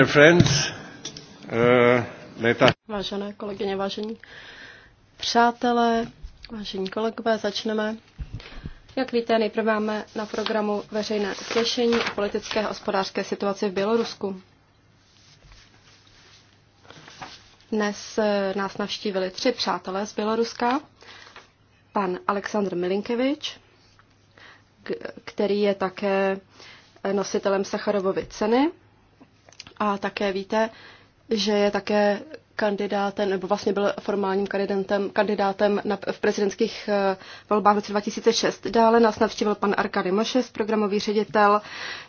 Uh, Vážené kolegyně, vážení přátelé, vážení kolegové, začneme. Jak víte, nejprve máme na programu veřejné slyšení o politické a hospodářské situaci v Bělorusku. Dnes eh, nás navštívili tři přátelé z Běloruska. Pan Aleksandr Milinkevič, který je také nositelem Sacharovovy ceny. A také víte, že je také kandidátem, nebo vlastně byl formálním kandidátem, kandidátem na, v prezidentských eh, volbách v roce 2006. Dále nás navštívil pan Arkady Mošes, programový ředitel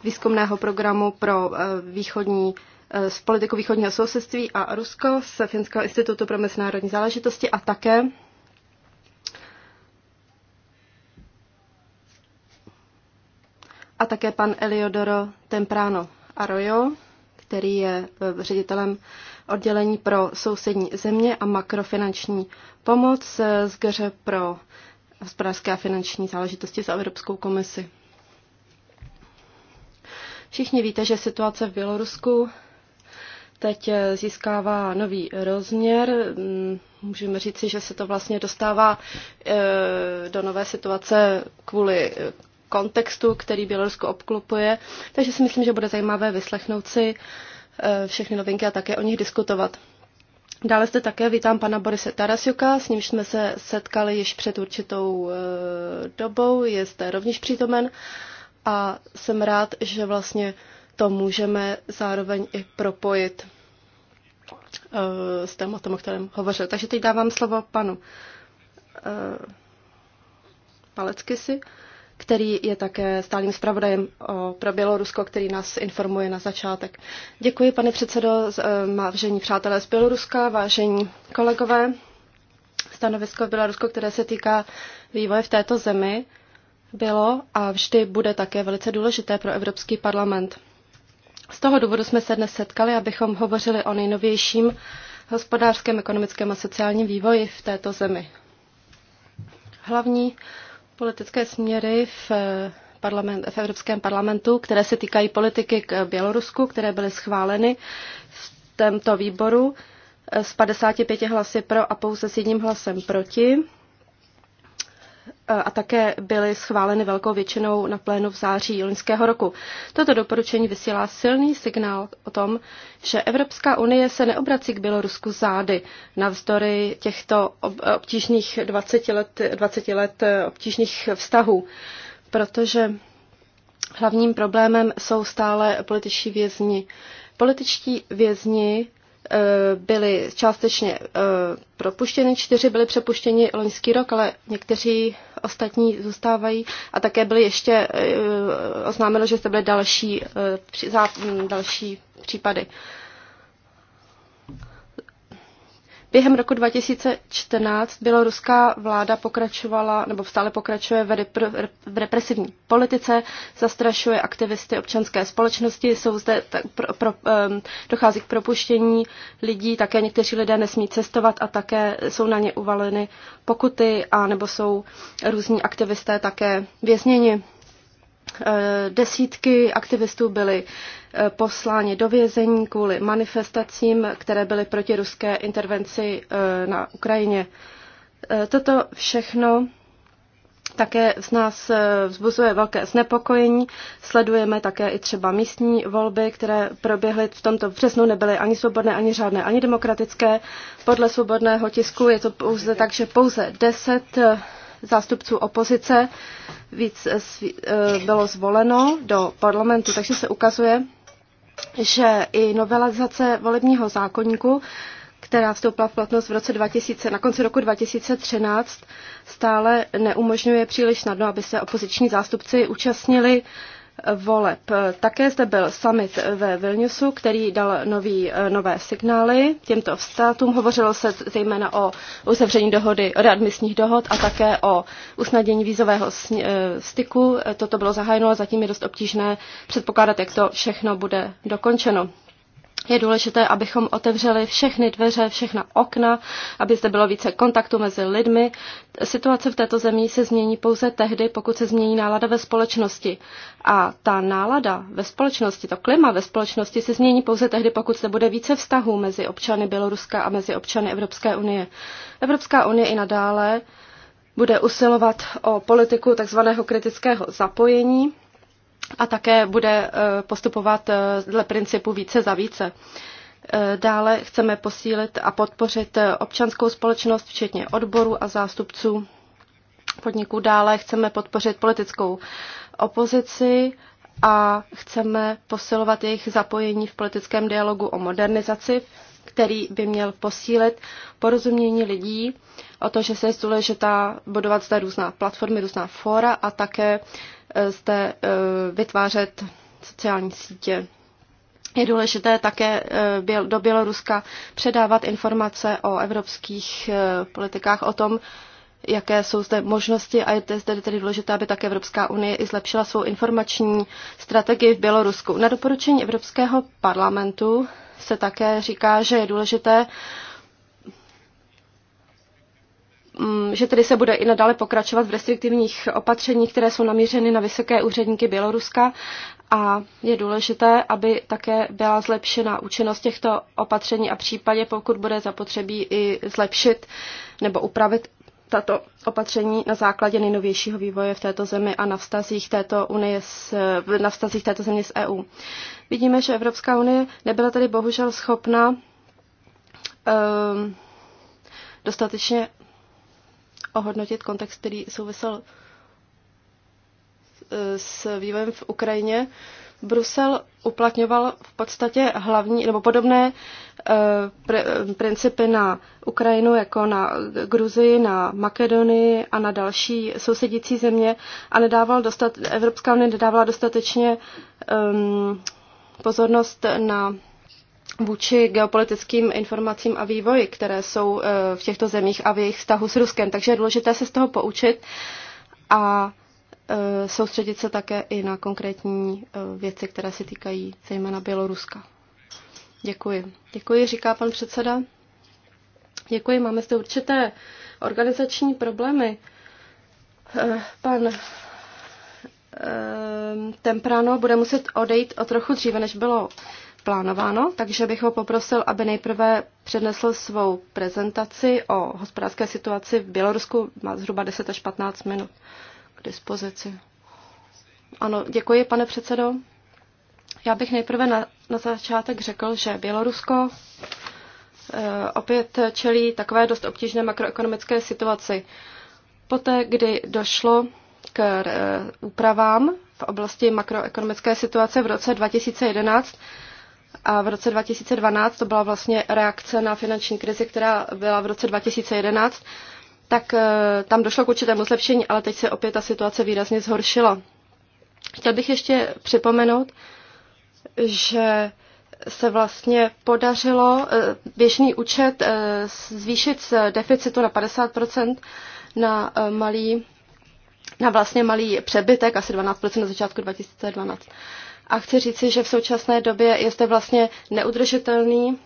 výzkumného programu pro eh, východní eh, z politiku východního sousedství a Rusko z Finského institutu pro mezinárodní záležitosti a také a také pan Eliodoro Temprano Arroyo, který je e, ředitelem oddělení pro sousední země a makrofinanční pomoc e, z GŘ pro hospodářské a finanční záležitosti za Evropskou komisi. Všichni víte, že situace v Bělorusku teď e, získává nový rozměr. Mm, můžeme říci, že se to vlastně dostává do nové situace kvůli kontextu, který Bělorusko obklopuje. Takže si myslím, že bude zajímavé vyslechnout si e, všechny novinky a také o nich diskutovat. Dále zde také vítám pana Borise Tarasiuka, s nímž jsme se setkali již před určitou e, dobou, je zde rovněž přítomen a jsem rád, že vlastně to můžeme zároveň i propojit e, s tématem, o kterém hovořil. Takže teď dávám slovo panu Palecky si který je také stálým zpravodajem pro Bělorusko, který nás informuje na začátek. Děkuji, pane předsedo, e, vážení přátelé z Běloruska, vážení kolegové. Stanovisko Bělorusko, které se týká vývoje v této zemi, bylo a vždy bude také velice důležité pro Evropský parlament. Z toho důvodu jsme se dnes setkali, abychom hovořili o nejnovějším hospodářském, ekonomickém a sociálním vývoji v této zemi. Hlavní politické směry v, eh, parlament, v Evropském parlamentu, které se týkají politiky k Bělorusku, které byly schváleny v tomto výboru eh, s 55 hlasy pro a pouze s jedním hlasem proti. Eh, a také byly schváleny velkou většinou na plénu v září loňského roku. Toto doporučení vysílá silný signál o tom, že Evropská unie se neobrací k Bělorusku zády navzdory těchto obtížných 20 let, 20 let eh, obtížných vztahů, protože hlavním problémem jsou stále političtí vězni. Političtí vězni Eh, byly částečně eh, propuštěny, čtyři byly přepuštěni loňský rok, ale někteří ostatní zůstávají a také byly ještě eh, oznámeno, že se byly další, další případy. Během roku 2014 běloruská vláda pokračovala, nebo stále pokračuje v, repr- v represivní politice, zastrašuje aktivisty občanské společnosti, jsou zde tak pro, pro, um, dochází k propuštění lidí, také někteří lidé nesmí cestovat a také jsou na ně uvaleny pokuty, a nebo jsou různí aktivisté také vězněni. Eh, desítky aktivistů byly eh, posláni do vězení kvůli manifestacím, které byly proti ruské intervenci eh, na Ukrajině. Toto všechno také z nás vzbuzuje velké znepokojení. Sledujeme také i třeba místní volby, které proběhly v tomto březnu, nebyly ani svobodné, ani žádné, ani demokratické. Podle svobodného tisku je to pouze tak, že pouze deset zástupců opozice víc eh, eh, bylo zvoleno do parlamentu, takže se ukazuje, že i novelizace volebního zákonníku, která vstoupila v platnost v roce 2000, na konci roku 2013, stále neumožňuje příliš snadno, aby se opoziční zástupci účastnili voleb. Také zde byl summit ve Vilniusu, který dal nový, eh, nové signály těmto státům. Hovořilo se zejména o uzavření dohody, o readmisních dohod a také o usnadnění vízového eh, styku. Toto bylo zahájeno a zatím je dost obtížné předpokládat, jak to všechno bude dokončeno je důležité, abychom otevřeli všechny dveře, všechna okna, aby zde bylo více kontaktu mezi lidmi. Situace v této zemi se změní pouze tehdy, pokud se změní nálada ve společnosti. A ta nálada ve společnosti, to klima ve společnosti se změní pouze tehdy, pokud se bude více vztahů mezi občany Běloruska a mezi občany Evropské unie. Evropská unie i nadále bude usilovat o politiku takzvaného kritického zapojení, a také bude eh, postupovat eh, dle principu více za více. Eh, dále chceme posílit a podpořit občanskou společnost, včetně odborů a zástupců podniků. Dále chceme podpořit politickou opozici a chceme posilovat jejich zapojení v politickém dialogu o modernizaci, který by měl posílit porozumění lidí o to, že se je důležitá budovat zde různá platformy, různá fóra a také Eh, zde eh, vytvářet sociální sítě. Je důležité také eh, do Běloruska předávat informace o evropských politikách, o tom, jaké jsou zde možnosti a je zde tedy důležité, aby také Evropská unie i zlepšila svou informační strategii v Bělorusku. Na doporučení Evropského parlamentu se také říká, že je důležité Mm, že tedy se bude i nadále pokračovat v restriktivních opatřeních, které jsou namířeny na vysoké úředníky Běloruska a je důležité, aby také byla zlepšena účinnost těchto opatření a případě, pokud bude zapotřebí i zlepšit nebo upravit tato opatření na základě nejnovějšího vývoje v této zemi a na vztazích této, unie s, na vztazích této země s EU. Vidíme, že Evropská unie nebyla tady bohužel schopna um, dostatečně ohodnotit kontext, který souvisel e, s vývojem v Ukrajině. Brusel uplatňoval v podstatě hlavní nebo podobné e, pr- e, principy na Ukrajinu jako na Gruzii, na Makedonii a na další sousedící země a nedával dostat, Evropská unie nedávala dostatečně um, pozornost na vůči geopolitickým informacím a vývoji, které jsou eh, v těchto zemích a v jejich vztahu s Ruskem. Takže je důležité se z toho poučit a eh, soustředit se také i na konkrétní eh, věci, které se týkají zejména Běloruska. Děkuji. Děkuji, říká pan předseda. Děkuji, máme zde určité organizační problémy. Pan Temprano bude muset odejít o trochu dříve, než bylo plánováno, takže bych ho poprosil, aby nejprve přednesl svou prezentaci o hospodářské situaci v Bělorusku. Má zhruba 10 až 15 minut k dispozici. Ano, děkuji, pane předsedo. Já bych nejprve na, na začátek řekl, že Bělorusko e, opět čelí takové dost obtížné makroekonomické situaci. Poté, kdy došlo k eh, úpravám v oblasti makroekonomické situace v roce 2011, a v roce 2012 to byla vlastně reakce na finanční krizi, která byla v roce 2011, tak eh, tam došlo k určitému zlepšení, ale teď se opět ta situace výrazně zhoršila. Chtěl bych ještě připomenout, že se vlastně podařilo eh, běžný účet eh, zvýšit z deficitu na 50% na malý na vlastně malý přebytek, asi 12% na začátku 2012. A chci říci, že v současné době je zde vlastně neudržitelný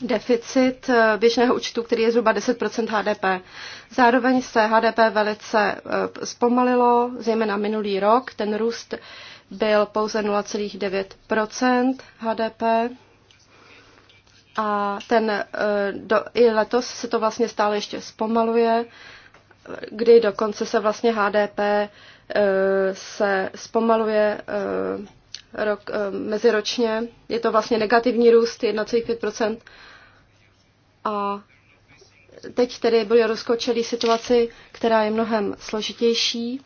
deficit eh, běžného účtu, který je zhruba 10 HDP. Zároveň se HDP velice eh, zpomalilo, zejména minulý rok. Ten růst byl pouze 0,9 HDP. A ten, eh, do, i letos se to vlastně stále ještě zpomaluje, kdy dokonce se vlastně HDP Eh, se zpomaluje eh, rok, eh, meziročně. Je to vlastně negativní růst 1,5 A teď tedy Bělorusko čelí situaci, která je mnohem složitější.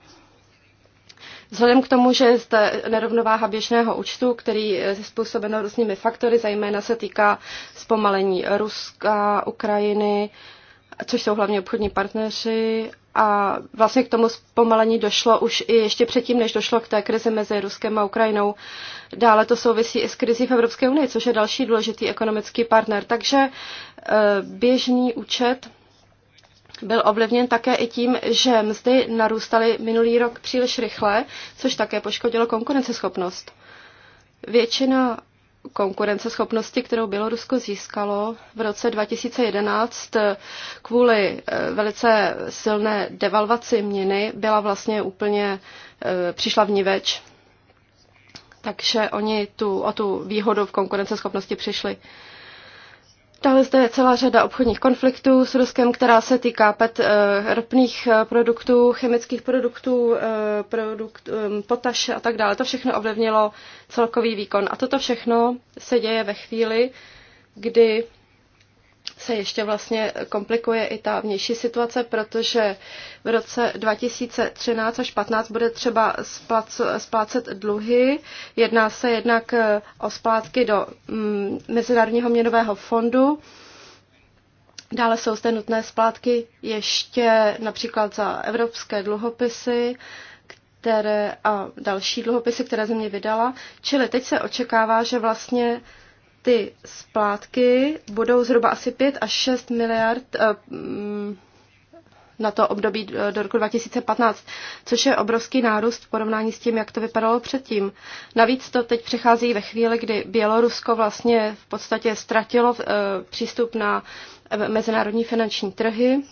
Vzhledem k tomu, že je zde nerovnováha běžného účtu, který je způsobeno různými faktory, zejména se týká zpomalení Ruska, Ukrajiny, což jsou hlavně obchodní partneři a vlastně k tomu zpomalení došlo už i ještě předtím, než došlo k té krizi mezi Ruskem a Ukrajinou. Dále to souvisí i s krizí v Evropské unii, což je další důležitý ekonomický partner. Takže eh, běžný účet byl ovlivněn také i tím, že mzdy narůstaly minulý rok příliš rychle, což také poškodilo konkurenceschopnost. Většina konkurenceschopnosti, kterou Bělorusko získalo v roce 2011 eh, kvůli eh, velice silné devalvaci měny, byla vlastně úplně, eh, přišla v ní več. Takže oni tu, o tu výhodu v konkurenceschopnosti přišli. Dále zde je celá řada obchodních konfliktů s Ruskem, která se týká pet, eh, ropných eh, produktů, chemických produktů, eh, produkt, potaše a tak dále. To všechno ovlivnilo celkový výkon. A toto všechno se děje ve chvíli, kdy se ještě vlastně komplikuje i ta vnější situace, protože v roce 2013 až 15 bude třeba splácet dluhy. Jedná se jednak eh, o splátky do mm, Mezinárodního měnového fondu. Dále jsou zde nutné splátky ještě například za evropské dluhopisy, které, a další dluhopisy, které země vydala. Čili teď se očekává, že vlastně ty splátky budou zhruba asi 5 až 6 miliard eh, mm, na to období eh, do roku 2015, což je obrovský nárůst v porovnání s tím, jak to vypadalo předtím. Navíc to teď přechází ve chvíli, kdy Bělorusko vlastně v podstatě ztratilo eh, přístup na mezinárodní finanční trhy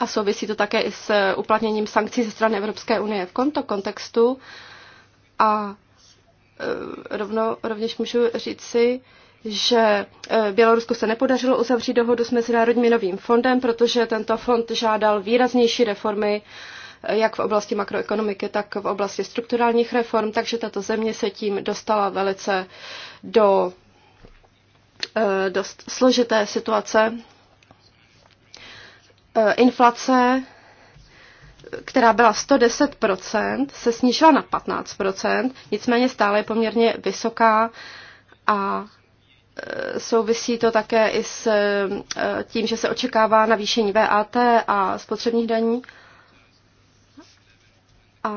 a souvisí to také i s uplatněním sankcí ze strany Evropské unie v tomto kontextu. A Eh, rovno, rovněž můžu říci, že eh, Bělorusku se nepodařilo uzavřít dohodu s Mezinárodním novým fondem, protože tento fond žádal výraznější reformy eh, jak v oblasti makroekonomiky, tak v oblasti strukturálních reform, takže tato země se tím dostala velice do dost složité situace. Inflace která byla 110%, se snížila na 15%, nicméně stále je poměrně vysoká a e, souvisí to také i s e, tím, že se očekává navýšení VAT a spotřebních daní. A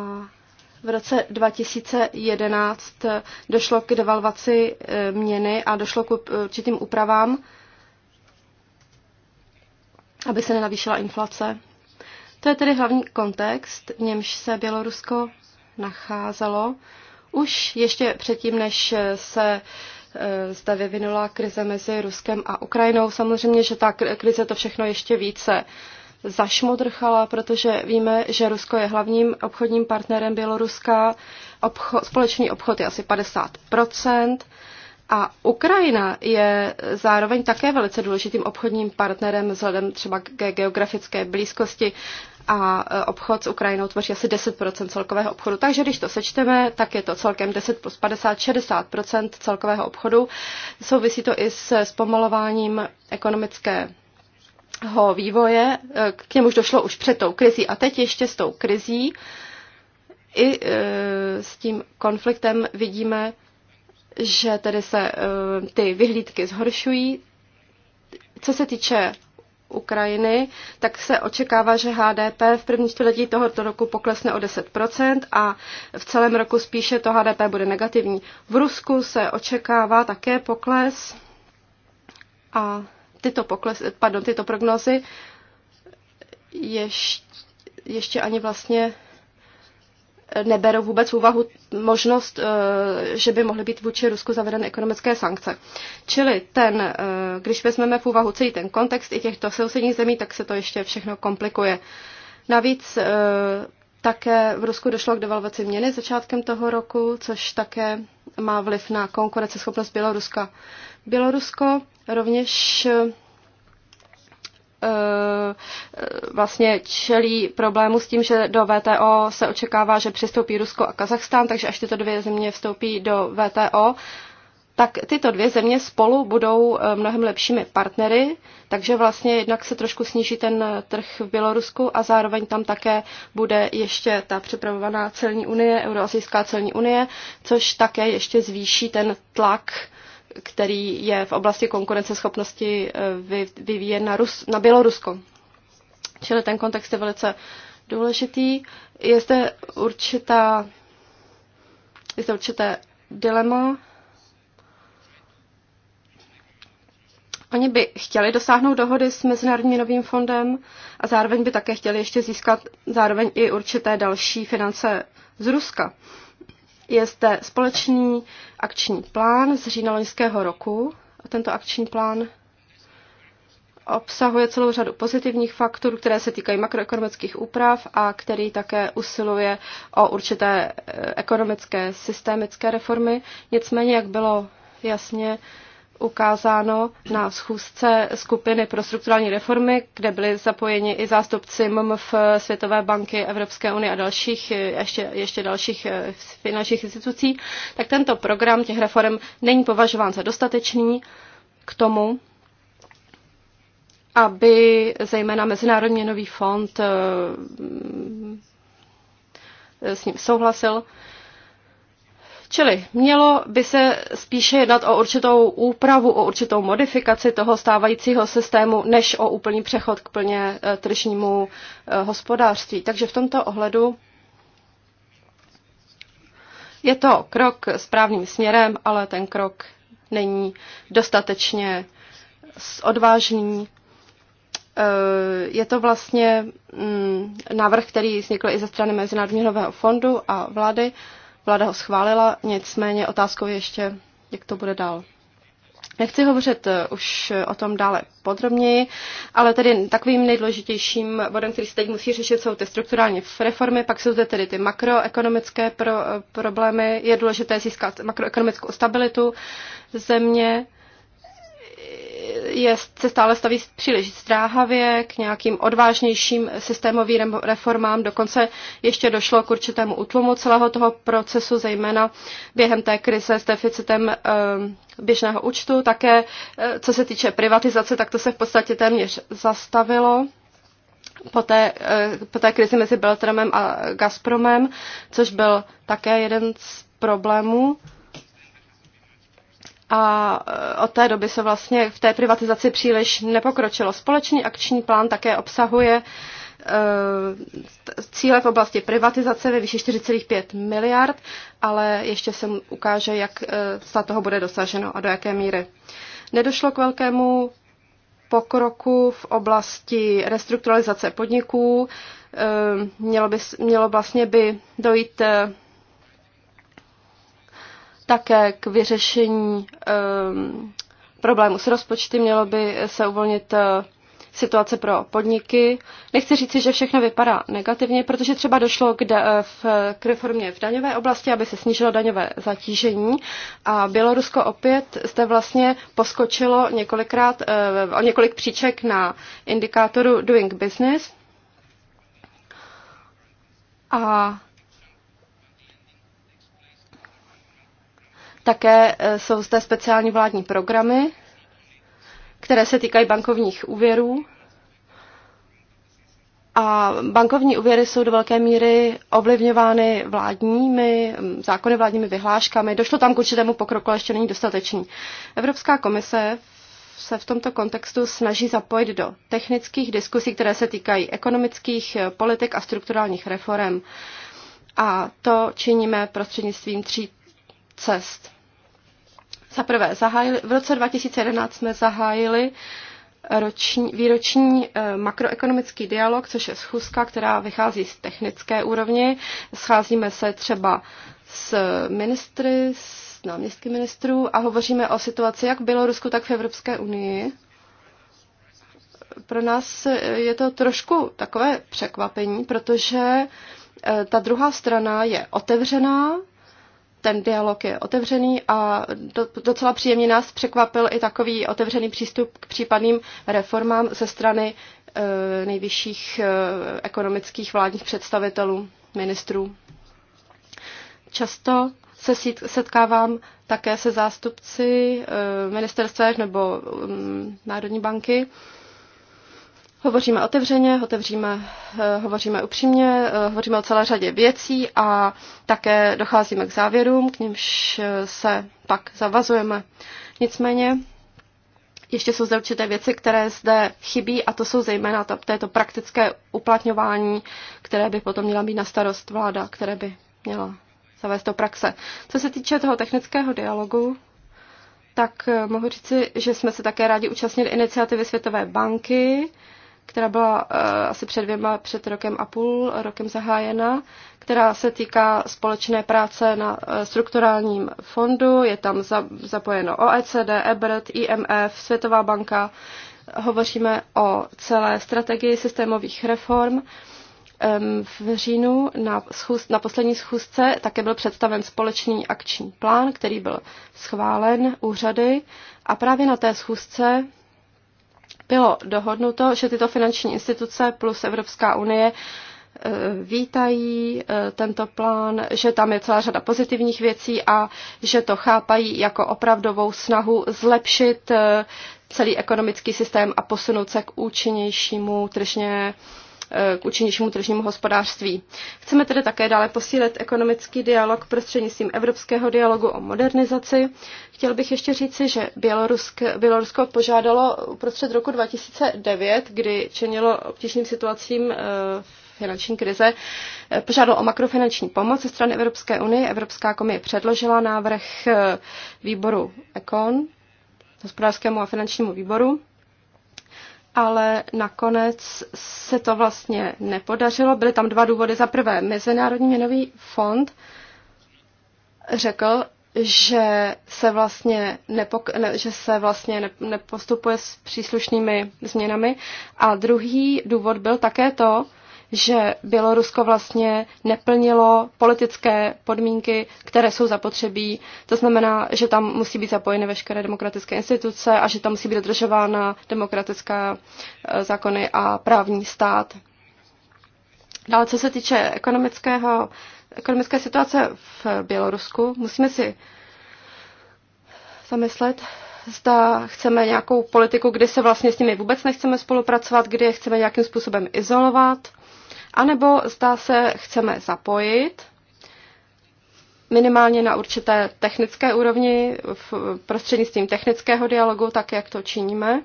v roce 2011 došlo k devalvaci e, měny a došlo k určitým úpravám, aby se nenavýšila inflace to je tedy hlavní kontext, v němž se Bělorusko nacházelo už ještě předtím, než se eh, zde vyvinula krize mezi Ruskem a Ukrajinou. Samozřejmě, že ta krize to všechno ještě více zašmodrchala, protože víme, že Rusko je hlavním obchodním partnerem Běloruska. Obcho- společný obchod je asi 50 a Ukrajina je zároveň také velice důležitým obchodním partnerem vzhledem třeba k geografické blízkosti a e, obchod s Ukrajinou tvoří asi 10% celkového obchodu. Takže když to sečteme, tak je to celkem 10 plus 50, 60% celkového obchodu. Souvisí to i s zpomalováním ekonomické vývoje, e, k němuž došlo už před tou krizí a teď ještě s tou krizí i e, s tím konfliktem vidíme, že tedy se ty vyhlídky zhoršují. Co se týče Ukrajiny, tak se očekává, že HDP v první čtvrtletí tohoto roku poklesne o 10% a v celém roku spíše to HDP bude negativní. V Rusku se očekává také pokles a tyto, pokles, pardon, tyto prognozy ještě, ještě ani vlastně neberou vůbec úvahu možnost, eh, že by mohly být vůči Rusku zavedeny ekonomické sankce. Čili ten, eh, když vezmeme v úvahu celý ten kontext i těchto sousedních zemí, tak se to ještě všechno komplikuje. Navíc eh, také v Rusku došlo k devalvaci měny začátkem toho roku, což také má vliv na konkurenceschopnost Běloruska. Bělorusko rovněž Eh, vlastně čelí problému s tím, že do VTO se očekává, že přistoupí Rusko a Kazachstán, takže až tyto dvě země vstoupí do VTO, tak tyto dvě země spolu budou eh, mnohem lepšími partnery, takže vlastně jednak se trošku sníží ten trh v Bělorusku a zároveň tam také bude ještě ta připravovaná celní unie, Euroazijská celní unie, což také ještě zvýší ten tlak který je v oblasti konkurenceschopnosti eh, vyvíjen na, Rus, na Bělorusko. Čili ten kontext je velice důležitý. Je zde určitá, je zde určité dilema. Oni by chtěli dosáhnout dohody s Mezinárodním novým fondem a zároveň by také chtěli ještě získat zároveň i určité další finance z Ruska je zde společný akční plán z října loňského roku. A tento akční plán obsahuje celou řadu pozitivních faktorů, které se týkají makroekonomických úprav a který také usiluje o určité eh, ekonomické systémické reformy. Nicméně, jak bylo jasně ukázáno na schůzce skupiny pro strukturální reformy, kde byly zapojeni i zástupci MMF, Světové banky, Evropské unie a dalších, ještě, ještě dalších eh, finančních institucí, tak tento program těch reform není považován za dostatečný k tomu, aby zejména Mezinárodní měnový fond eh, s ním souhlasil. Čili mělo by se spíše jednat o určitou úpravu, o určitou modifikaci toho stávajícího systému, než o úplný přechod k plně eh, tržnímu eh, hospodářství. Takže v tomto ohledu je to krok správným směrem, ale ten krok není dostatečně odvážný. Eh, je to vlastně mm, návrh, který vznikl i ze strany Mezinárodního fondu a vlády. Vláda ho schválila, nicméně otázkou je ještě, jak to bude dál. Nechci hovořit eh, už eh, o tom dále podrobněji, ale tedy takovým nejdůležitějším bodem, který se teď musí řešit, jsou ty strukturální reformy, pak jsou zde tedy ty makroekonomické pro, eh, problémy. Je důležité získat makroekonomickou stabilitu země, je, se stále staví příliš zdráhavě k nějakým odvážnějším systémovým reformám. Dokonce ještě došlo k určitému utlumu celého toho procesu, zejména během té krize s deficitem eh, běžného účtu. Také, eh, co se týče privatizace, tak to se v podstatě téměř zastavilo po té, eh, po té krizi mezi Beltramem a Gazpromem, což byl také jeden z problémů a e, od té doby se vlastně v té privatizaci příliš nepokročilo. Společný akční plán také obsahuje e, cíle v oblasti privatizace ve výši 4,5 miliard, ale ještě se ukáže, jak se toho bude dosaženo a do jaké míry. Nedošlo k velkému pokroku v oblasti restrukturalizace podniků. E, mělo, by, mělo vlastně by dojít také k vyřešení um, problému s rozpočty. Mělo by se uvolnit eh, situace pro podniky. Nechci říci, že všechno vypadá negativně, protože třeba došlo k, da- eh, v, k reformě v daňové oblasti, aby se snížilo daňové zatížení a Bělorusko opět zde vlastně poskočilo několikrát, eh, o několik příček na indikátoru Doing Business. A Také e, jsou zde speciální vládní programy, které se týkají bankovních úvěrů. A bankovní úvěry jsou do velké míry ovlivňovány vládními, zákony vládními vyhláškami. Došlo tam k určitému pokroku, ale ještě není dostatečný. Evropská komise se v tomto kontextu snaží zapojit do technických diskusí, které se týkají ekonomických e, politik a strukturálních reform. A to činíme prostřednictvím tří cest. Za prvé, zahájili, v roce 2011 jsme zahájili roční, výroční eh, makroekonomický dialog, což je schůzka, která vychází z technické úrovni. Scházíme se třeba s ministry, s náměstky ministrů a hovoříme o situaci jak v Bělorusku, tak v Evropské unii. Pro nás je to trošku takové překvapení, protože eh, ta druhá strana je otevřená ten dialog je otevřený a do, docela příjemně nás překvapil i takový otevřený přístup k případným reformám ze strany e, nejvyšších e, ekonomických vládních představitelů, ministrů. Často se setkávám také se zástupci e, nebo e, Národní banky. E, Hovoříme otevřeně, otevříme, eh, hovoříme upřímně, eh, hovoříme o celé řadě věcí a také docházíme k závěrům, k nímž eh, se pak zavazujeme. Nicméně ještě jsou zde určité věci, které zde chybí a to jsou zejména to, této praktické uplatňování, které by potom měla mít na starost vláda, které by měla zavést do praxe. Co se týče toho technického dialogu, tak mohu říci, že jsme se také rádi účastnili iniciativy Světové banky, která byla eh, asi před dvěma, před rokem a půl, rokem zahájena, která se týká společné práce na eh, strukturálním fondu. Je tam zapojeno OECD, EBRD, IMF, Světová banka. Hovoříme o celé strategii systémových reform. V říjnu na, schůz, na poslední schůzce také byl představen společný akční plán, který byl schválen úřady. A právě na té schůzce bylo dohodnuto, že tyto finanční instituce plus Evropská unie eh, vítají eh, tento plán, že tam je celá řada pozitivních věcí a že to chápají jako opravdovou snahu zlepšit eh, celý ekonomický systém a posunout se k účinnějšímu tržně k účinnějšímu tržnímu hospodářství. Chceme tedy také dále posílit ekonomický dialog prostřednictvím Evropského dialogu o modernizaci. Chtěl bych ještě říci, že Bělorusk, Bělorusko požádalo uprostřed roku 2009, kdy čenilo obtížným situacím eh, finanční krize, eh, požádalo o makrofinanční pomoc ze strany Evropské unie. Evropská komise předložila návrh eh, výboru ECON, hospodářskému a finančnímu výboru ale nakonec se to vlastně nepodařilo. Byly tam dva důvody. Za prvé, Mezinárodní měnový fond řekl, že se vlastně, nepok- ne, že se vlastně ne- nepostupuje s příslušnými změnami. A druhý důvod byl také to, že Bělorusko vlastně neplnilo politické podmínky, které jsou zapotřebí. To znamená, že tam musí být zapojeny veškeré demokratické instituce a že tam musí být dodržována demokratická eh, zákony a právní stát. Dále, co se týče ekonomického, ekonomické situace v Bělorusku, musíme si zamyslet, zda chceme nějakou politiku, kdy se vlastně s nimi vůbec nechceme spolupracovat, kdy je chceme nějakým způsobem izolovat anebo zda se chceme zapojit minimálně na určité technické úrovni v prostřednictvím technického dialogu, tak jak to činíme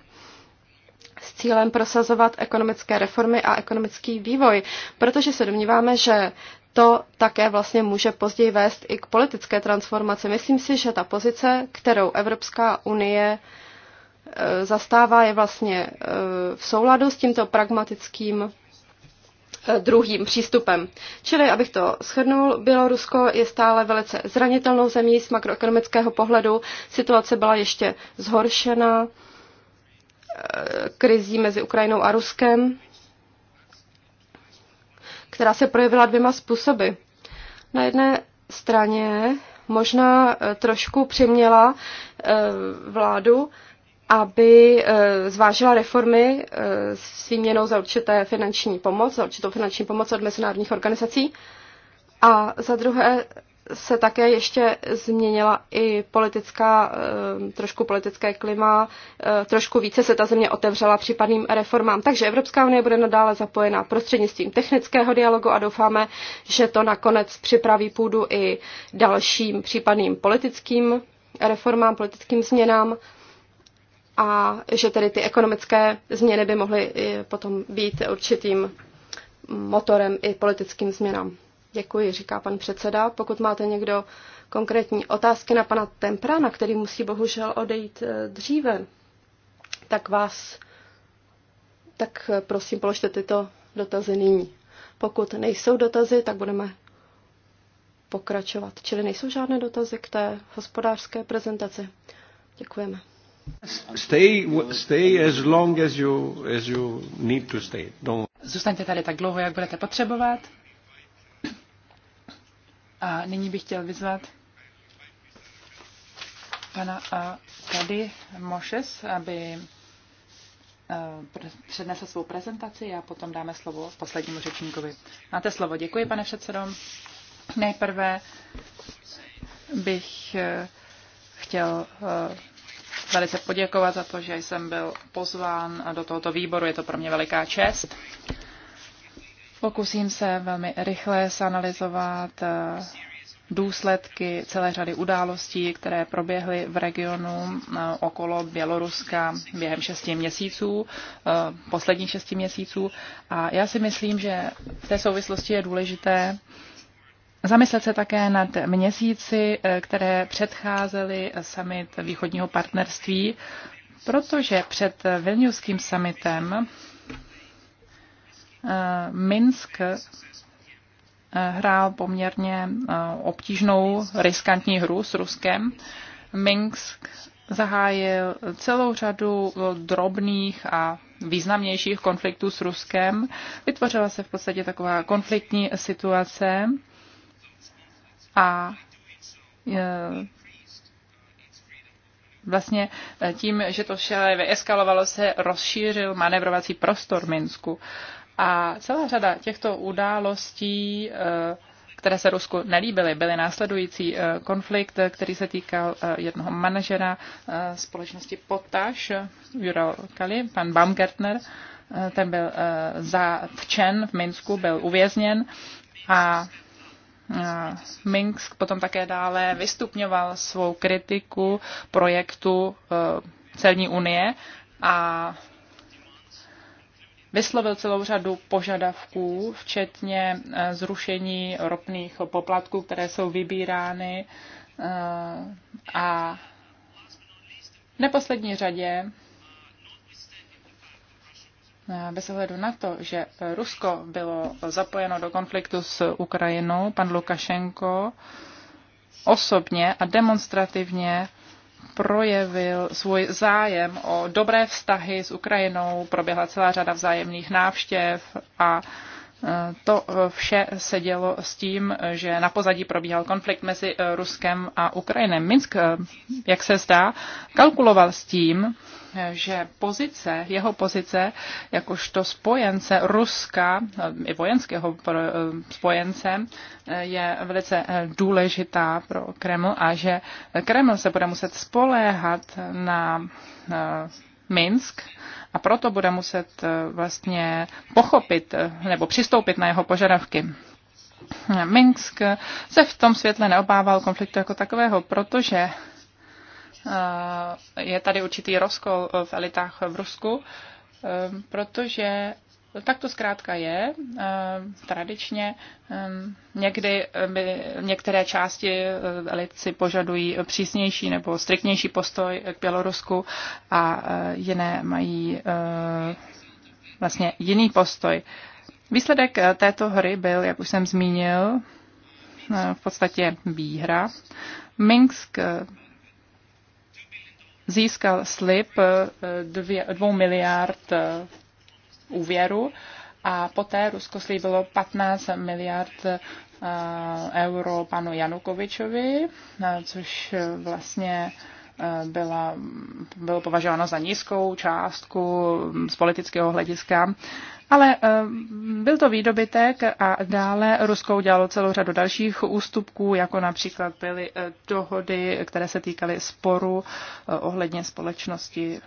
s cílem prosazovat ekonomické reformy a ekonomický vývoj, protože se domníváme, že to také vlastně může později vést i k politické transformaci. Myslím si, že ta pozice, kterou Evropská unie e, zastává, je vlastně e, v souladu s tímto pragmatickým Eh, druhým přístupem. Čili, abych to shrnul, Bělorusko je stále velice zranitelnou zemí z makroekonomického pohledu. Situace byla ještě zhoršena eh, krizí mezi Ukrajinou a Ruskem, která se projevila dvěma způsoby. Na jedné straně možná eh, trošku přiměla vládu aby eh, zvážila reformy eh, s výměnou za určité finanční pomoc, za určitou finanční pomoc od mezinárodních organizací. A za druhé se také ještě změnila i politická, eh, trošku politické klima, trošku více se ta země otevřela případným reformám. Takže Evropská unie bude nadále zapojená prostřednictvím technického dialogu a doufáme, že to nakonec připraví půdu i dalším případným politickým reformám, politickým změnám a že tedy ty ekonomické změny by mohly potom být určitým motorem i politickým změnám. Děkuji, říká pan předseda. Pokud máte někdo konkrétní otázky na pana na který musí bohužel odejít eh, dříve, tak vás, tak eh, prosím, položte tyto dotazy nyní. Pokud nejsou dotazy, tak budeme pokračovat. Čili nejsou žádné dotazy k té hospodářské prezentaci. Děkujeme. Stay, stay as long as you, as you need to stay. Don't... Zůstaňte tady tak dlouho, jak budete potřebovat. A nyní bych chtěl vyzvat pana Kady Moses, aby e, přednesl svou prezentaci a potom dáme slovo poslednímu řečníkovi. Máte slovo. Děkuji, pane předsedo. Nejprve bych e, chtěl e, velice poděkovat za to, že jsem byl pozván do tohoto výboru. Je to pro mě veliká čest. Pokusím se velmi rychle sanalizovat eh, důsledky celé řady událostí, které proběhly v regionu eh, okolo Běloruska během šesti měsíců, eh, posledních šesti měsíců. A já si myslím, že v té souvislosti je důležité Zamyslet se také nad měsíci, eh, které předcházely summit východního partnerství, protože před Vilniuským summitem eh, Minsk eh, hrál poměrně obtížnou, riskantní hru s Ruskem. Minsk zahájil celou řadu drobných a významnějších konfliktů s Ruskem. Vytvořila se v podstatě taková konfliktní situace a e, vlastně e, tím, že to vše vyeskalovalo, se rozšířil manevrovací prostor Minsku. A celá řada těchto událostí e, které se Rusku nelíbily, byly následující konflikt, který se týkal jednoho manažera společnosti Potash, Jural Kali, pan Baumgartner, ten byl zatčen v Minsku, byl uvězněn a Eh, Minsk potom také dále vystupňoval svou kritiku projektu eh, celní unie a vyslovil celou řadu požadavků, včetně eh, zrušení ropných poplatků, které jsou vybírány a v neposlední řadě Eh, bez ohledu na to, že eh, Rusko bylo zapojeno do konfliktu s Ukrajinou, pan Lukašenko osobně a demonstrativně projevil svůj zájem o dobré vztahy s Ukrajinou, proběhla celá řada vzájemných návštěv a to vše se dělo s tím, že na pozadí probíhal konflikt mezi Ruskem a Ukrajinem. Minsk, jak se zdá, kalkuloval s tím, že pozice, jeho pozice, jakožto spojence Ruska, i vojenského spojence, je velice důležitá pro Kreml a že Kreml se bude muset spoléhat na Minsk a proto bude muset eh, vlastně pochopit eh, nebo přistoupit na jeho požadavky. Minsk se v tom světle neobával konfliktu jako takového, protože eh, je tady určitý rozkol v elitách v Rusku, protože tak to zkrátka je. Eh, tradičně eh, někdy eh, některé části elit si požadují přísnější nebo striktnější postoj k Bělorusku a jiné mají vlastně jiný postoj. Výsledek této hry byl, jak už jsem zmínil, v podstatě výhra. Minsk získal slib dvou miliard úvěru a poté Rusko slíbilo 15 miliard eh, euro panu Janukovičovi, eh, což eh, vlastně byla, bylo považováno za nízkou částku mm, z politického hlediska. Ale byl to výdobytek a dále Rusko udělalo celou řadu dalších ústupků, jako například byly dohody, které se týkaly sporu ohledně společnosti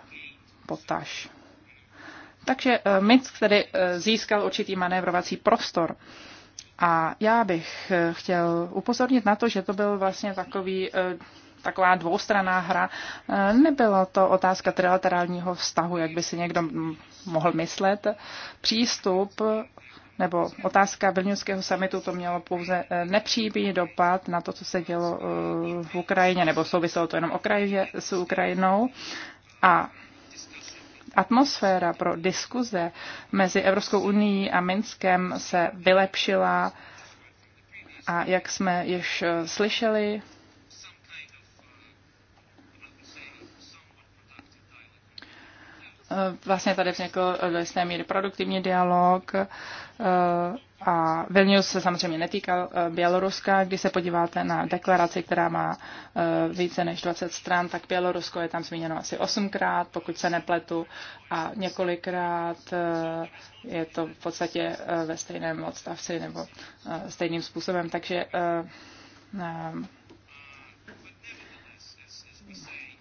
Potaž. Takže eh, Minsk tedy eh, získal určitý manévrovací prostor. A já bych eh, chtěl upozornit na to, že to byl vlastně takový taková dvoustraná hra. Nebyla to otázka trilaterálního vztahu, jak by si někdo mohl myslet. Přístup nebo otázka Vilniuského samitu to mělo pouze nepříjemný dopad na to, co se dělo v Ukrajině, nebo souviselo to jenom okraje s Ukrajinou. A atmosféra pro diskuze mezi Evropskou unii a Minskem se vylepšila a jak jsme již eh, slyšeli, eh, vlastně tady vznikl do jisté míry produktivní dialog eh, a Vilnius se samozřejmě netýkal e, Běloruska. Když se podíváte na deklaraci, která má e, více než 20 stran, tak Bělorusko je tam zmíněno asi 8krát, pokud se nepletu, a několikrát e, je to v podstatě ve stejném odstavci nebo stejným způsobem. Takže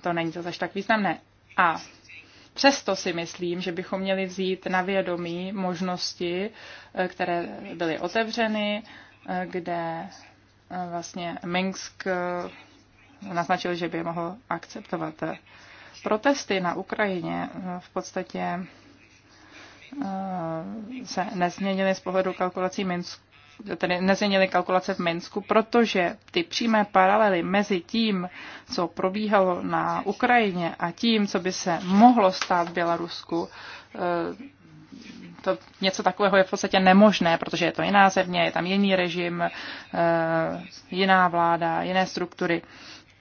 to není to až tak významné. A Přesto si myslím, že bychom měli vzít na vědomí možnosti, eh, které byly otevřeny, eh, kde eh, vlastně Minsk naznačil, že by mohl akceptovat. Protesty na Ukrajině v podstatě se nezměnily z pohledu kalkulací Minsku tedy nezměnily kalkulace v Minsku, protože ty přímé paralely mezi tím, co probíhalo na Ukrajině a tím, co by se mohlo stát v Bělorusku, eh, to něco takového je v podstatě nemožné, protože je to jiná země, je tam jiný režim, eh, jiná vláda, jiné struktury.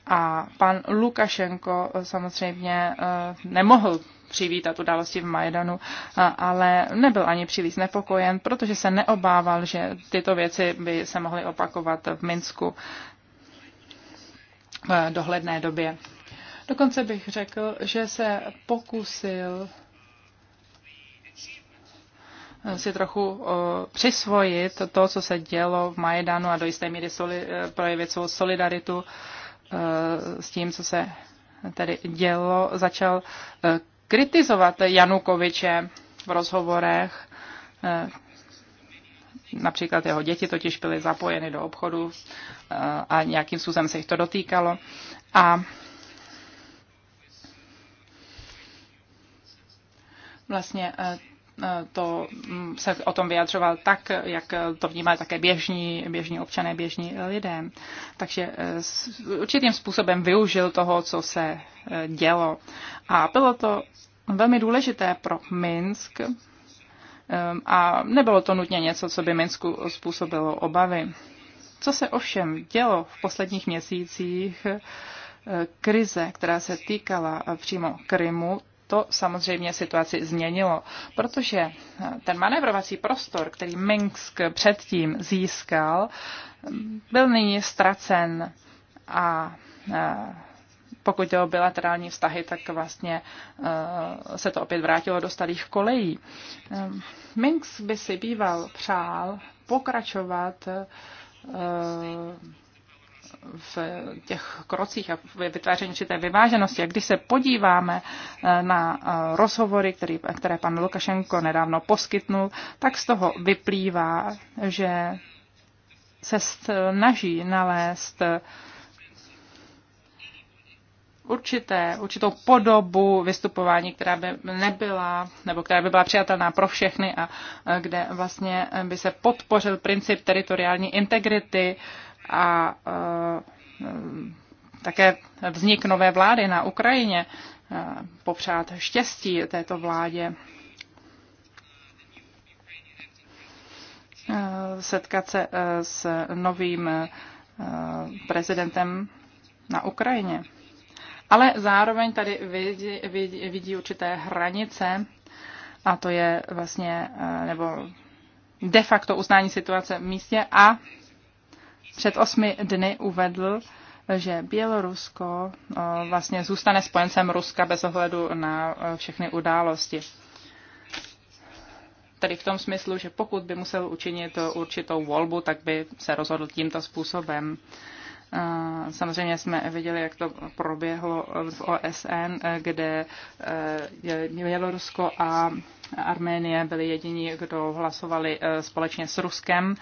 A pan Lukašenko eh, samozřejmě eh, nemohl přivítat události v Majdanu, eh, ale nebyl ani příliš nepokojen, protože se neobával, že tyto věci by se mohly opakovat v Minsku v dohledné době. Dokonce bych řekl, že se pokusil si trochu přisvojit to, co se dělo v Majdanu a do jisté míry soli, projevit svou solidaritu s tím, co se tady dělo, začal eh, kritizovat Janukoviče v rozhovorech. Eh, například jeho děti totiž byly zapojeny do obchodu eh, a nějakým způsobem se jich to dotýkalo. A vlastně Eh, to mm, se o tom vyjadřoval tak, jak to vnímají také běžní, běžní občané, běžní lidé. Takže eh, určitým způsobem využil toho, co se eh, dělo. A bylo to velmi důležité pro Minsk a nebylo to nutně něco, co by Minsku způsobilo obavy. Co se ovšem dělo v posledních měsících, krize, která se týkala přímo Krymu, to samozřejmě situaci změnilo, protože eh, ten manévrovací prostor, který Minsk předtím získal, mm, byl nyní ztracen a eh, pokud jde o bilaterální vztahy, tak vlastně eh, se to opět vrátilo do starých kolejí. Minsk by si býval přál pokračovat v těch krocích a v vytváření určité vyváženosti. A když se podíváme eh, na eh, rozhovory, který, které pan Lukašenko nedávno poskytnul, tak z toho vyplývá, že se snaží nalézt eh, určité, určitou podobu vystupování, která by nebyla, nebo která by byla přijatelná pro všechny a kde vlastně by se podpořil princip teritoriální integrity a také vznik nové vlády na Ukrajině, popřát štěstí této vládě, setkat se s novým prezidentem na Ukrajině. Ale zároveň tady vidí, vidí, vidí určité hranice, a to je vlastně, nebo de facto uznání situace v místě a před osmi dny uvedl, že Bělorusko vlastně zůstane spojencem Ruska bez ohledu na všechny události. Tedy v tom smyslu, že pokud by musel učinit určitou volbu, tak by se rozhodl tímto způsobem. Samozřejmě jsme viděli, jak to proběhlo v OSN, kde e, Bělorusko a Arménie byli jediní, kdo hlasovali e, společně s Ruskem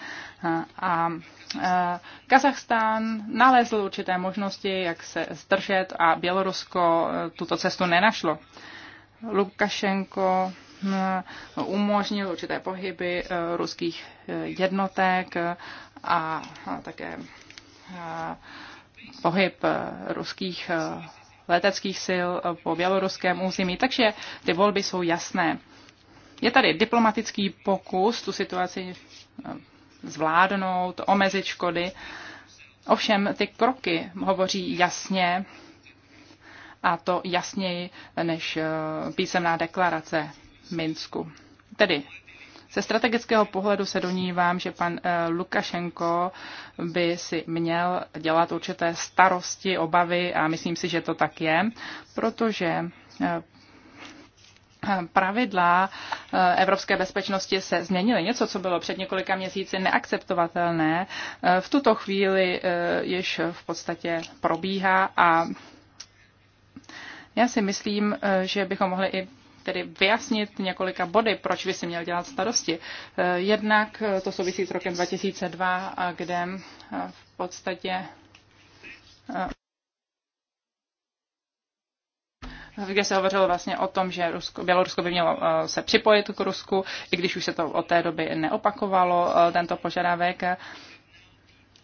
a Eh, Kazachstán nalezl určité možnosti, jak se zdržet a Bělorusko eh, tuto cestu nenašlo. Lukašenko eh, umožnil určité pohyby ruských jednotek a také pohyb ruských leteckých sil po běloruském území. Takže ty volby jsou jasné. Je tady diplomatický pokus tu situaci zvládnout, omezit škody. Ovšem ty kroky hovoří jasně a to jasněji než eh, písemná deklarace Minsku. Tedy ze strategického pohledu se donívám, že pan eh, Lukašenko by si měl dělat určité starosti, obavy a myslím si, že to tak je, protože eh, pravidla eh, evropské bezpečnosti se změnily. Něco, co bylo před několika měsíci neakceptovatelné, eh, v tuto chvíli eh, již v podstatě probíhá a já si myslím, že bychom mohli i tedy vyjasnit několika body, proč by si měl dělat starosti. Jednak to souvisí s rokem 2002, kde v podstatě kde se hovořilo vlastně o tom, že Rusko, Bělorusko by mělo eh, se připojit k Rusku, i když už se to od té doby neopakovalo, eh, tento požadavek.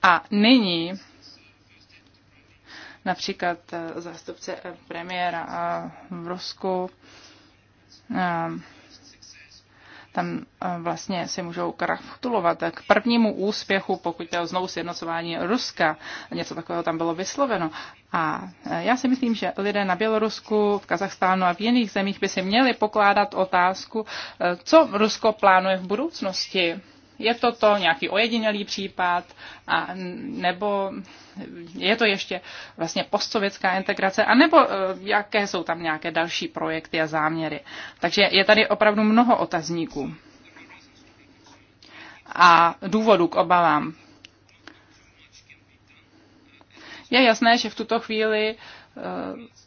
A nyní například eh, zástupce premiéra v Rusku tam eh, vlastně si můžou gratulovat k prvnímu úspěchu, pokud je o znovu sjednocování Ruska. Něco takového tam bylo vysloveno. A eh, já si myslím, že lidé na Bělorusku, v Kazachstánu a v jiných zemích by si měli pokládat otázku, eh, co Rusko plánuje v budoucnosti je to to nějaký ojedinělý případ, a nebo je to ještě vlastně postsovětská integrace, a nebo e, jaké jsou tam nějaké další projekty a záměry. Takže je tady opravdu mnoho otazníků a důvodů k obavám. Je jasné, že v tuto chvíli e,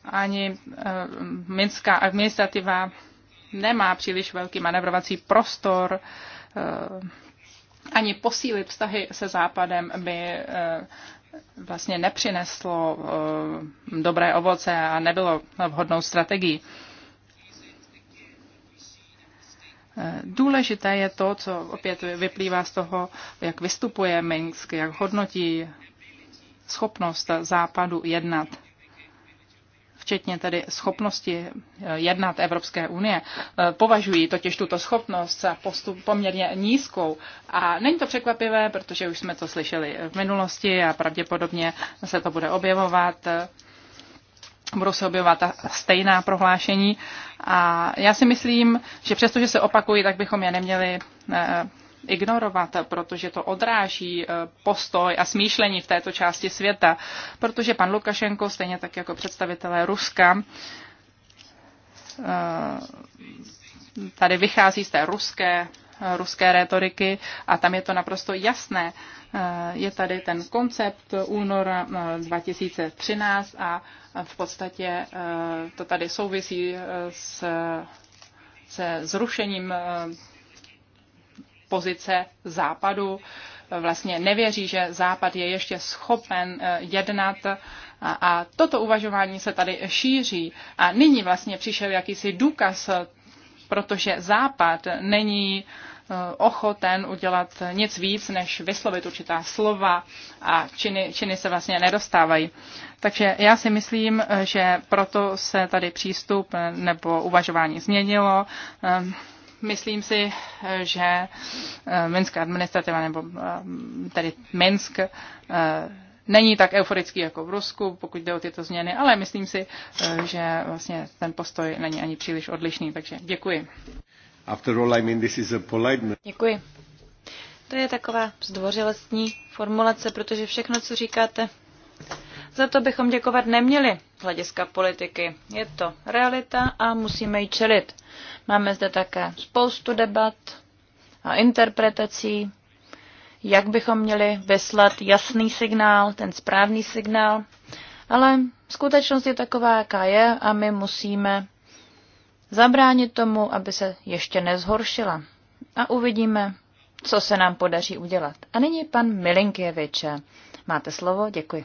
ani e, minská administrativa nemá příliš velký manevrovací prostor ani posílit vztahy se Západem by eh, vlastně nepřineslo eh, dobré ovoce a nebylo vhodnou strategií. Eh, důležité je to, co opět vyplývá z toho, jak vystupuje Minsk, jak hodnotí schopnost Západu jednat včetně tedy schopnosti eh, jednat Evropské unie, eh, považují totiž tuto schopnost za postup poměrně nízkou. A není to překvapivé, protože už jsme to slyšeli v minulosti a pravděpodobně se to bude objevovat eh, budou se objevovat ta stejná prohlášení. A já si myslím, že přestože se opakují, tak bychom je neměli ignorovat, protože to odráží eh, postoj a smýšlení v této části světa, protože pan Lukašenko, stejně tak jako představitelé Ruska, eh, tady vychází z té ruské eh, ruské retoriky a tam je to naprosto jasné. Je tady ten koncept února 2013 a v podstatě to tady souvisí s, se zrušením pozice Západu. Vlastně nevěří, že Západ je ještě schopen eh, jednat a, a toto uvažování se tady šíří. A nyní vlastně přišel jakýsi důkaz, protože Západ není eh, ochoten udělat nic víc, než vyslovit určitá slova a činy, činy se vlastně nedostávají. Takže já si myslím, eh, že proto se tady přístup nebo uvažování změnilo. Ehm, myslím si, že eh, minská administrativa nebo eh, tedy Minsk eh, není tak euforický jako v Rusku, pokud jde o tyto změny, ale myslím si, že vlastně ten postoj není ani příliš odlišný, takže děkuji. After all, I mean, this is a polite... Děkuji. To je taková zdvořilostní formulace, protože všechno, co říkáte, za to bychom děkovat neměli z hlediska politiky. Je to realita a musíme ji čelit. Máme zde také spoustu debat a interpretací, jak bychom měli vyslat jasný signál, ten správný signál, ale skutečnost je taková, jaká je a my musíme zabránit tomu, aby se ještě nezhoršila. A uvidíme, co se nám podaří udělat. A nyní pan Milinkěvič. Máte slovo, děkuji.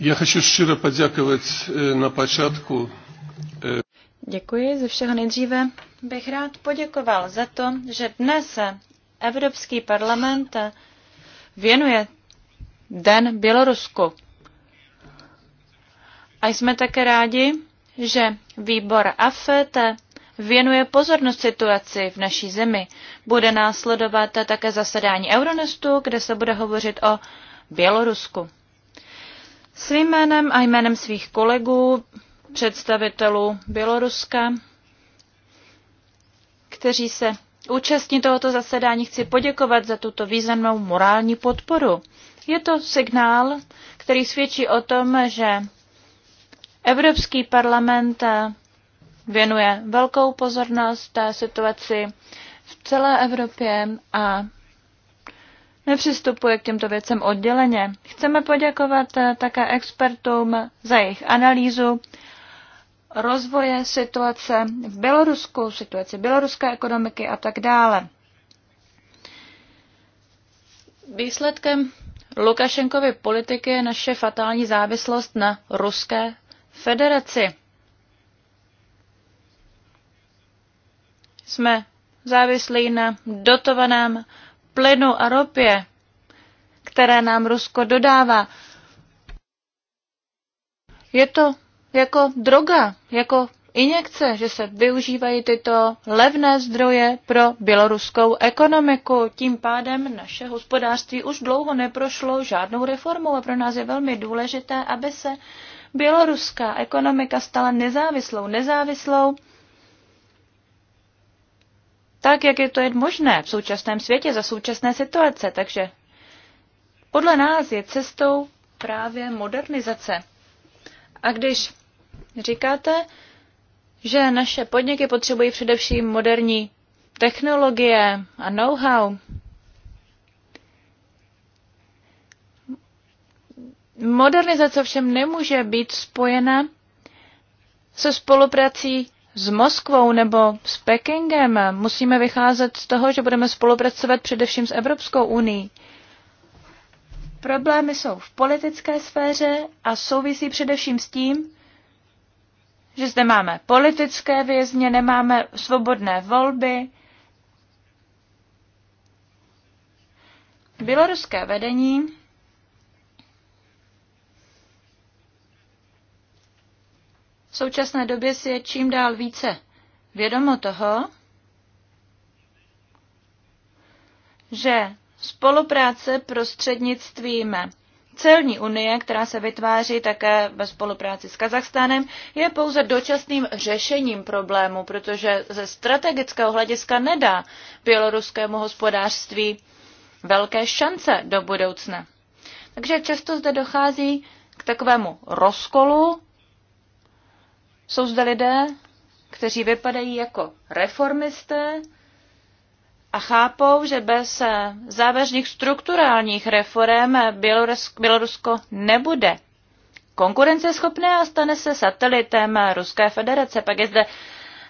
Já chci ještě poděkovat eh, na počátku Děkuji. Ze všeho nejdříve bych rád poděkoval za to, že dnes Evropský parlament věnuje Den Bělorusku. A jsme také rádi, že výbor AFET věnuje pozornost situaci v naší zemi. Bude následovat také zasedání Euronestu, kde se bude hovořit o Bělorusku. Svým jménem a jménem svých kolegů představitelů Běloruska, kteří se účastní tohoto zasedání. Chci poděkovat za tuto významnou morální podporu. Je to signál, který svědčí o tom, že Evropský parlament věnuje velkou pozornost té situaci v celé Evropě a nepřistupuje k těmto věcem odděleně. Chceme poděkovat také expertům za jejich analýzu rozvoje situace v Bělorusku, situace běloruské ekonomiky a tak dále. Výsledkem Lukašenkovy politiky je naše fatální závislost na Ruské federaci. Jsme závislí na dotovaném plynu a ropě, které nám Rusko dodává. Je to jako droga, jako injekce, že se využívají tyto levné zdroje pro běloruskou ekonomiku. Tím pádem naše hospodářství už dlouho neprošlo žádnou reformou a pro nás je velmi důležité, aby se běloruská ekonomika stala nezávislou. Nezávislou tak, jak je to jen možné v současném světě za současné situace. Takže podle nás je cestou právě modernizace a když říkáte, že naše podniky potřebují především moderní technologie a know-how, modernizace všem nemůže být spojena se spoluprací s Moskvou nebo s Pekingem. Musíme vycházet z toho, že budeme spolupracovat především s Evropskou unii. Problémy jsou v politické sféře a souvisí především s tím, že zde máme politické vězně, nemáme svobodné volby. Běloruské vedení v současné době si je čím dál více vědomo toho, že spolupráce prostřednictvím Celní unie, která se vytváří také ve spolupráci s Kazachstánem, je pouze dočasným řešením problému, protože ze strategického hlediska nedá běloruskému hospodářství velké šance do budoucna. Takže často zde dochází k takovému rozkolu. Jsou zde lidé, kteří vypadají jako reformisté, a chápou, že bez závažných strukturálních reform Bělorusko nebude konkurenceschopné a stane se satelitem Ruské federace. Pak je zde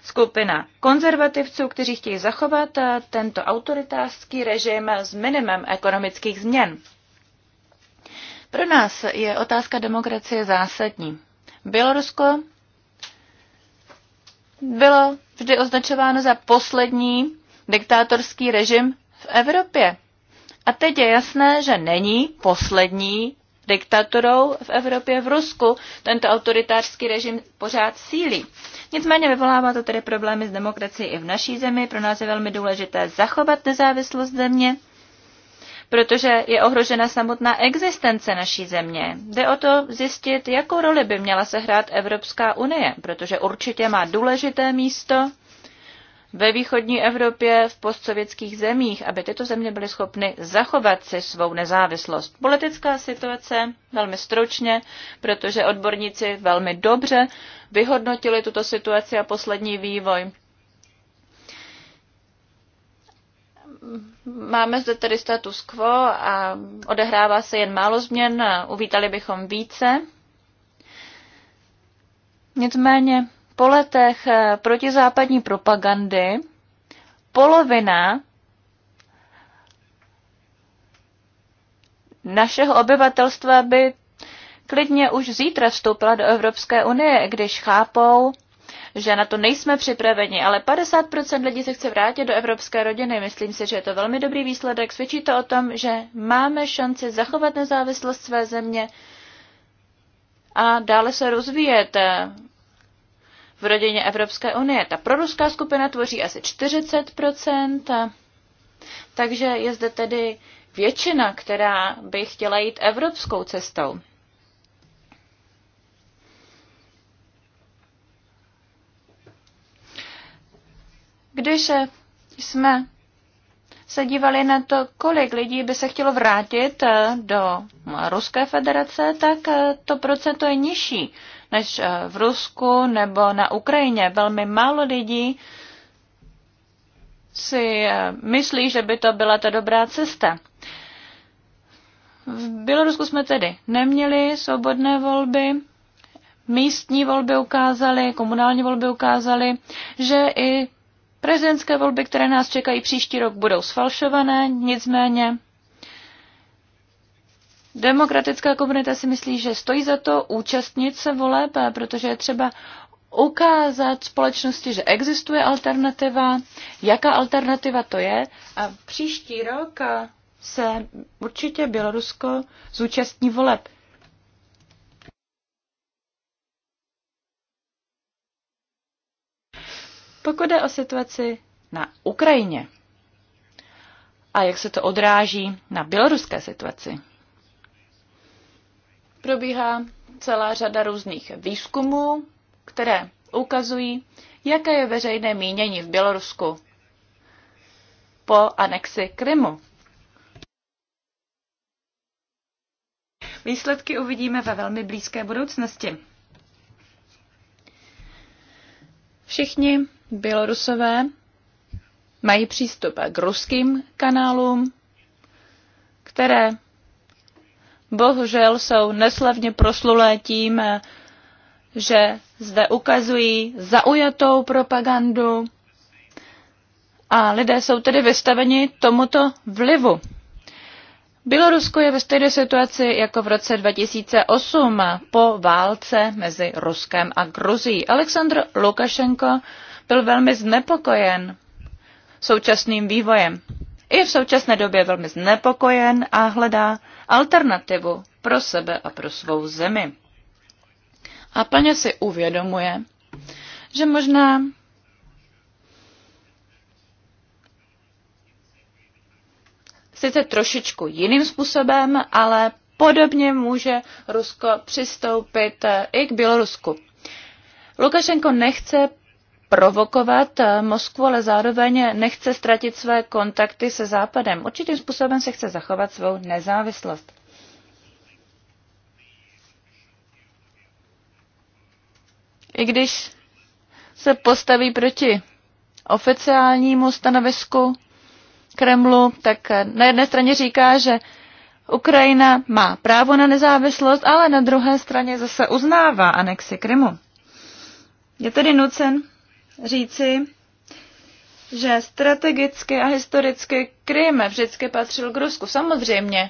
skupina konzervativců, kteří chtějí zachovat tento autoritářský režim s minimem ekonomických změn. Pro nás je otázka demokracie zásadní. Bělorusko bylo vždy označováno za poslední diktátorský režim v Evropě. A teď je jasné, že není poslední diktatorou v Evropě, v Rusku. Tento autoritářský režim pořád sílí. Nicméně vyvolává to tedy problémy s demokracií i v naší zemi. Pro nás je velmi důležité zachovat nezávislost země, protože je ohrožena samotná existence naší země. Jde o to zjistit, jakou roli by měla sehrát Evropská unie, protože určitě má důležité místo ve východní Evropě, v postsovětských zemích, aby tyto země byly schopny zachovat si svou nezávislost. Politická situace velmi stručně, protože odborníci velmi dobře vyhodnotili tuto situaci a poslední vývoj. Máme zde tedy status quo a odehrává se jen málo změn, uvítali bychom více. Nicméně po letech eh, protizápadní propagandy polovina našeho obyvatelstva by klidně už zítra vstoupila do Evropské unie, když chápou, že na to nejsme připraveni, ale 50% lidí se chce vrátit do evropské rodiny. Myslím si, že je to velmi dobrý výsledek. Svědčí to o tom, že máme šanci zachovat nezávislost své země a dále se rozvíjet v rodině Evropské unie. Ta proruská skupina tvoří asi 40 takže je zde tedy většina, která by chtěla jít evropskou cestou. Když jsme se dívali na to, kolik lidí by se chtělo vrátit do Ruské federace, tak to procento je nižší než eh, v Rusku nebo na Ukrajině. Velmi málo lidí si eh, myslí, že by to byla ta dobrá cesta. V Bělorusku jsme tedy neměli svobodné volby, místní volby ukázaly, komunální volby ukázaly, že i prezidentské volby, které nás čekají příští rok, budou sfalšované, nicméně Demokratická komunita si myslí, že stojí za to účastnit se voleb, protože je třeba ukázat společnosti, že existuje alternativa, jaká alternativa to je. A příští rok se určitě Bělorusko zúčastní voleb. Pokud jde o situaci na Ukrajině a jak se to odráží na běloruské situaci, probíhá celá řada různých výzkumů, které ukazují, jaké je veřejné mínění v Bělorusku po anexi Krymu. Výsledky uvidíme ve velmi blízké budoucnosti. Všichni Bělorusové mají přístup k ruským kanálům, které bohužel jsou neslavně proslulé tím, eh, že zde ukazují zaujatou propagandu a lidé jsou tedy vystaveni tomuto vlivu. Bělorusko je ve stejné situaci jako v roce 2008 po válce mezi Ruskem a Gruzí. Aleksandr Lukašenko byl velmi znepokojen současným vývojem. I v současné době velmi znepokojen a hledá alternativu pro sebe a pro svou zemi. A plně si uvědomuje, že možná sice trošičku jiným způsobem, ale podobně může Rusko přistoupit eh, i k Bělorusku. Lukašenko nechce provokovat eh, Moskvu, ale zároveň nechce ztratit své kontakty se Západem. Určitým způsobem se chce zachovat svou nezávislost. I když se postaví proti oficiálnímu stanovisku Kremlu, tak eh, na jedné straně říká, že Ukrajina má právo na nezávislost, ale na druhé straně zase uznává anexi Krymu. Je tedy nucen říci, že strategicky a historicky Krym vždycky patřil k Rusku. Samozřejmě,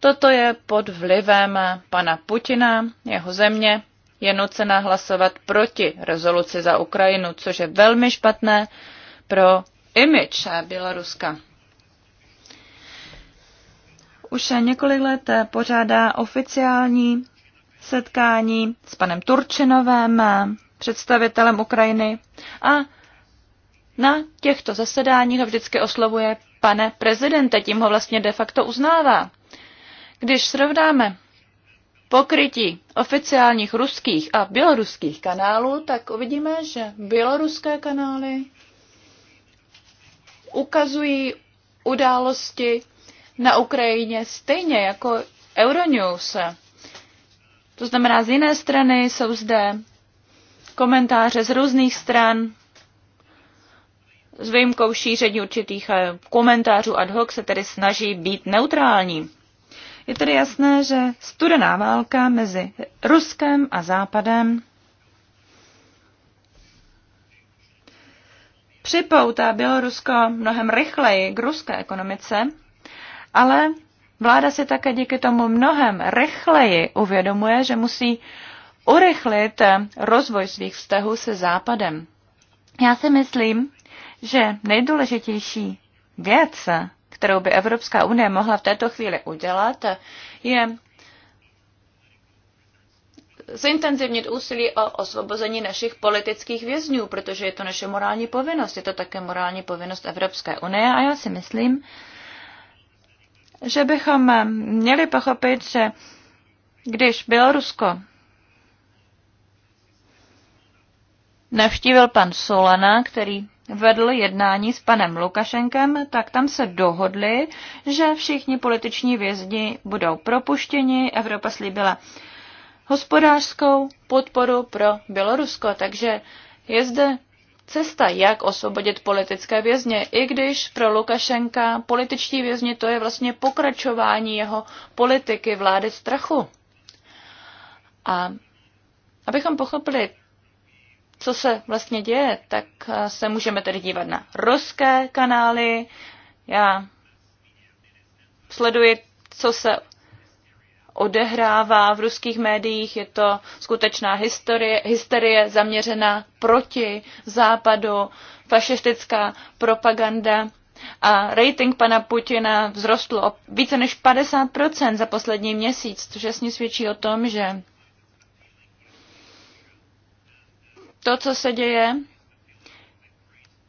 toto je pod vlivem pana Putina, jeho země je nucena hlasovat proti rezoluci za Ukrajinu, což je velmi špatné pro image Běloruska. Už několik let pořádá oficiální setkání s panem Turčinovem, představitelem Ukrajiny a na těchto zasedáních ho vždycky oslovuje pane prezidente, tím ho vlastně de facto uznává. Když srovnáme pokrytí oficiálních ruských a běloruských kanálů, tak uvidíme, že běloruské kanály ukazují události na Ukrajině stejně jako Euronews. To znamená, z jiné strany jsou zde komentáře z různých stran. S výjimkou šíření určitých eh, komentářů ad hoc se tedy snaží být neutrální. Je tedy jasné, že studená válka mezi Ruskem a Západem připoutá Bělorusko mnohem rychleji k ruské ekonomice, ale vláda si také díky tomu mnohem rychleji uvědomuje, že musí urychlit rozvoj svých vztahů se Západem. Já si myslím, že nejdůležitější věc, kterou by Evropská unie mohla v této chvíli udělat, je zintenzivnit úsilí o osvobození našich politických vězňů, protože je to naše morální povinnost, je to také morální povinnost Evropské unie a já si myslím, že bychom měli pochopit, že když Bělorusko navštívil pan Solana, který vedl jednání s panem Lukašenkem, tak tam se dohodli, že všichni političní vězni budou propuštěni. Evropa slíbila hospodářskou podporu pro Bělorusko, takže je zde cesta, jak osvobodit politické vězně, i když pro Lukašenka političtí vězni to je vlastně pokračování jeho politiky vlády strachu. A abychom pochopili co se vlastně děje, tak eh, se můžeme tedy dívat na ruské kanály. Já sleduji, co se odehrává v ruských médiích. Je to skutečná historie, hysterie zaměřená proti západu, fašistická propaganda. A rating pana Putina vzrostl o více než 50% za poslední měsíc, což jasně svědčí o tom, že To, co se děje,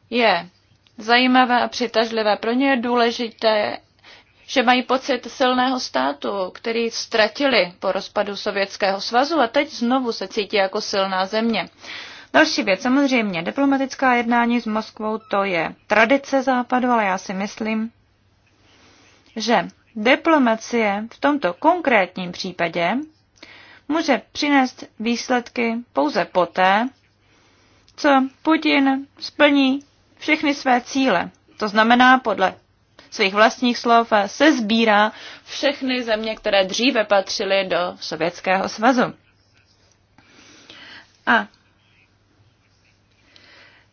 je zajímavé a přitažlivé. Pro ně je důležité, že mají pocit silného státu, který ztratili po rozpadu Sovětského svazu a teď znovu se cítí jako silná země. Další věc, samozřejmě, diplomatická jednání s Moskvou, to je tradice západu, ale já si myslím, že diplomacie v tomto konkrétním případě může přinést výsledky pouze poté, Eh, Putin splní všechny své cíle. To znamená, podle svých vlastních slov, eh, se sbírá všechny země, které dříve patřily do Sovětského svazu. A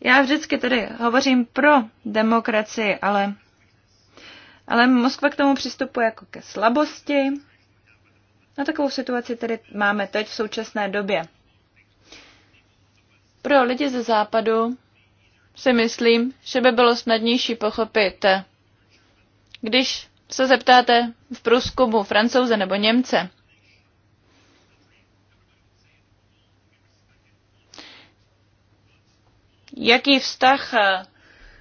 já vždycky tedy hovořím pro demokracii, ale, ale Moskva k tomu přistupuje jako ke slabosti. Na takovou situaci tedy máme teď v současné době. Pro lidi ze západu si myslím, že by bylo snadnější pochopit, když se zeptáte v průzkumu francouze nebo Němce. Jaký vztah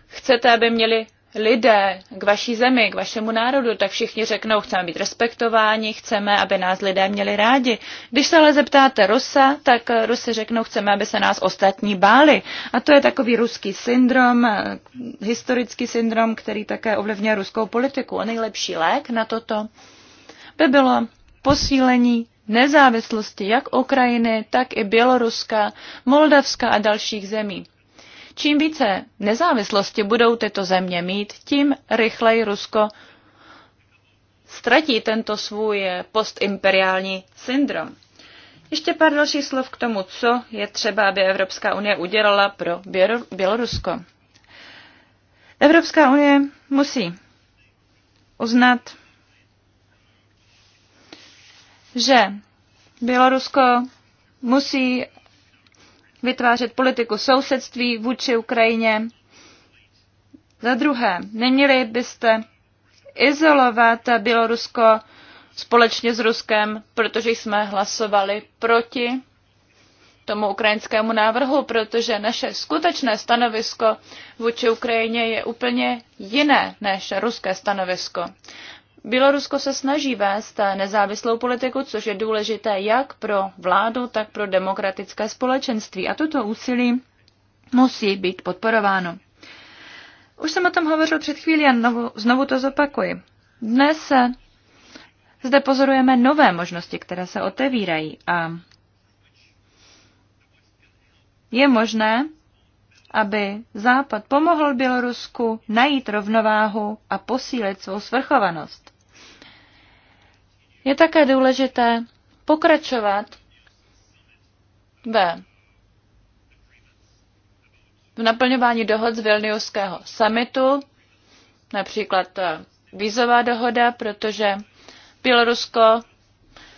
chcete, aby měli lidé k vaší zemi, k vašemu národu, tak všichni řeknou, chceme být respektováni, chceme, aby nás lidé měli rádi. Když se ale zeptáte Rusa, tak Rusy řeknou, chceme, aby se nás ostatní báli. A to je takový ruský syndrom, eh, historický syndrom, který také ovlivňuje ruskou politiku. A nejlepší lék na toto by bylo posílení nezávislosti jak Ukrajiny, tak i Běloruska, Moldavska a dalších zemí. Čím více nezávislosti budou tyto země mít, tím rychleji Rusko ztratí tento svůj eh, postimperiální syndrom. Ještě pár dalších slov k tomu, co je třeba, aby Evropská unie udělala pro Bělorusko. Evropská unie musí uznat, že Bělorusko musí vytvářet politiku sousedství vůči Ukrajině. Za druhé, neměli byste izolovat Bělorusko společně s Ruskem, protože jsme hlasovali proti tomu ukrajinskému návrhu, protože naše skutečné stanovisko vůči Ukrajině je úplně jiné než ruské stanovisko. Bělorusko se snaží vést nezávislou politiku, což je důležité jak pro vládu, tak pro demokratické společenství. A toto úsilí musí být podporováno. Už jsem o tom hovořil před chvílí a znovu, znovu to zopakuji. Dnes se zde pozorujeme nové možnosti, které se otevírají a je možné, aby Západ pomohl Bělorusku najít rovnováhu a posílit svou svrchovanost. Je také důležité pokračovat ve v naplňování dohod z Vilniuského summitu, například eh, vízová dohoda, protože Bělorusko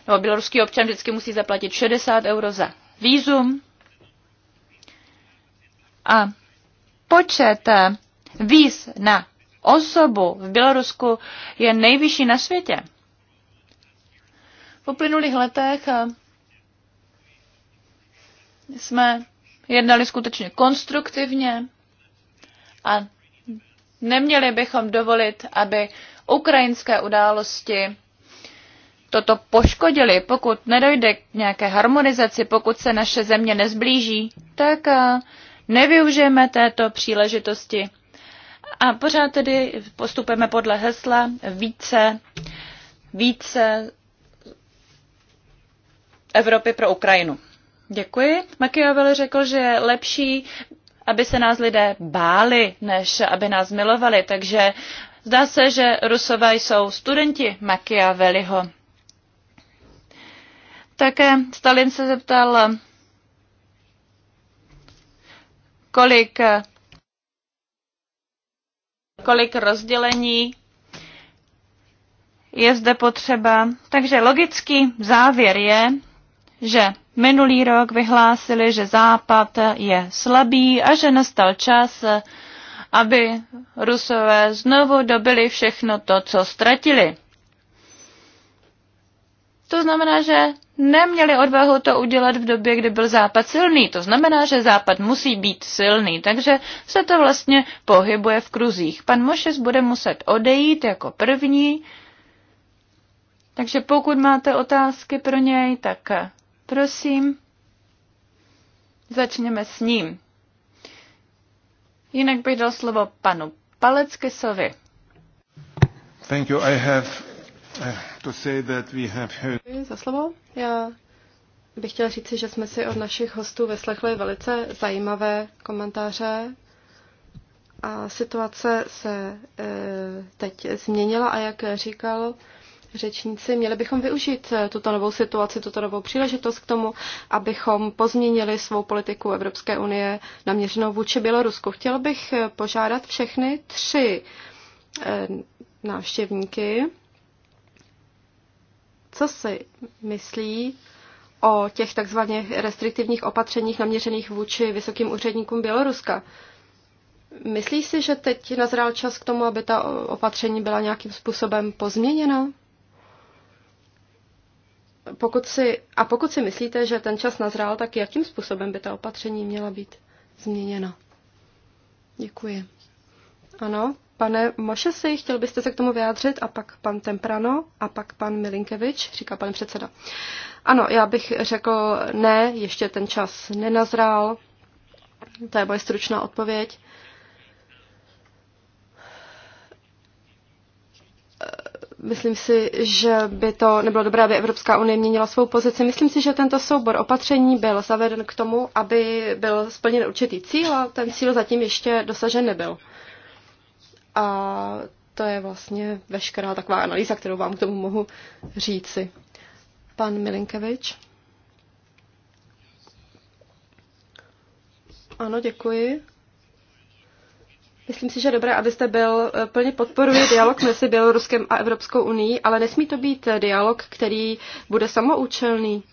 nebo běloruský občan vždycky musí zaplatit 60 euro za vízum. A počet eh, víz na osobu v Bělorusku je nejvyšší na světě. V uplynulých letech eh, jsme jednali skutečně konstruktivně a neměli bychom dovolit, aby ukrajinské události toto poškodili, pokud nedojde k nějaké harmonizaci, pokud se naše země nezblíží, tak eh, nevyužijeme této příležitosti. A pořád tedy postupujeme podle hesla více, více Evropy pro Ukrajinu. Děkuji. Machiavelli řekl, že je lepší, aby se nás lidé báli, než aby nás milovali. Takže zdá se, že Rusové jsou studenti Machiavelliho. Také Stalin se zeptal, kolik, kolik rozdělení je zde potřeba. Takže logický závěr je, že minulý rok vyhlásili, že Západ je slabý a že nastal čas, aby Rusové znovu dobili všechno to, co ztratili. To znamená, že neměli odvahu to udělat v době, kdy byl Západ silný. To znamená, že Západ musí být silný, takže se to vlastně pohybuje v kruzích. Pan Mošes bude muset odejít jako první, takže pokud máte otázky pro něj, tak Prosím, začněme s ním. Jinak bych dal slovo panu Paleckesovi. Thank you. I have eh, to say that we have heard... Za slovo. Já bych chtěla říci, že jsme si od našich hostů vyslechli velice zajímavé komentáře a situace se eh, teď změnila a jak říkal řečníci, měli bychom využít eh, tuto novou situaci, tuto novou příležitost k tomu, abychom pozměnili svou politiku Evropské unie naměřenou vůči Bělorusku. Chtěl bych eh, požádat všechny tři eh, návštěvníky, co si myslí o těch takzvaně restriktivních opatřeních naměřených vůči vysokým úředníkům Běloruska. Myslí si, že teď nazrál čas k tomu, aby ta opatření byla nějakým způsobem pozměněna? pokud si, a pokud si myslíte, že ten čas nazrál, tak jakým způsobem by ta opatření měla být změněna? Děkuji. Ano, pane Mošesi, chtěl byste se k tomu vyjádřit a pak pan Temprano a pak pan Milinkevič, říká pan předseda. Ano, já bych řekl ne, ještě ten čas nenazrál. To je moje stručná odpověď. Myslím si, že by to nebylo dobré, aby Evropská unie měnila svou pozici. Myslím si, že tento soubor opatření byl zaveden k tomu, aby byl splněn určitý cíl a ten cíl zatím ještě dosažen nebyl. A to je vlastně veškerá taková analýza, kterou vám k tomu mohu říci. Pan Milinkevič. Ano, děkuji. Myslím si, že je dobré, abyste byl eh, plně podporuje dialog mezi Běloruskem a Evropskou unii, ale nesmí to být eh, dialog, který bude samoučelný.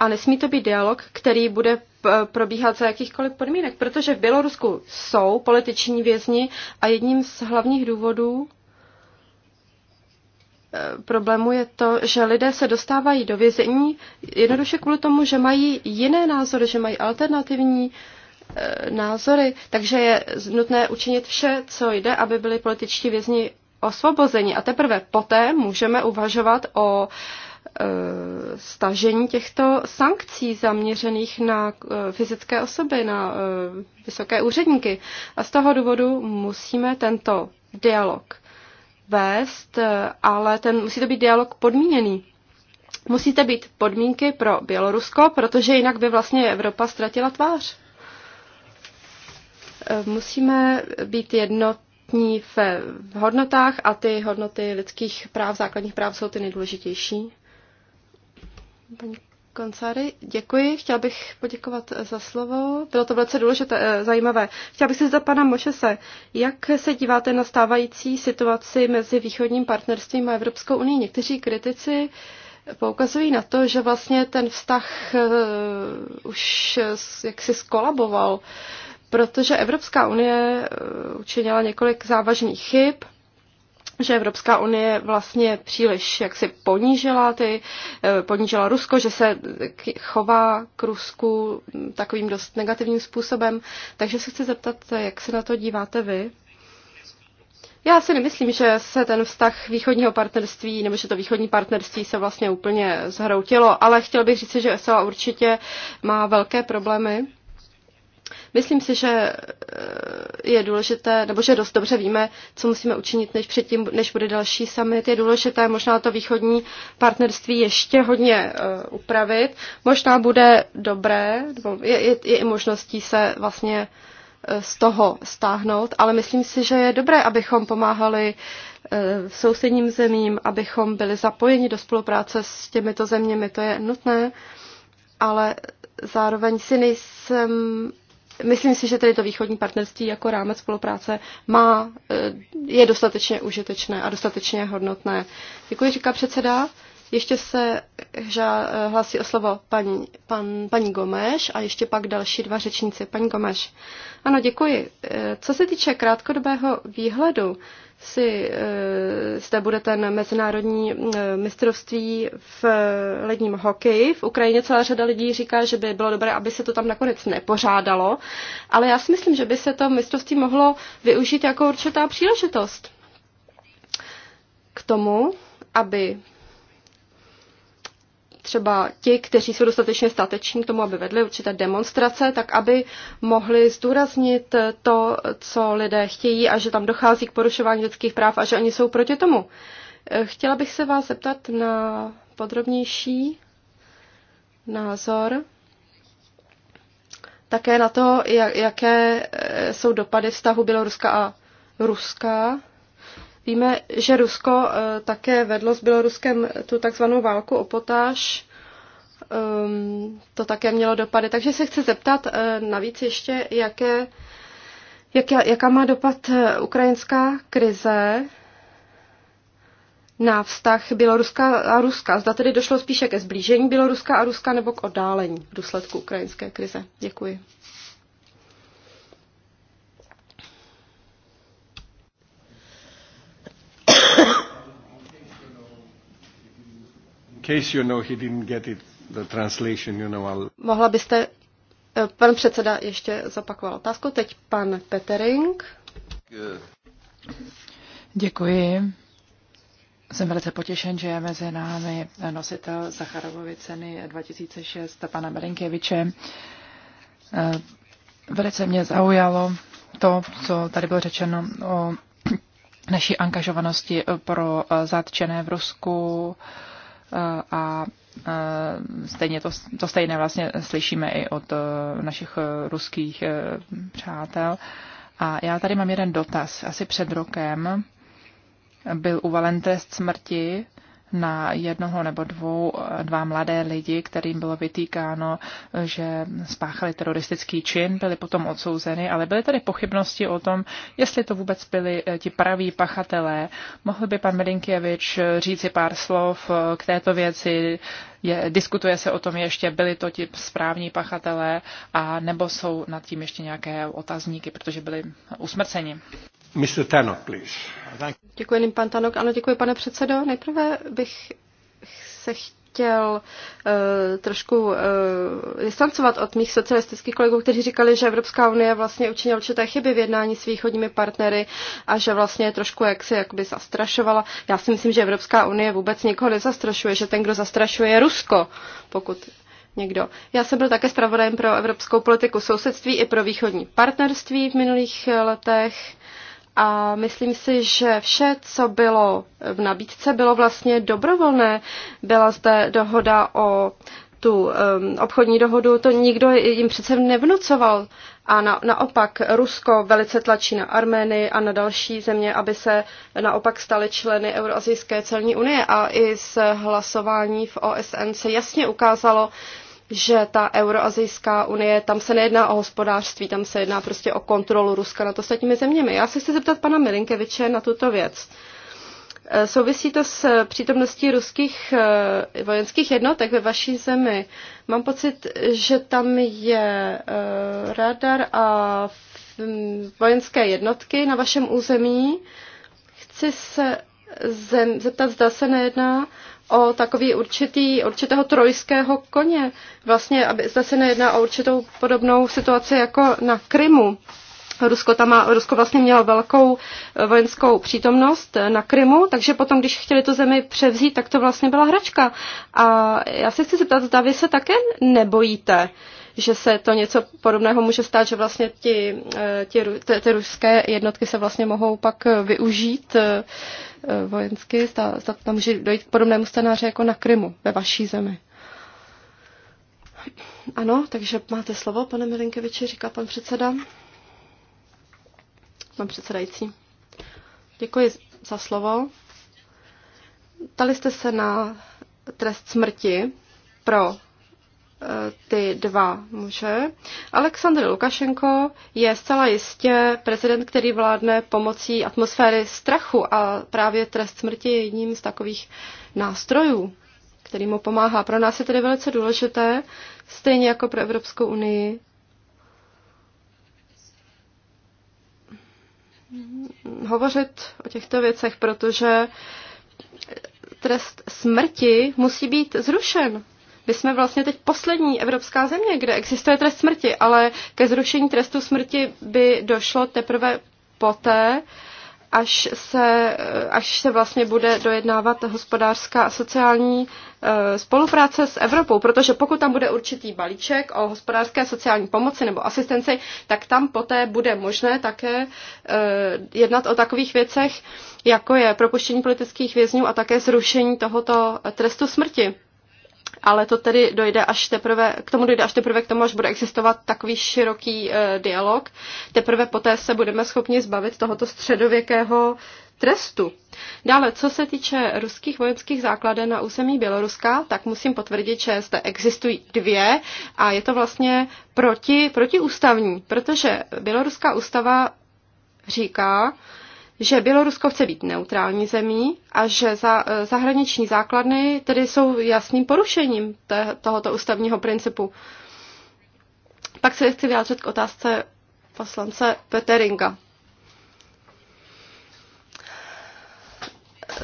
A nesmí to být dialog, který bude eh, probíhat za jakýchkoliv podmínek, protože v Bělorusku jsou političní vězni a jedním z hlavních důvodů problému je to, že lidé se dostávají do vězení jednoduše kvůli tomu, že mají jiné názory, že mají alternativní uh, E, názory, takže je nutné učinit vše, co jde, aby byli političtí vězni osvobozeni. A teprve poté můžeme uvažovat o e, stažení těchto sankcí zaměřených na e, fyzické osoby, na vysoké úředníky. A z toho důvodu musíme tento dialog vést, ale ten musí to být dialog podmíněný. Musíte být podmínky pro Bělorusko, protože jinak by vlastně Evropa ztratila tvář. Musíme být jednotní v hodnotách a ty hodnoty lidských práv, základních práv jsou ty nejdůležitější. Paní Koncary, děkuji. Chtěl bych poděkovat za slovo. Bylo to velice důležité, eh, zajímavé. Chtěl bych se zeptat pana Mošese, jak se díváte na stávající situaci mezi východním partnerstvím a Evropskou unii? Někteří kritici poukazují na to, že vlastně ten vztah eh, už jaksi skolaboval protože Evropská unie eh, učinila několik závažných chyb, že Evropská unie vlastně příliš jak si ponížila, ty, eh, ponížila Rusko, že se chová k Rusku takovým dost negativním způsobem. Takže se chci zeptat, jak se na to díváte vy? Já si nemyslím, že se ten vztah východního partnerství, nebo že to východní partnerství se vlastně úplně zhroutilo, ale chtěl bych říct, že SLA určitě má velké problémy Myslím si, že eh, je důležité, nebo že dost dobře víme, co musíme učinit, než předtím, než bude další summit. Je důležité možná to východní partnerství ještě hodně eh, upravit. Možná bude dobré, je, je, je i možností se vlastně eh, z toho stáhnout, ale myslím si, že je dobré, abychom pomáhali sousedním zemím, abychom byli zapojeni do spolupráce s těmito zeměmi, to je nutné, ale zároveň si nejsem Myslím si, že tedy to východní partnerství jako rámec spolupráce má, eh, je dostatečně užitečné a dostatečně hodnotné. Děkuji, říká předseda. Ještě se žá, eh, hlasí o slovo paní, pan, paní Gomeš a ještě pak další dva řečníci. Paní Gomeš. Ano, děkuji. Eh, co se týče krátkodobého výhledu, si eh, zde bude ten mezinárodní mistrovství v ledním hokeji. V Ukrajině celá řada lidí říká, že by bylo dobré, aby se to tam nakonec nepořádalo, ale já si myslím, že by se to mistrovství mohlo využít jako určitá příležitost k tomu, aby třeba ti, kteří jsou dostatečně stateční k tomu, aby vedli určité demonstrace, tak aby mohli zdůraznit to, co lidé chtějí a že tam dochází k porušování lidských práv a že oni jsou proti tomu. Chtěla bych se vás zeptat na podrobnější názor také na to, jaké eh, jsou dopady vztahu Běloruska a Ruska Víme, že Rusko eh, také vedlo s Běloruskem tu takzvanou válku o potáž. Ehm, to také mělo dopady. Takže se chci zeptat eh, navíc ještě, jaké, jaká, jaká má dopad eh, ukrajinská krize na vztah Běloruska a Ruska. Zda tedy došlo spíše ke zblížení Běloruska a Ruska nebo k oddálení v důsledku ukrajinské krize. Děkuji. case you know he didn't get it, the translation, you know, I'll... Mohla byste, eh, pan předseda ještě zopakoval otázku, teď pan Petering. Děkuji. Jsem velice potěšen, že je mezi námi nositel Zacharovovy ceny 2006, pana Belinkeviče. Eh, velice mě zaujalo to, co tady bylo řečeno o naší angažovanosti pro eh, zatčené v Rusku, a e, stejně to, to stejné vlastně slyšíme i od e, našich e, ruských přátel. A já tady mám jeden dotaz. Asi před rokem byl uvalen trest smrti na jednoho nebo dvou, dva mladé lidi, kterým bylo vytýkáno, že spáchali teroristický čin, byli potom odsouzeny, ale byly tady pochybnosti o tom, jestli to vůbec byli eh, ti praví pachatelé. Mohl by pan Medinkěvič eh, říci pár slov eh, k této věci, je, diskutuje se o tom ještě, byli to ti správní pachatelé, a nebo jsou nad tím ještě nějaké otazníky, protože byli usmrceni. Mr. Tanok, Děkuji, pan Tanok. Ano, děkuji, pane předsedo. Nejprve bych se chtěl uh, trošku uh, distancovat od mých socialistických kolegů, kteří říkali, že Evropská unie vlastně učinila určité chyby v jednání s východními partnery a že vlastně trošku jaksi jakoby zastrašovala. Já si myslím, že Evropská unie vůbec nikoho nezastrašuje, že ten, kdo zastrašuje, je Rusko, pokud někdo. Já jsem byl také zpravodajem pro evropskou politiku sousedství i pro východní partnerství v minulých eh, letech a myslím si, že vše, co bylo v nabídce, bylo vlastně dobrovolné. Byla zde dohoda o tu um, obchodní dohodu, to nikdo jim přece nevnucoval. A na, naopak Rusko velice tlačí na Armény a na další země, aby se naopak staly členy Euroazijské celní unie. A i z hlasování v OSN se jasně ukázalo, uh, že ta euroazijská unie, tam se nejedná o hospodářství, tam se jedná prostě o kontrolu Ruska nad ostatními zeměmi. Já se chci zeptat pana Milinkeviče na tuto věc. E, souvisí to s přítomností ruských e, vojenských jednotek ve vaší zemi. Mám pocit, že tam je e, radar a vojenské jednotky na vašem území. Chci se zeptat, zda se nejedná o takový určitý, určitého trojského koně. Vlastně, aby zda se nejedná o určitou podobnou situaci jako na Krymu. Rusko, tam má, Rusko vlastně mělo velkou eh, vojenskou přítomnost eh, na Krymu, takže potom, když chtěli tu zemi převzít, tak to vlastně byla hračka. A já se chci zeptat, zda vy se také nebojíte uh, že se to něco podobného může stát, že vlastně ti, eh, ti, ty, ty ruské jednotky se vlastně mohou pak eh, využít eh, vojensky, zda, tam může dojít k podobnému scénáři jako na Krymu ve vaší zemi. Ano, takže máte slovo, pane Milinkeviči, říká pan předseda. Pan předsedající. Děkuji za slovo. Tali jste se na trest smrti pro ty dva muže. Aleksandr Lukašenko je zcela jistě prezident, který vládne pomocí atmosféry strachu a právě trest smrti je jedním z takových nástrojů, který mu pomáhá. Pro nás je tedy velice důležité, stejně jako pro Evropskou unii, hovořit o těchto věcech, protože trest smrti musí být zrušen my jsme vlastně teď poslední evropská země, kde existuje trest smrti, ale ke zrušení trestu smrti by došlo teprve poté, až se, až se vlastně bude dojednávat hospodářská a sociální eh, spolupráce s Evropou, protože pokud tam bude určitý balíček o hospodářské a sociální pomoci nebo asistenci, tak tam poté bude možné také eh, jednat o takových věcech, jako je propuštění politických vězňů a také zrušení tohoto trestu smrti ale to tedy dojde až teprve, k tomu dojde až teprve k tomu, až bude existovat takový široký uh, dialog. Teprve poté se budeme schopni zbavit tohoto středověkého trestu. Dále, co se týče ruských vojenských základen na území Běloruska, tak musím potvrdit, že zde existují dvě a je to vlastně proti, protiústavní, protože běloruská ústava říká, že Bělorusko chce být neutrální zemí a že za, eh, zahraniční základny tedy jsou jasným porušením te, tohoto ústavního principu. Pak se chci vyjádřit k otázce poslance Peteringa.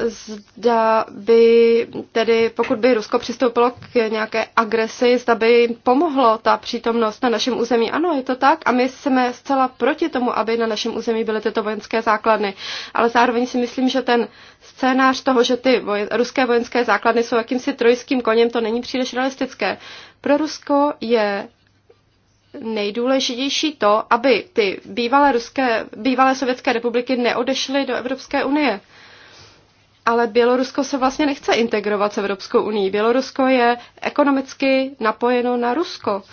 zda by tedy, pokud by Rusko přistoupilo k nějaké agresi, zda by jim pomohlo ta přítomnost na našem území. Ano, je to tak a my jsme zcela proti tomu, aby na našem území byly tyto vojenské základny. Ale zároveň si myslím, že ten scénář toho, že ty vojen, ruské vojenské základny jsou jakýmsi trojským koněm, to není příliš realistické. Pro Rusko je nejdůležitější to, aby ty bývalé, ruské, bývalé sovětské republiky neodešly do Evropské unie ale Bělorusko se vlastně nechce integrovat s Evropskou unii. Bělorusko je ekonomicky napojeno na Rusko.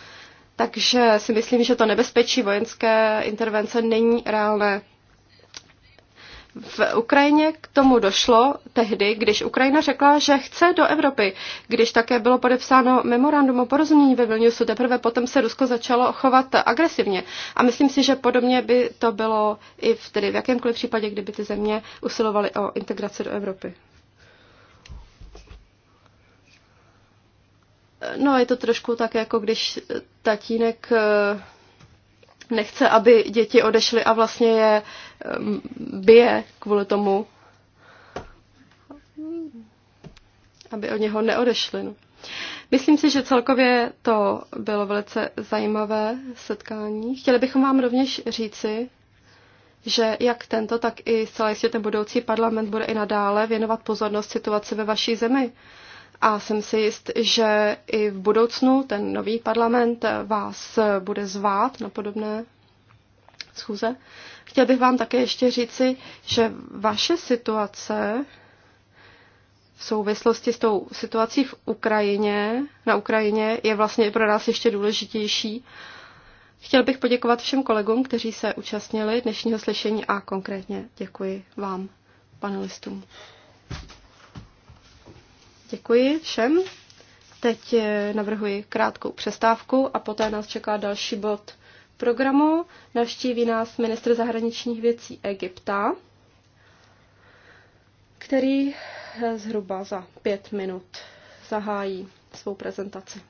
Takže si myslím, že to nebezpečí vojenské intervence není reálné v Ukrajině k tomu došlo tehdy, když Ukrajina řekla, že chce do Evropy, když také bylo podepsáno memorandum o porozumění ve Vilniusu, teprve potom se Rusko začalo chovat agresivně. A myslím si, že podobně by to bylo i v, tedy v jakémkoliv případě, kdyby ty země usilovaly o integraci do Evropy. No, je to trošku tak, jako když tatínek eh, nechce, aby děti odešly a vlastně je bije kvůli tomu, aby od něho neodešly. No. Myslím si, že celkově to bylo velice zajímavé setkání. Chtěli bychom vám rovněž říci, že jak tento, tak i zcela jistě ten budoucí parlament bude i nadále věnovat pozornost situaci ve vaší zemi a jsem si jist, že i v budoucnu ten nový parlament vás bude zvát na podobné schůze. Chtěl bych vám také ještě říci, že vaše situace v souvislosti s tou situací v Ukrajině, na Ukrajině je vlastně pro nás ještě důležitější. Chtěl bych poděkovat všem kolegům, kteří se účastnili dnešního slyšení a konkrétně děkuji vám, panelistům. Děkuji všem. Teď eh, navrhuji krátkou přestávku a poté nás čeká další bod programu. Navštíví nás ministr zahraničních věcí Egypta, který eh, zhruba za pět minut zahájí svou prezentaci.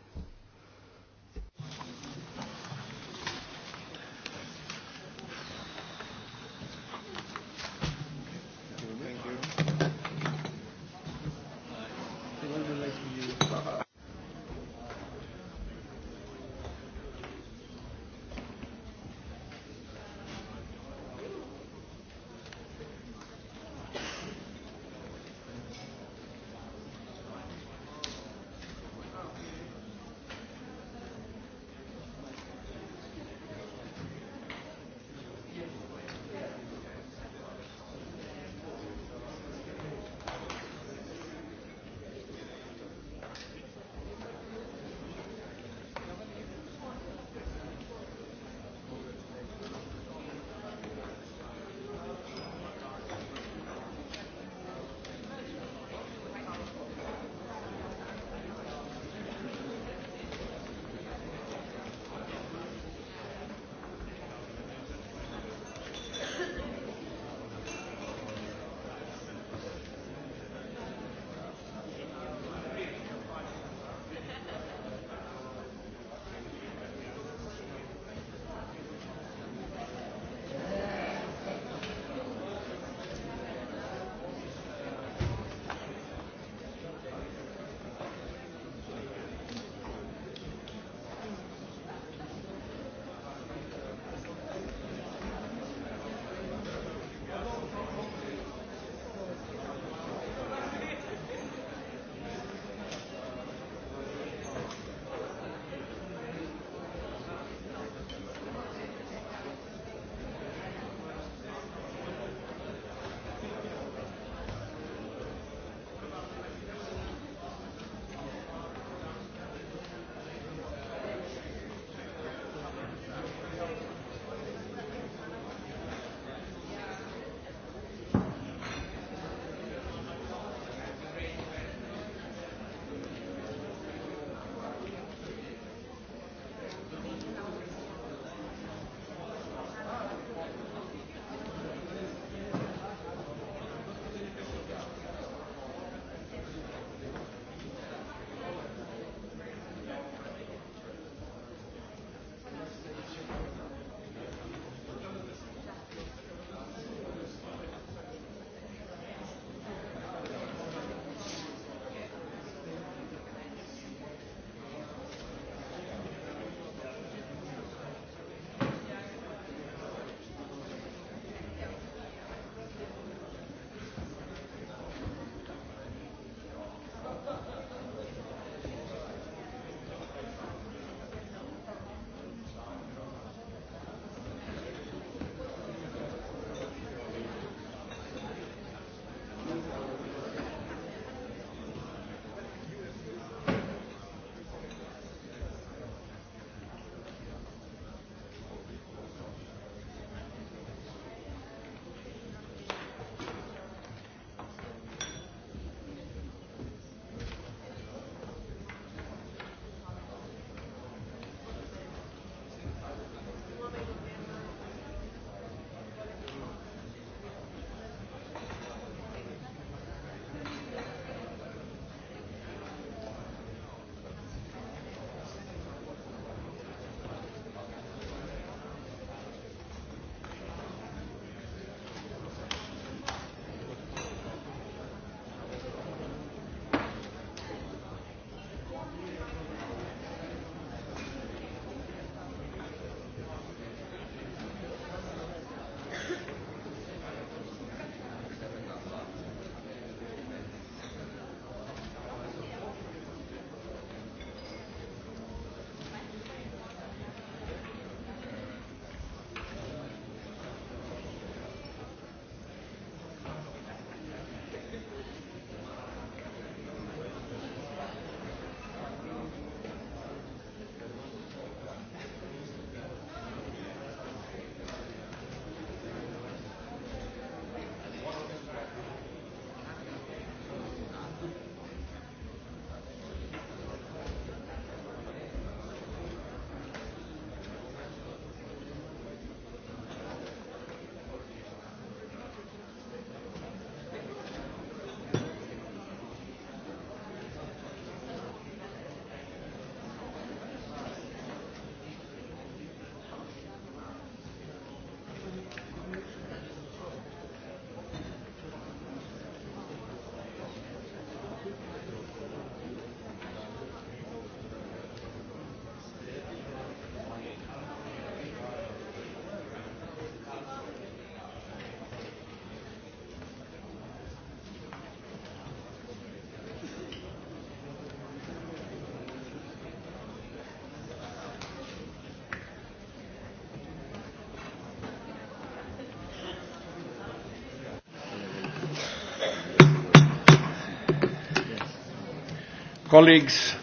colleagues.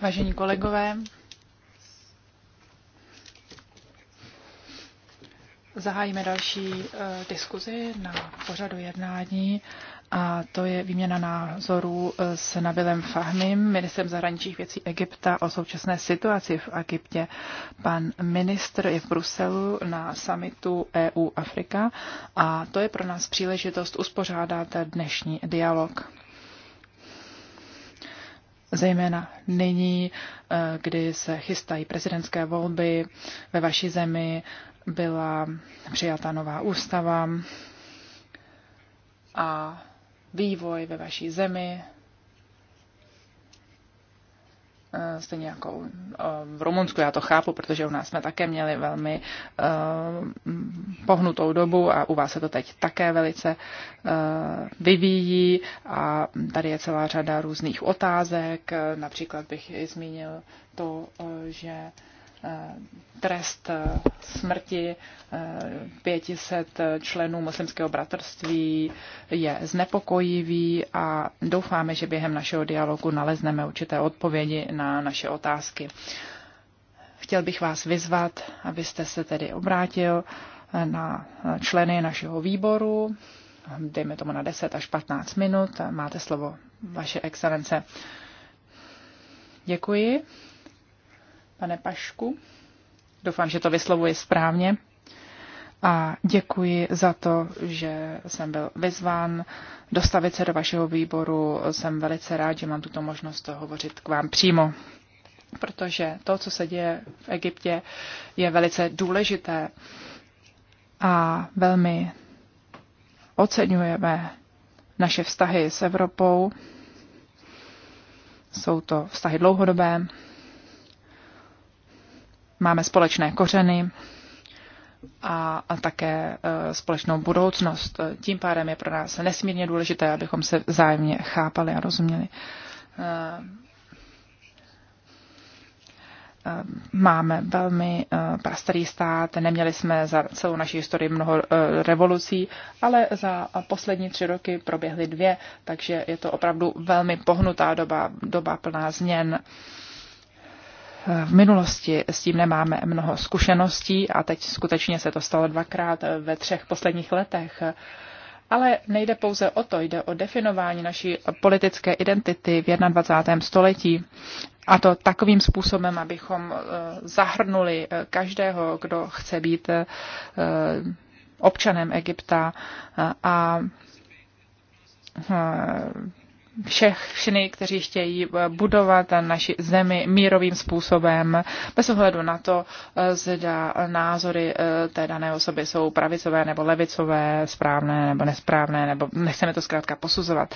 Vážení kolegové, zahájíme další uh, diskuzi na pořadu jednání a to je výměna názorů eh, s Nabilem Fahmim, ministrem zahraničních věcí Egypta o současné situaci v Egyptě. Pan ministr je v Bruselu na samitu EU Afrika a to je pro nás příležitost uspořádat dnešní dialog zejména nyní, eh, kdy se chystají prezidentské volby ve vaší zemi, byla přijata nová ústava a vývoj ve vaší zemi stejně jako eh, v Rumunsku, já to chápu, protože u nás jsme také měli velmi eh, pohnutou dobu a u vás se to teď také velice eh, vyvíjí a tady je celá řada různých otázek, například bych i zmínil to, že Eh, trest eh, smrti 500 eh, členů muslimského bratrství je znepokojivý a doufáme, že během našeho dialogu nalezneme určité odpovědi na naše otázky. Chtěl bych vás vyzvat, abyste se tedy obrátil na členy našeho výboru, dejme tomu na 10 až 15 minut. Máte slovo, vaše excelence. Děkuji pane Pašku. Doufám, že to vyslovuji správně. A děkuji za to, že jsem byl vyzván dostavit se do vašeho výboru. Jsem velice rád, že mám tuto možnost hovořit k vám přímo, protože to, co se děje v Egyptě, je velice důležité a velmi oceňujeme naše vztahy s Evropou. Jsou to vztahy dlouhodobé, máme společné kořeny a, a také e, společnou budoucnost. Tím pádem je pro nás nesmírně důležité, abychom se vzájemně chápali a rozuměli. E, e, máme velmi prastarý stát, neměli jsme za celou naši historii mnoho revolucí, ale za poslední tři roky proběhly dvě, takže je to opravdu velmi pohnutá doba, doba plná změn v minulosti s tím nemáme mnoho zkušeností a teď skutečně se to stalo dvakrát ve třech posledních letech. Ale nejde pouze o to, jde o definování naší politické identity v 21. století. A to takovým způsobem, abychom eh, zahrnuli eh, každého, kdo chce být eh, občanem Egypta a všech, všechny, kteří chtějí eh, budovat naši zemi mírovým způsobem, bez ohledu na to, eh, zda názory eh, té dané osoby jsou pravicové nebo levicové, správné nebo nesprávné, nebo nechceme to zkrátka posuzovat.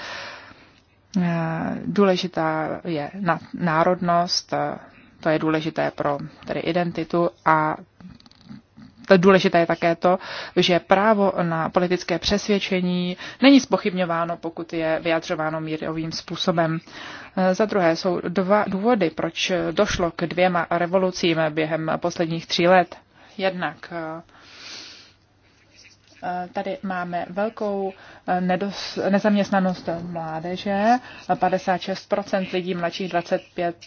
Důležitá je národnost, to je důležité pro tedy identitu a důležité je také to, že právo na politické přesvědčení není spochybňováno, pokud je vyjadřováno mírovým způsobem. Za druhé jsou dva důvody, proč došlo k dvěma revolucím během posledních tří let. Jednak Tady máme velkou nedos, nezaměstnanost mládeže, 56% lidí mladších 25,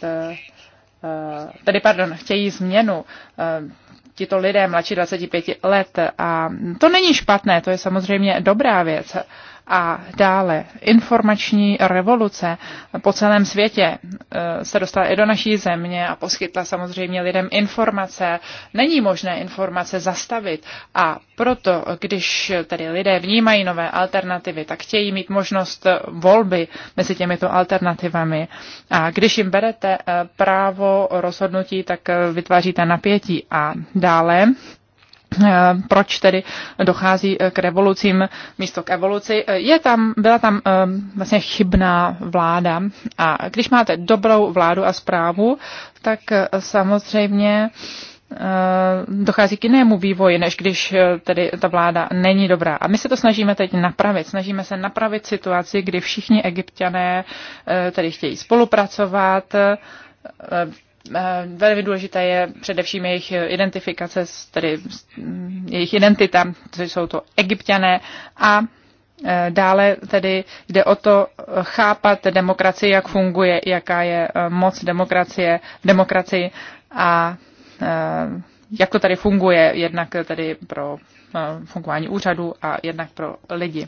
tedy pardon, chtějí změnu, tito lidé mladší 25 let. A to není špatné, to je samozřejmě dobrá věc a dále informační revoluce po celém světě eh, se dostala i do naší země a poskytla samozřejmě lidem informace. Není možné informace zastavit a proto, když tedy lidé vnímají nové alternativy, tak chtějí mít možnost volby mezi těmito alternativami. A když jim berete eh, právo rozhodnutí, tak eh, vytváříte napětí a dále Eh, proč tedy dochází eh, k revolucím místo k evoluci. Eh, je tam, byla tam vlastně chybná vláda a když máte dobrou vládu a zprávu, tak samozřejmě dochází k jinému vývoji, než když tedy ta vláda není dobrá. A my se to snažíme teď napravit. Snažíme se napravit situaci, kdy všichni egyptiané tedy chtějí spolupracovat, Eh, velmi důležité je především jejich identifikace, tedy jejich identita, což jsou to egyptiané a eh, Dále tedy jde o to chápat demokracii, jak funguje, jaká je eh, moc demokracie, demokracii a jak to tady funguje, jednak tedy pro fungování úřadu a jednak pro lidi.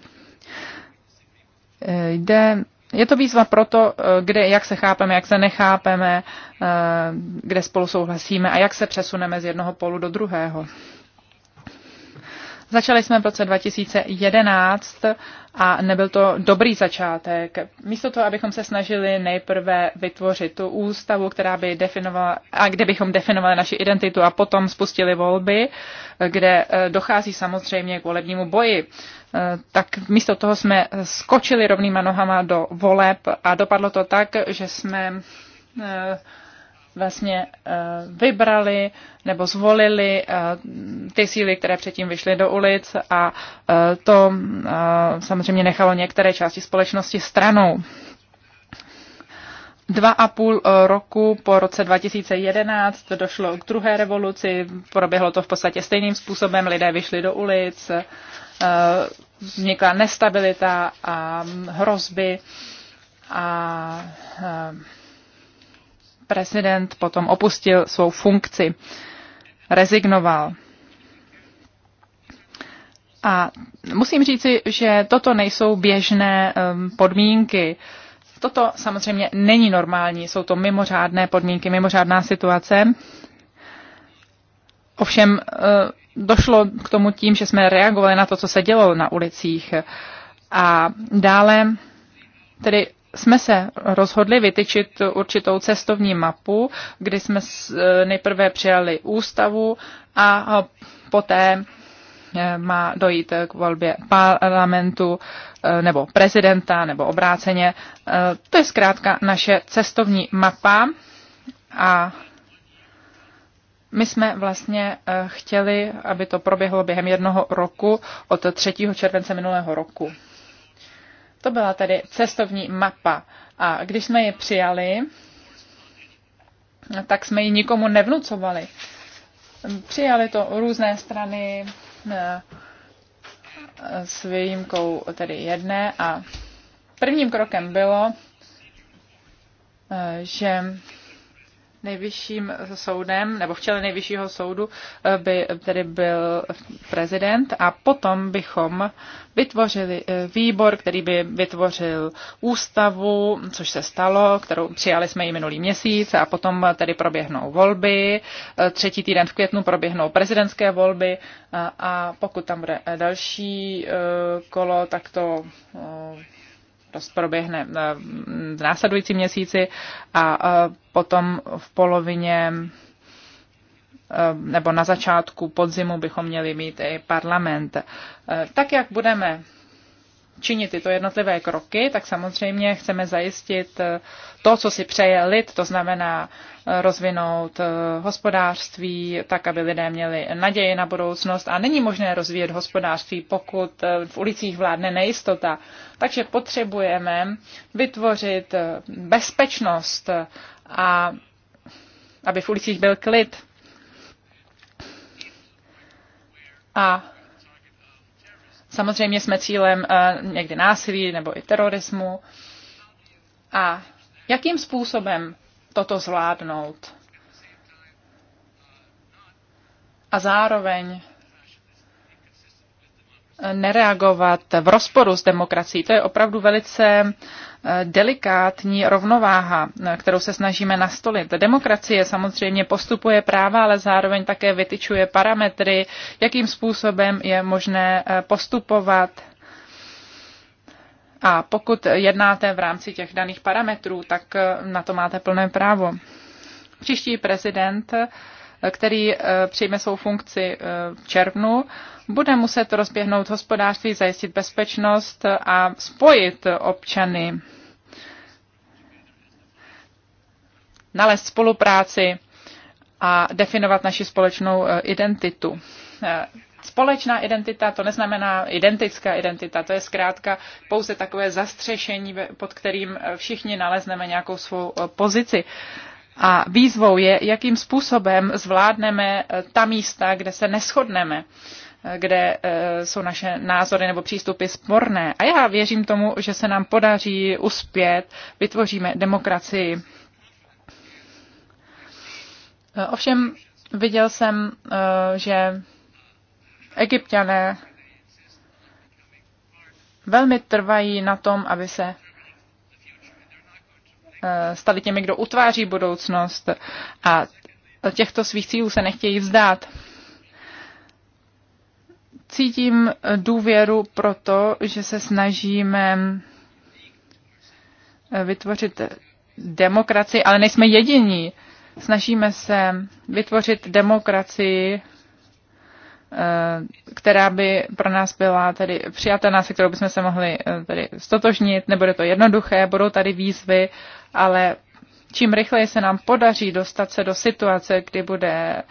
Jde je to výzva pro to, eh, kde, jak se chápeme, jak se nechápeme, eh, kde spolu souhlasíme a jak se přesuneme z jednoho polu do druhého. Začali jsme v roce 2011 a nebyl to dobrý začátek. Místo toho, abychom se snažili nejprve vytvořit tu ústavu, která by definovala, a kde bychom definovali naši identitu a potom spustili volby, eh, kde dochází samozřejmě k volebnímu boji. Eh, tak místo toho jsme skočili rovnýma nohama do voleb a dopadlo to tak, že jsme eh, vlastně eh, vybrali nebo zvolili ty síly, které předtím vyšly do ulic a to samozřejmě nechalo některé části společnosti stranou. Dva a půl roku po roce 2011 došlo k druhé revoluci, proběhlo to v podstatě stejným způsobem, lidé vyšli do ulic, vznikla nestabilita a hrozby a e, prezident potom opustil svou funkci, rezignoval. A musím říci, že toto nejsou běžné e, podmínky. Toto samozřejmě není normální, jsou to mimořádné podmínky, mimořádná situace. Ovšem e, došlo k tomu tím, že jsme reagovali na to, co se dělo na ulicích. A dále tedy jsme se rozhodli vytyčit určitou cestovní mapu, kdy jsme e, nejprve přijali ústavu a poté e, má dojít k volbě parlamentu e, nebo prezidenta nebo obráceně. To je zkrátka naše cestovní mapa a my jsme vlastně eh, chtěli, aby to proběhlo během jednoho roku od 3. července minulého roku. To byla tedy cestovní mapa. A když jsme ji přijali, tak jsme ji nikomu nevnucovali. Přijali to různé strany eh, s výjimkou tedy jedné a prvním krokem bylo, eh, že nejvyšším soudem, nebo v čele nejvyššího soudu eh, by tedy byl prezident a potom bychom vytvořili eh, výbor, který by vytvořil ústavu, což se stalo, kterou přijali jsme ji minulý měsíc a potom tedy proběhnou volby. Eh, třetí týden v květnu proběhnou prezidentské volby a pokud tam bude další kolo, tak to proběhne eh, v následujícím měsíci a eh, potom v polovině eh, nebo na začátku podzimu bychom měli mít i parlament. Tak, jak budeme činit tyto jednotlivé kroky, tak samozřejmě chceme zajistit eh, to, co si přeje lid, to znamená eh, rozvinout eh, hospodářství tak, aby lidé měli naději na budoucnost. A není možné rozvíjet hospodářství, pokud v ulicích vládne nejistota. Takže potřebujeme vytvořit bezpečnost a aby v ulicích byl klid. A Samozřejmě jsme cílem eh, někdy násilí nebo i terorismu. A jakým způsobem toto zvládnout? A zároveň eh, nereagovat v rozporu s demokracií. To je opravdu velice delikátní rovnováha, kterou se snažíme nastolit. Demokracie samozřejmě postupuje práva, ale zároveň také vytyčuje parametry, jakým způsobem je možné eh, postupovat. A pokud jednáte v rámci těch daných parametrů, tak eh, na to máte plné právo. Příští prezident který eh, přijme svou funkci eh, v červnu, bude muset rozběhnout hospodářství, zajistit bezpečnost a spojit občany, nalézt spolupráci a definovat naši společnou eh, identitu. Společná identita to neznamená identická identita, to je zkrátka pouze takové zastřešení, pod kterým všichni nalezneme nějakou svou pozici. A výzvou je, jakým způsobem zvládneme eh, ta místa, kde se neschodneme eh, kde eh, jsou naše názory nebo přístupy sporné. A já věřím tomu, že se nám podaří uspět, vytvoříme demokracii. Ovšem viděl jsem, že egyptiané velmi trvají na tom, aby se Eh, stali těmi, kdo utváří budoucnost a těchto svých cílů se nechtějí vzdát. Cítím důvěru proto, že se snažíme eh, vytvořit demokracii, ale nejsme jediní. Snažíme se vytvořit demokracii, eh, která by pro nás byla tedy přijatelná, se kterou bychom se mohli tedy stotožnit. Nebude to jednoduché, budou tady výzvy, ale čím rychleji se nám podaří dostat se do situace, kdy bude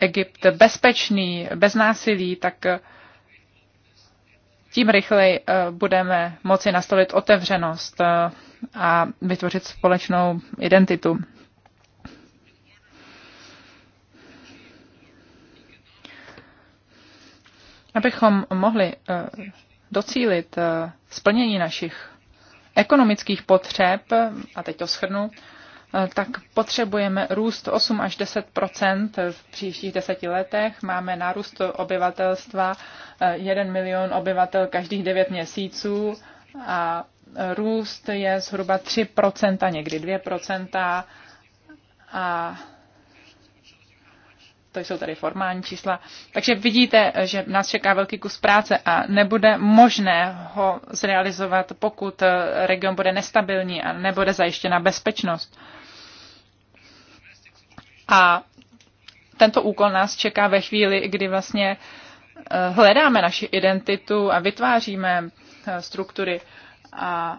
Egypt bezpečný, bez násilí, tak eh, tím rychleji eh, budeme moci nastavit otevřenost eh, a vytvořit společnou identitu. Abychom mohli docílit splnění našich ekonomických potřeb, a teď to shrnu, tak potřebujeme růst 8 až 10 v příštích deseti letech. Máme nárůst obyvatelstva 1 eh, milion obyvatel každých 9 měsíců a růst je zhruba 3 někdy 2 a to jsou tady formální čísla. Takže vidíte, že nás čeká velký kus práce a nebude možné ho zrealizovat, pokud eh, region bude nestabilní a nebude zajištěna bezpečnost. A tento úkol nás čeká ve chvíli, kdy vlastně eh, hledáme naši identitu a vytváříme eh, struktury. A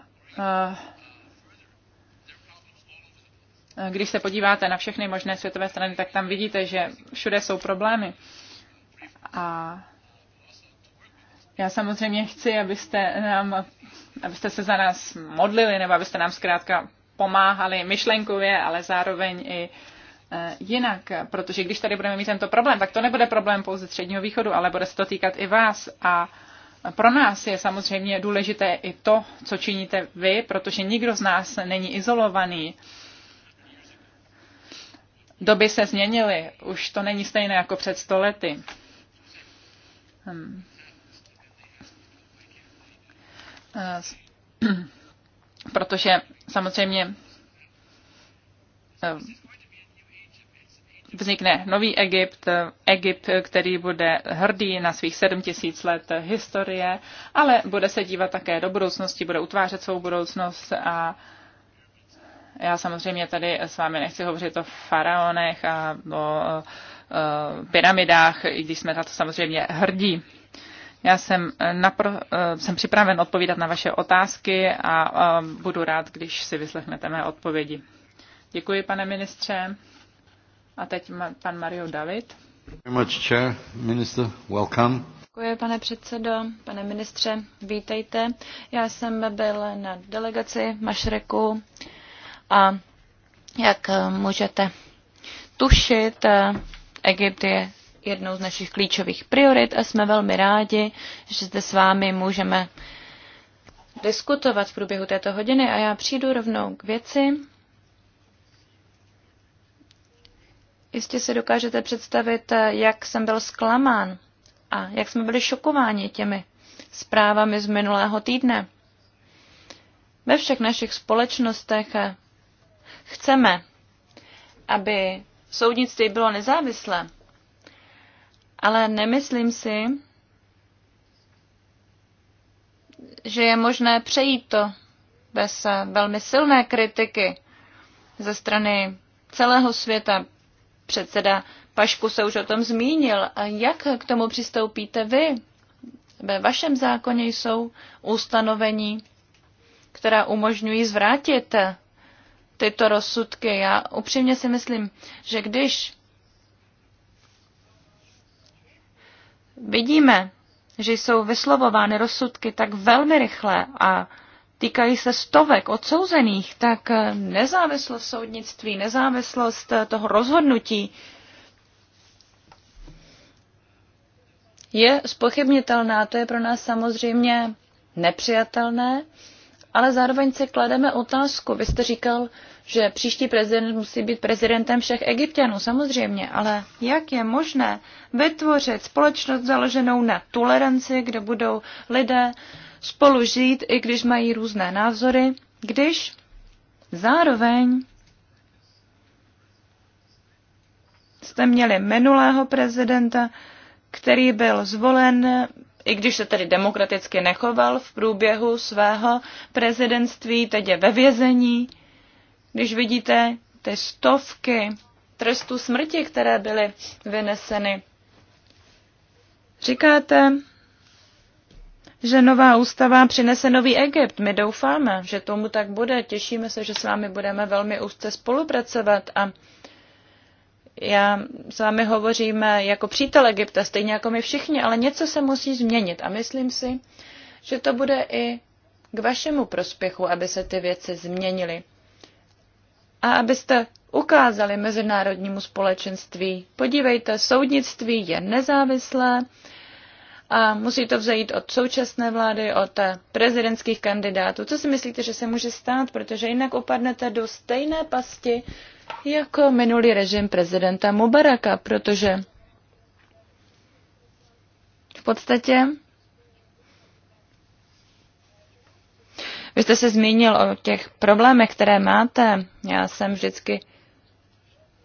když se podíváte na všechny možné světové strany, tak tam vidíte, že všude jsou problémy. A já samozřejmě chci, abyste, nám, abyste se za nás modlili, nebo abyste nám zkrátka pomáhali myšlenkově, ale zároveň i e, jinak, protože když tady budeme mít tento problém, tak to nebude problém pouze středního východu, ale bude se to týkat i vás a pro nás je samozřejmě důležité i to, co činíte vy, protože nikdo z nás není izolovaný doby se změnily. Už to není stejné jako před stolety. Hmm. Protože samozřejmě eh, vznikne nový Egypt, Egypt, který bude hrdý na svých 7000 let historie, ale bude se dívat také do budoucnosti, bude utvářet svou budoucnost a uh, já samozřejmě tady s vámi nechci hovořit o faraonech a o pyramidách, i když jsme na to samozřejmě hrdí. Já jsem, napr- eh, jsem připraven odpovídat na vaše otázky a budu rád, když si vyslechnete mé odpovědi. Děkuji, pane ministře. A teď pan Mario David. Děkuji, pane předsedo, pane ministře, vítejte. Já jsem byl na delegaci Mašreku a jak eh, můžete tušit, eh, Egypt je jednou z našich klíčových priorit a jsme velmi rádi, že zde s vámi můžeme diskutovat v průběhu této hodiny a já přijdu rovnou k věci. Jistě si dokážete představit, eh, jak jsem byl zklamán a jak jsme byli šokováni těmi zprávami z minulého týdne. Ve všech našich společnostech chceme, aby soudnictví bylo nezávislé, ale nemyslím si, že je možné přejít to bez velmi silné kritiky ze strany celého světa. Předseda Pašku se už o tom zmínil. A jak k tomu přistoupíte vy? Ve vašem zákoně jsou ustanovení, která umožňují zvrátit tyto rozsudky. Já upřímně si myslím, že když vidíme, že jsou vyslovovány rozsudky tak velmi rychle a týkají se stovek odsouzených, tak eh, nezávislost soudnictví, nezávislost eh, toho rozhodnutí je spochybnitelná. To je pro nás samozřejmě nepřijatelné ale zároveň si klademe otázku. Vy jste říkal, že příští prezident musí být prezidentem všech egyptianů, samozřejmě, ale jak je možné vytvořit společnost založenou na toleranci, kde budou lidé spolu žít, i když mají různé názory, když zároveň jste měli minulého prezidenta, který byl zvolen i když se tedy demokraticky nechoval v průběhu svého prezidentství, teď je ve vězení. Když vidíte ty stovky trestů smrti, které byly vyneseny, říkáte, že nová ústava přinese nový Egypt. My doufáme, že tomu tak bude. Těšíme se, že s vámi budeme velmi úzce spolupracovat a já s vámi hovořím jako přítel Egypta, stejně jako my všichni, ale něco se musí změnit a myslím si, že to bude i k vašemu prospěchu, aby se ty věci změnily. A abyste ukázali mezinárodnímu společenství, podívejte, soudnictví je nezávislé a musí to vzejít od současné vlády, od prezidentských kandidátů. Co si myslíte, že se může stát, protože jinak upadnete do stejné pasti, jako minulý režim prezidenta Mubaraka, protože v podstatě vy jste se zmínil o těch problémech, které máte. Já jsem vždycky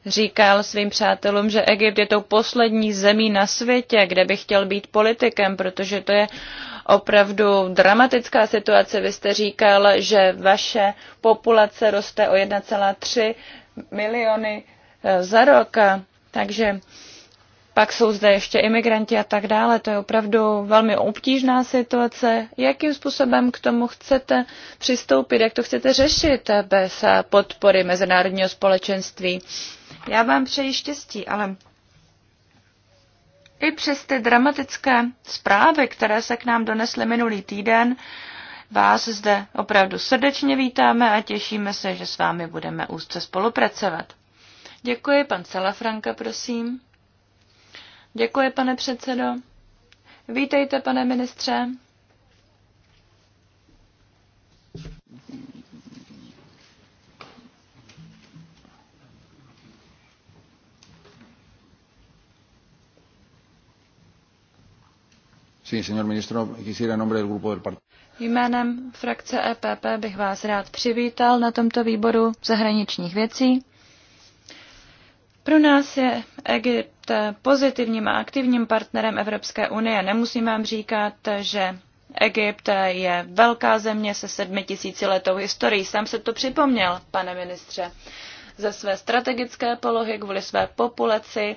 Říkal svým přátelům, že Egypt je tou poslední zemí na světě, kde bych chtěl být politikem, protože to je opravdu dramatická situace. Vy jste říkal, že vaše populace roste o 1,3 miliony eh, za rok. Eh, takže pak jsou zde ještě imigranti a tak dále. To je opravdu velmi obtížná situace. Jakým způsobem k tomu chcete přistoupit? Jak to chcete řešit eh, bez podpory mezinárodního společenství? Já vám přeji štěstí, ale i přes ty dramatické zprávy, které se k nám donesly minulý týden, Vás zde opravdu srdečně vítáme a těšíme se, že s vámi budeme úzce spolupracovat. Děkuji, pan Salafranka, prosím. Děkuji, pane předsedo. Vítejte, pane ministře. Sí, señor ministro, quisiera en nombre del grupo del partido. Jménem frakce EPP bych vás rád přivítal na tomto výboru zahraničních věcí. Pro nás je Egypt pozitivním a aktivním partnerem Evropské unie. Nemusím vám říkat, že Egypt je velká země se sedmi letou historií. Sám se to připomněl, pane ministře, ze své strategické polohy kvůli své populaci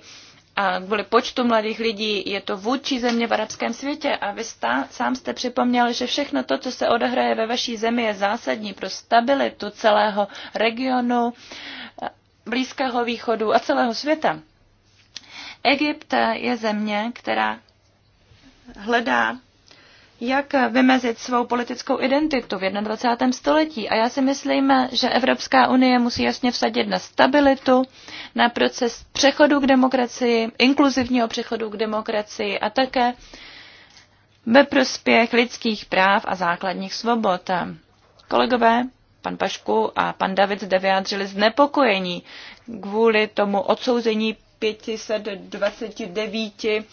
a kvůli počtu mladých lidí je to vůdčí země v arabském světě a vy stá, sám jste připomněl, že všechno to, co se odehraje ve vaší zemi, je zásadní pro stabilitu celého regionu, Blízkého východu a celého světa. Egypt je země, která hledá jak vymezit svou politickou identitu v 21. století. A já si myslím, že Evropská unie musí jasně vsadit na stabilitu, na proces přechodu k demokracii, inkluzivního přechodu k demokracii a také ve prospěch lidských práv a základních svobod. Kolegové, pan Pašku a pan David zde vyjádřili znepokojení kvůli tomu odsouzení 529 eh,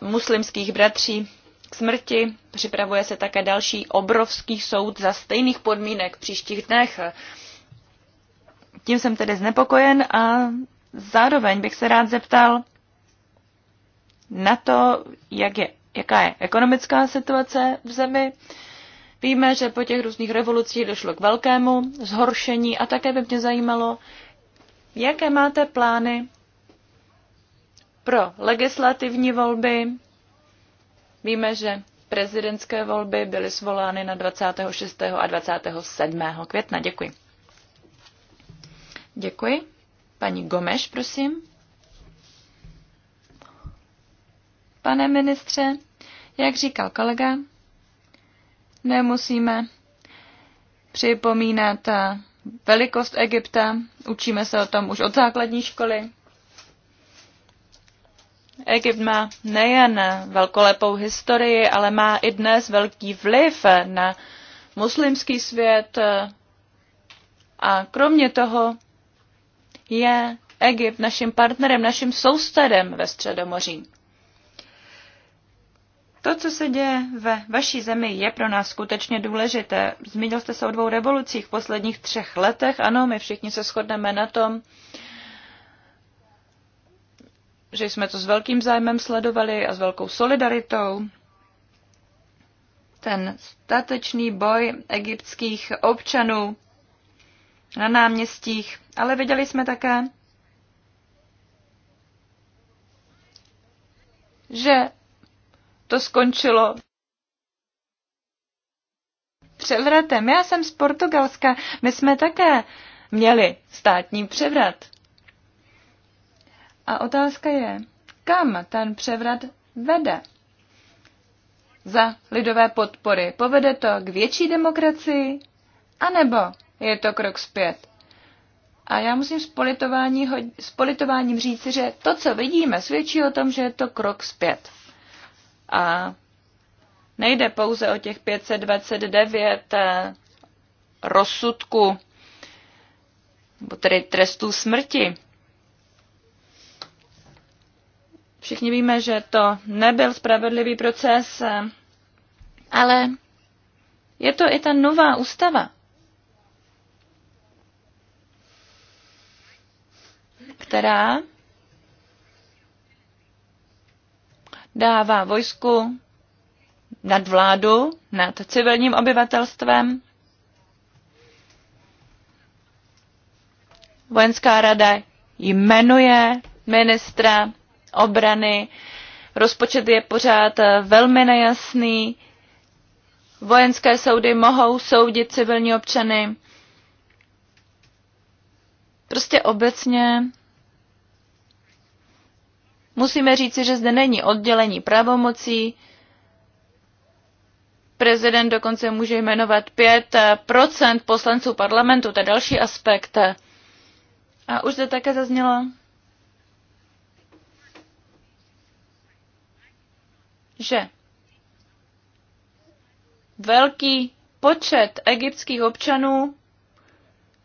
muslimských bratří k smrti. Připravuje se také další obrovský soud za stejných podmínek v příštích dnech. Tím jsem tedy znepokojen a zároveň bych se rád zeptal na to, jak je, jaká je ekonomická situace v zemi. Víme, že po těch různých revolucích došlo k velkému zhoršení a také by mě zajímalo, jaké máte plány pro legislativní volby, Víme, že prezidentské volby byly svolány na 26. a 27. května. Děkuji. Děkuji. Paní Gomeš, prosím. Pane ministře, jak říkal kolega, nemusíme připomínat velikost Egypta, učíme se o tom už od základní školy. Egypt má nejen velkolepou historii, ale má i dnes velký vliv na muslimský svět. A kromě toho je Egypt naším partnerem, naším sousedem ve Středomoří. To, co se děje ve vaší zemi, je pro nás skutečně důležité. Zmínil jste se o dvou revolucích v posledních třech letech. Ano, my všichni se shodneme na tom, že jsme to s velkým zájmem sledovali a s velkou solidaritou. Ten statečný boj egyptských občanů na náměstích, ale viděli jsme také, že to skončilo převratem. Já jsem z Portugalska, my jsme také měli státní převrat. A otázka je, kam ten převrat vede? Za lidové podpory povede to k větší demokracii? A nebo je to krok zpět? A já musím s, politování, s politováním říci, že to, co vidíme, svědčí o tom, že je to krok zpět. A nejde pouze o těch 529 eh, rozsudků, tedy trestů smrti, Všichni víme, že to nebyl spravedlivý proces, ale je to i ta nová ústava, která dává vojsku nad vládu, nad civilním obyvatelstvem. Vojenská rada jmenuje ministra obrany. Rozpočet je pořád eh, velmi nejasný. Vojenské soudy mohou soudit civilní občany. Prostě obecně musíme říci, že zde není oddělení pravomocí. Prezident dokonce může jmenovat 5% eh, poslanců parlamentu, to je další aspekt. A už zde také zaznělo, že velký počet egyptských občanů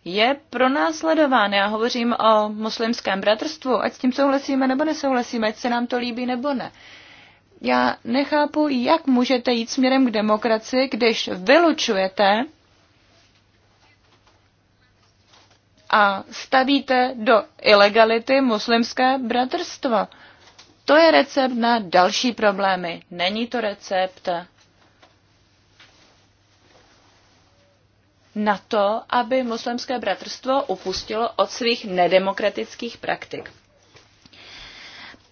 je pronásledován. Já hovořím o muslimském bratrstvu, ať s tím souhlasíme nebo nesouhlasíme, ať se nám to líbí nebo ne. Já nechápu, jak můžete jít směrem k demokracii, když vylučujete a stavíte do ilegality muslimské bratrstvo. To je recept na další problémy. Není to recept na to, aby muslimské bratrstvo upustilo od svých nedemokratických praktik.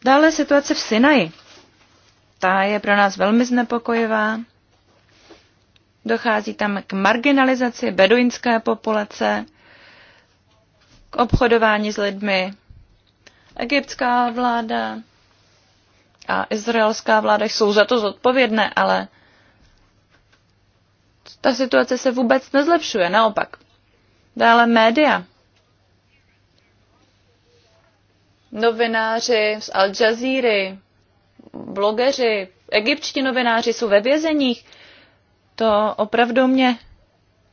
Dále situace v Sinaji. Ta je pro nás velmi znepokojivá. Dochází tam k marginalizaci beduinské populace, k obchodování s lidmi. Egyptská vláda a izraelská vláda jsou za to zodpovědné, ale ta situace se vůbec nezlepšuje, naopak. Dále média. Novináři z Al Jazeera, blogeři, egyptští novináři jsou ve vězeních. To opravdu mě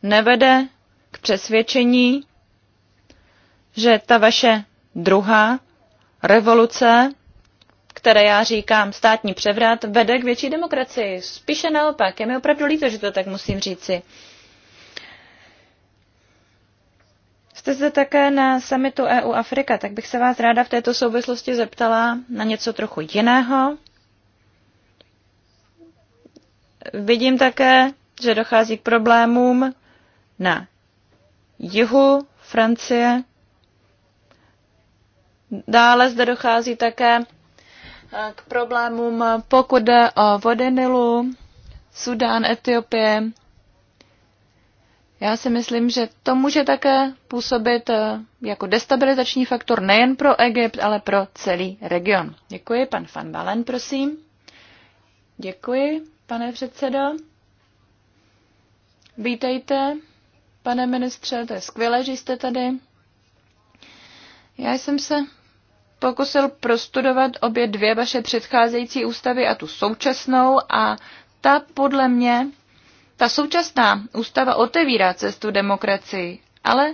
nevede k přesvědčení, že ta vaše druhá revoluce které já říkám státní převrat, vede k větší demokracii. Spíše naopak. Je mi opravdu líto, že to tak musím říci. Jste zde také na summitu EU Afrika, tak bych se vás ráda v této souvislosti zeptala na něco trochu jiného. Vidím také, že dochází k problémům na jihu Francie. Dále zde dochází také k problémům, pokud jde o Nilu, Sudán, Etiopie. Já si myslím, že to může také působit eh, jako destabilizační faktor nejen pro Egypt, ale pro celý region. Děkuji, pan Van Balen, prosím. Děkuji, pane předsedo. Vítejte, pane ministře, to je skvělé, že jste tady. Já jsem se pokusil prostudovat obě dvě vaše předcházející ústavy a tu současnou a ta podle mě, ta současná ústava otevírá cestu demokracii, ale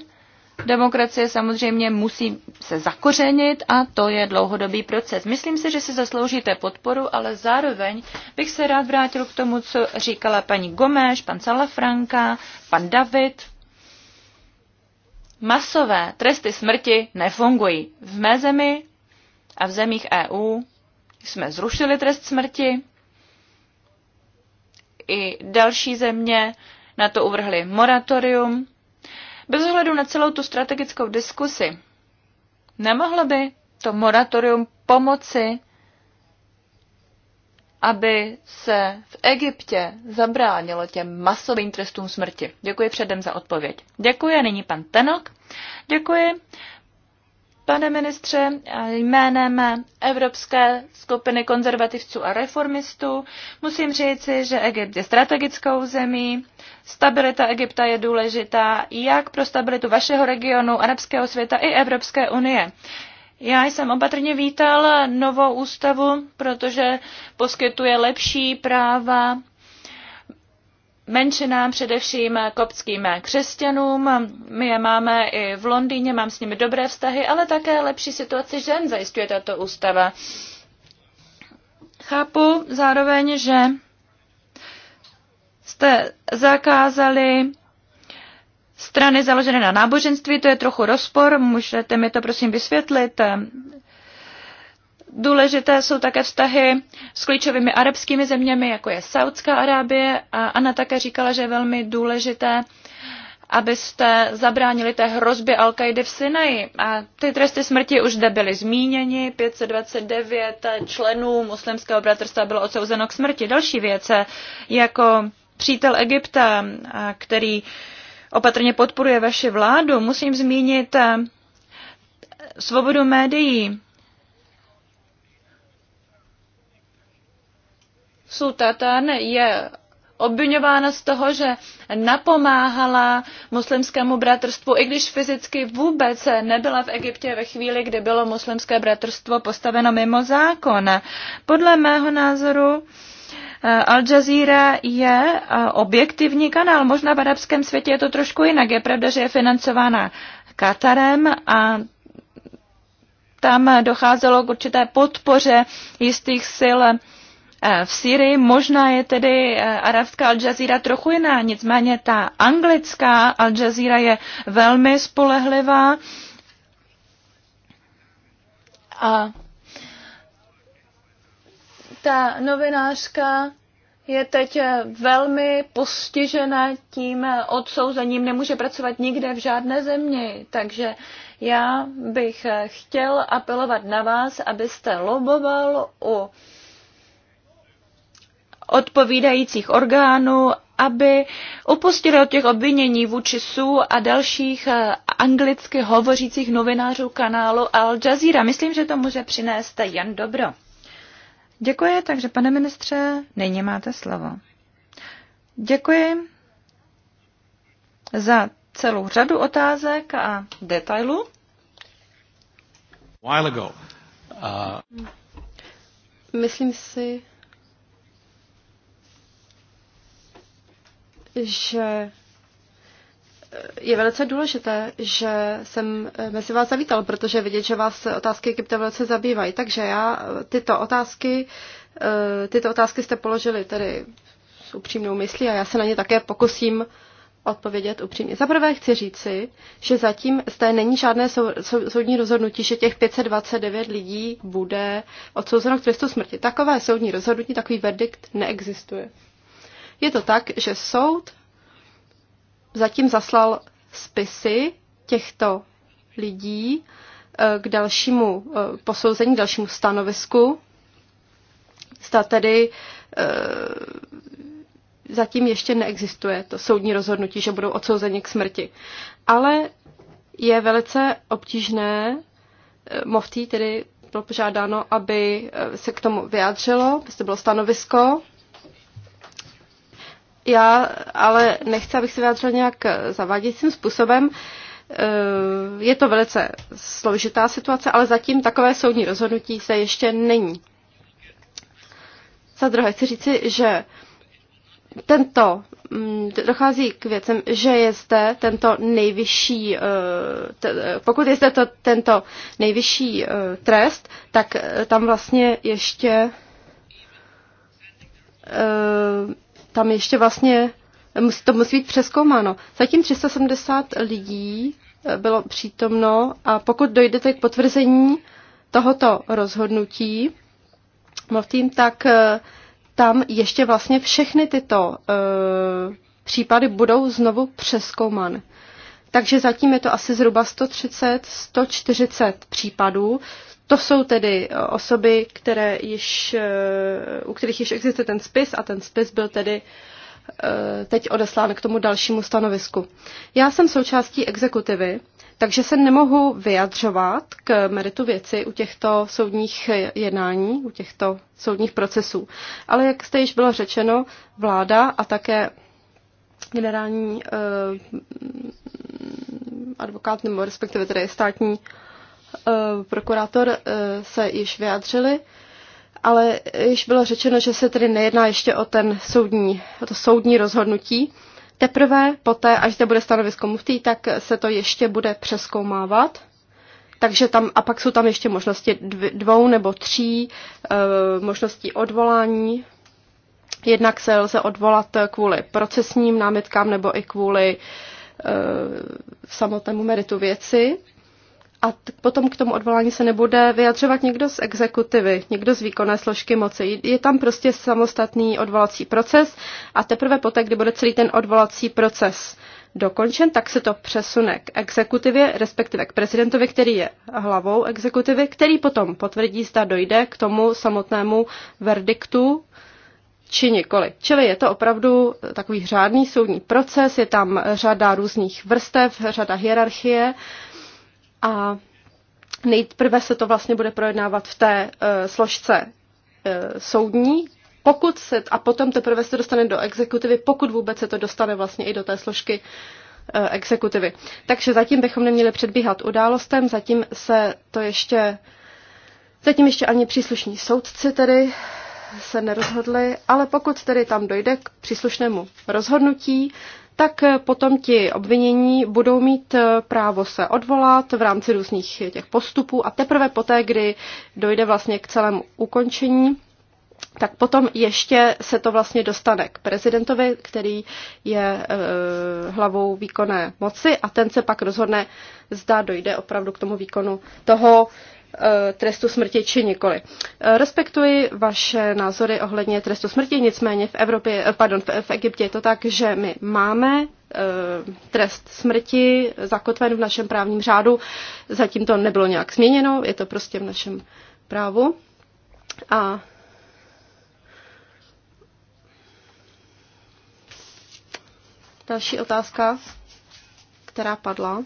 Demokracie samozřejmě musí se zakořenit a to je dlouhodobý proces. Myslím si, že si zasloužíte podporu, ale zároveň bych se rád vrátil k tomu, co říkala paní Gomeš, pan Salafranka, pan David. Masové tresty smrti nefungují. V mé zemi a v zemích EU jsme zrušili trest smrti. I další země na to uvrhly moratorium. Bez ohledu na celou tu strategickou diskusi, nemohlo by to moratorium pomoci, aby se v Egyptě zabránilo těm masovým trestům smrti? Děkuji předem za odpověď. Děkuji a nyní pan Tenok. Děkuji. Pane ministře, jménem Evropské skupiny konzervativců a reformistů musím říci, že Egypt je strategickou zemí, stabilita Egypta je důležitá jak pro stabilitu vašeho regionu, arabského světa i Evropské unie. Já jsem opatrně vítal novou ústavu, protože poskytuje lepší práva menšinám, především koptským křesťanům. My je máme i v Londýně, mám s nimi dobré vztahy, ale také lepší situaci žen zajišťuje tato ústava. Chápu zároveň, že jste zakázali strany založené na náboženství, to je trochu rozpor, můžete mi to prosím vysvětlit. Důležité jsou také vztahy s klíčovými arabskými zeměmi, jako je Saudská Arábie. A Anna také říkala, že je velmi důležité, abyste zabránili té hrozbě al kaidy v Sinaji. A ty tresty smrti už zde byly zmíněny. 529 členů muslimského bratrstva bylo odsouzeno k smrti. Další věce, jako přítel Egypta, který opatrně podporuje vaši vládu, musím zmínit svobodu médií Su Tatan je obvinována z toho, že napomáhala muslimskému bratrstvu, i když fyzicky vůbec nebyla v Egyptě ve chvíli, kdy bylo muslimské bratrstvo postaveno mimo zákon. Podle mého názoru eh, Al Jazeera je eh, objektivní kanál. Možná v arabském světě je to trošku jinak. Je pravda, že je financována Katarem a tam docházelo k určité podpoře jistých sil Eh, v Syrii. Možná je tedy eh, arabská Al Jazeera trochu jiná, nicméně ta anglická Al Jazeera je velmi spolehlivá. A ta novinářka je teď eh, velmi postižena tím odsouzením, nemůže pracovat nikde v žádné zemi. Takže já bych chtěl apelovat na vás, abyste loboval u odpovídajících orgánů, aby upustili od těch obvinění vůči SU a dalších eh, anglicky hovořících novinářů kanálu Al Jazeera. Myslím, že to může přinést jen dobro. Děkuji, takže pane ministře, nyní máte slovo. Děkuji za celou řadu otázek a detailů. Myslím si, že je velice důležité, že jsem mezi vás zavítal, protože vidět, že vás otázky Egypta velice zabývají. Takže já tyto otázky, eh, tyto otázky jste položili tedy s upřímnou myslí a já se na ně také pokusím odpovědět upřímně. Za prvé chci říci, že zatím zde není žádné sou, sou, soudní rozhodnutí, že těch 529 lidí bude odsouzeno k trestu smrti. Takové soudní rozhodnutí, takový verdikt neexistuje. Je to tak, že soud zatím zaslal spisy těchto lidí eh, k dalšímu eh, posouzení, k dalšímu stanovisku. Zda tedy eh, zatím ještě neexistuje to soudní rozhodnutí, že budou odsouzeni k smrti. Ale je velice obtížné, Moftý tedy bylo požádáno, aby se k tomu vyjádřilo, aby to bylo stanovisko. Já ale nechci, abych se vyjádřil nějak zavádějícím způsobem. Eh, je to velice složitá situace, ale zatím takové soudní rozhodnutí se ještě není. Za druhé chci říci, že tento, mm, dochází k věcem, že je zde tento nejvyšší, eh, eh, pokud je zde to, tento nejvyšší trest, tak tam vlastně ještě tam ještě vlastně eh, to musí být přeskoumáno. Zatím 370 lidí eh, bylo přítomno a pokud dojdete k potvrzení tohoto rozhodnutí, mluvím, tak eh, tam ještě vlastně všechny tyto uh, případy budou znovu přeskoumány. Takže zatím je to asi zhruba 130-140 případů, to jsou tedy eh, osoby, které již, eh, u kterých již existuje ten spis a ten spis byl tedy eh, teď odeslán k tomu dalšímu stanovisku. Já jsem součástí exekutivy, takže se nemohu vyjadřovat k meritu věci u těchto soudních jednání, u těchto soudních procesů. Ale jak jste již bylo řečeno, vláda a také generální eh, advokát nebo respektive tedy státní Eh, prokurátor eh, se již vyjádřili, ale již bylo řečeno, že se tedy nejedná ještě o, ten soudní, o to soudní rozhodnutí. Teprve poté, až zde bude stanovisko muftý, tak se to ještě bude přeskoumávat. Takže tam, a pak jsou tam ještě možnosti dvou nebo tří eh, možností odvolání. Jednak se lze odvolat kvůli procesním námitkám nebo i kvůli samotnému meritu věci a potom k tomu odvolání se nebude vyjadřovat někdo z exekutivy, někdo z výkonné složky moci. Je tam prostě samostatný odvolací proces a teprve poté, kdy bude celý ten odvolací proces dokončen, tak se to přesune k exekutivě, respektive k prezidentovi, který je hlavou exekutivy, který potom potvrdí, zda dojde k tomu samotnému verdiktu či nikoli. Čili je to opravdu takový řádný soudní proces, je tam řada různých vrstev, řada hierarchie a nejprve se to vlastně bude projednávat v té uh, složce uh, soudní, pokud se, a potom teprve se dostane do exekutivy, pokud vůbec se to dostane vlastně i do té složky eh, exekutivy. Takže zatím bychom neměli předbíhat událostem, zatím se to ještě, zatím ještě ani příslušní soudci tedy se nerozhodli, ale pokud tedy tam dojde k příslušnému rozhodnutí, tak potom ti obvinění budou mít eh, právo se odvolat v rámci různých těch postupů a teprve poté, kdy dojde vlastně k celému ukončení, tak potom ještě se to vlastně dostane k prezidentovi, který je e, hlavou výkonné moci a ten se pak rozhodne, zda dojde opravdu k tomu výkonu toho Eh, trestu smrti či nikoli. Eh, respektuji vaše názory ohledně trestu smrti, nicméně v, Evropě, eh, pardon, v Egyptě je to tak, že my máme trest smrti zakotven v našem právním řádu. Zatím to nebylo nějak změněno, je to prostě v našem právu. A další otázka, která padla.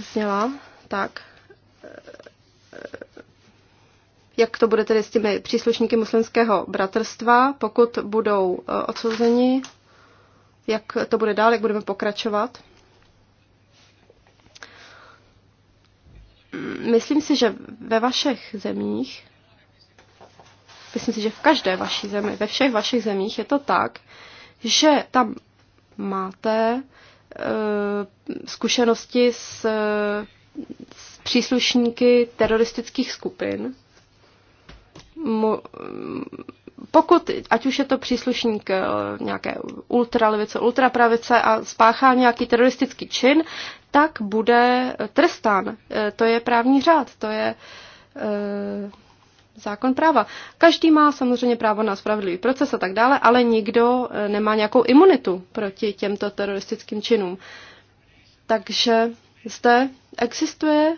zněla, tak eh, jak to bude tedy s těmi příslušníky muslimského bratrstva, pokud budou eh, odsouzeni, jak to bude dál, jak budeme pokračovat. Myslím si, že ve vašich zemích, myslím si, že v každé vaší zemi, ve všech vašich zemích je to tak, že tam máte Eh, zkušenosti s, s příslušníky teroristických skupin. Mo, pokud, ať už je to příslušník eh, nějaké ultralivice, ultrapravice a spáchá nějaký teroristický čin, tak bude trestán. Eh, to je právní řád, to je zákon práva. Každý má samozřejmě právo na spravedlivý proces a tak dále, ale nikdo e, nemá nějakou imunitu proti těmto teroristickým činům. Takže zde existuje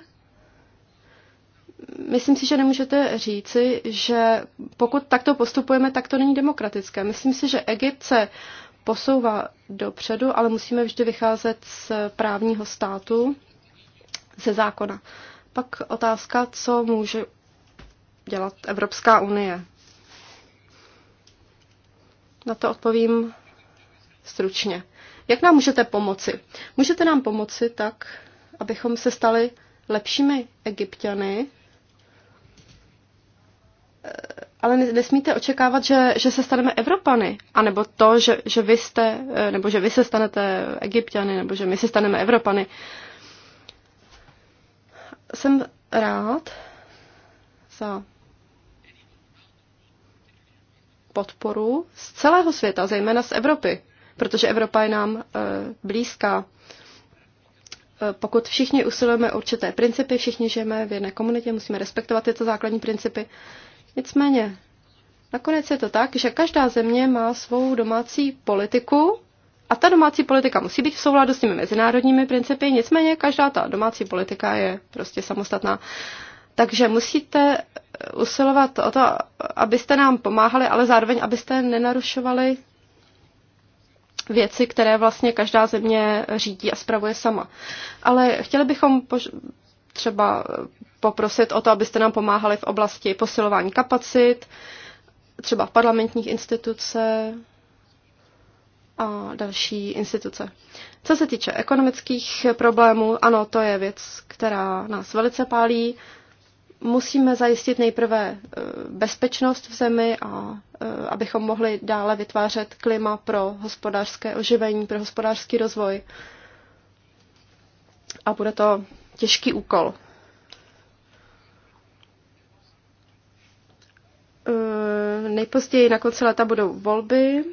myslím si, že nemůžete říci, že pokud takto postupujeme, tak to není demokratické. Myslím si, že Egypt se posouvá dopředu, ale musíme vždy vycházet z právního státu, ze zákona. Pak otázka, co může dělat Evropská unie? Na to odpovím stručně. Jak nám můžete pomoci? Můžete nám pomoci tak, abychom se stali lepšími egyptiany, eh, ale nesmíte očekávat, že, že se staneme Evropany, anebo to, že, že vy jste, eh, nebo že vy se stanete Egyptiany, nebo že my se staneme Evropany. Jsem rád za podporu z celého světa, zejména z Evropy, protože Evropa je nám eh, blízká. Eh, pokud všichni usilujeme určité principy, všichni žijeme v jedné komunitě, musíme respektovat tyto základní principy. Nicméně, nakonec je to tak, že každá země má svou domácí politiku a ta domácí politika musí být v souladu s těmi mezinárodními principy, nicméně každá ta domácí politika je prostě samostatná. Takže musíte usilovat o to, abyste nám pomáhali, ale zároveň, abyste nenarušovali věci, které vlastně každá země řídí a spravuje sama. Ale chtěli bychom třeba poprosit o to, abyste nám pomáhali v oblasti posilování kapacit, třeba parlamentních instituce a další instituce. Co se týče ekonomických problémů, ano, to je věc, která nás velice pálí musíme zajistit nejprve eh, bezpečnost v zemi a eh, abychom mohli dále vytvářet klima pro hospodářské oživení, pro hospodářský rozvoj. A bude to těžký úkol. Eh, nejpozději na konci leta budou volby.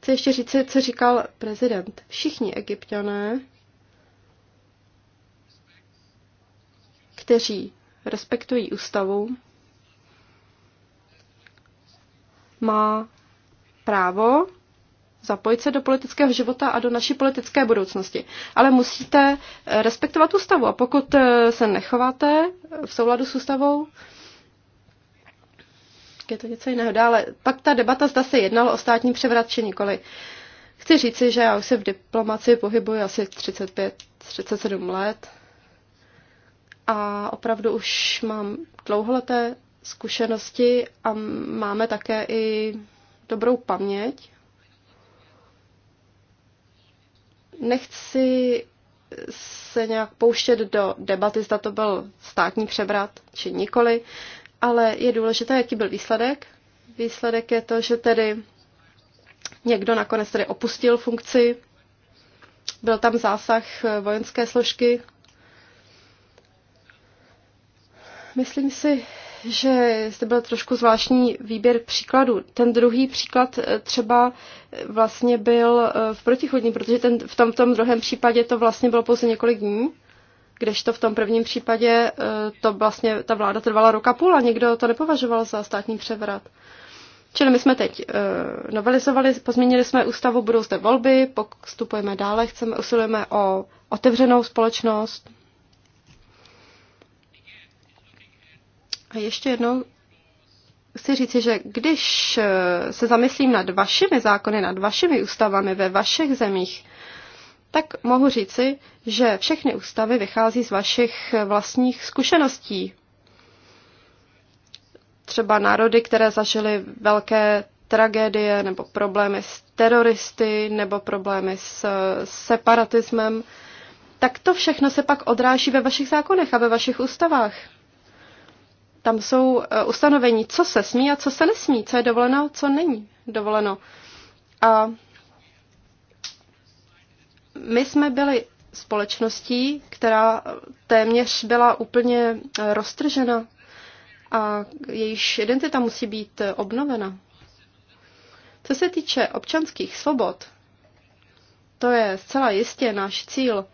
Chci ještě říct, co říkal prezident. Všichni egyptiané kteří respektují ústavu, má právo zapojit se do politického života a do naší politické budoucnosti. Ale musíte eh, respektovat ústavu a pokud eh, se nechováte eh, v souladu s ústavou, je to něco jiného. Dále, pak ta debata zda se jednalo o státní převrat či nikoli. Chci říci, že já už se v diplomaci pohybuji asi 35-37 let a opravdu už mám dlouholeté zkušenosti a máme také i dobrou paměť. Nechci se nějak pouštět do debaty, zda to byl státní přebrat, či nikoli, ale je důležité, jaký byl výsledek. Výsledek je to, že tedy někdo nakonec tedy opustil funkci, byl tam zásah vojenské složky, Myslím si, že jste byl trošku zvláštní výběr příkladů. Ten druhý příklad eh, třeba eh, vlastně byl eh, v protichodní, protože ten, v tom, tom druhém případě to vlastně bylo pouze několik dní, kdežto v tom prvním případě to vlastně ta vláda trvala roka půl a někdo to nepovažoval za státní převrat. Čili my jsme teď uh, novelizovali, pozměnili jsme ústavu, budou zde volby, postupujeme dále, chceme, usilujeme o otevřenou společnost, A ještě jednou chci říci, že když eh, se zamyslím nad vašimi zákony, nad vašimi ústavami ve vašich zemích, tak mohu říci, že všechny ústavy vychází z vašich eh, vlastních zkušeností. Třeba národy, které zažily velké tragédie nebo problémy s teroristy nebo problémy s eh, separatismem, tak to všechno se pak odráží ve vašich zákonech a ve vašich ústavách tam jsou eh, ustanovení, co se smí a co se nesmí, co je dovoleno, co není dovoleno. A my jsme byli společností, která téměř byla úplně eh, roztržena a jejíž identita musí být eh, obnovena. Co se týče občanských svobod, to je zcela jistě náš cíl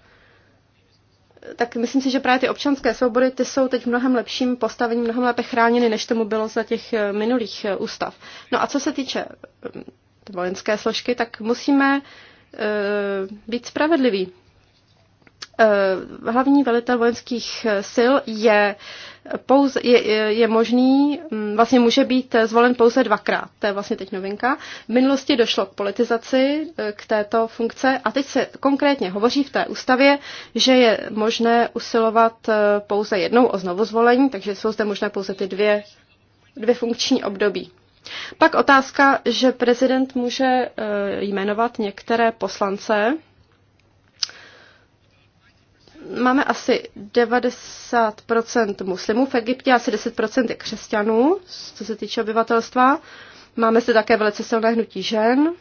tak myslím si, že právě ty občanské svobody ty jsou teď v mnohem lepším postavení, mnohem lépe chráněny, než tomu bylo za těch eh, minulých eh, ústav. No a co se týče mm, vojenské složky, tak musíme eh, být spravedliví. Eh, hlavní velitel vojenských eh, sil je pouze, je, je možný, mm, vlastně může být eh, zvolen pouze dvakrát. To je vlastně teď novinka. V minulosti došlo k politizaci k této funkce a teď se konkrétně hovoří v té ústavě, že je možné usilovat pouze jednou o znovuzvolení, takže jsou zde možné pouze ty dvě, dvě funkční období. Pak otázka, že prezident může jmenovat některé poslance máme asi 90% muslimů v Egyptě, asi 10% je křesťanů, co se týče obyvatelstva. Máme zde také velice silné hnutí žen.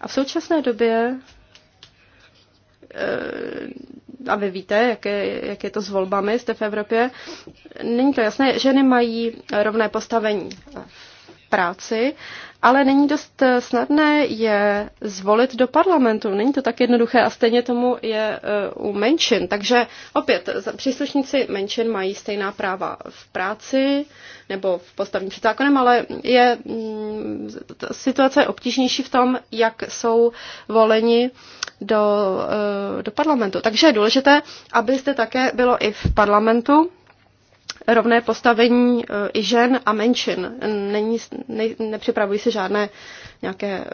A v současné době, eh, a vy víte, jak je, jak je to s volbami zde v Evropě, není to jasné, ženy mají rovné postavení v práci, ale není dost eh, snadné je zvolit do parlamentu. Není to tak jednoduché a stejně tomu je eh, u menšin. Takže opět, příslušníci menšin mají stejná práva v práci nebo v postavení před zákonem, ale je mm, situace obtížnější v tom, jak jsou voleni do, eh, do parlamentu. Takže je důležité, aby zde také bylo i v parlamentu rovné postavení e, i žen a menšin. Není, ne, nepřipravují se žádné nějaké e,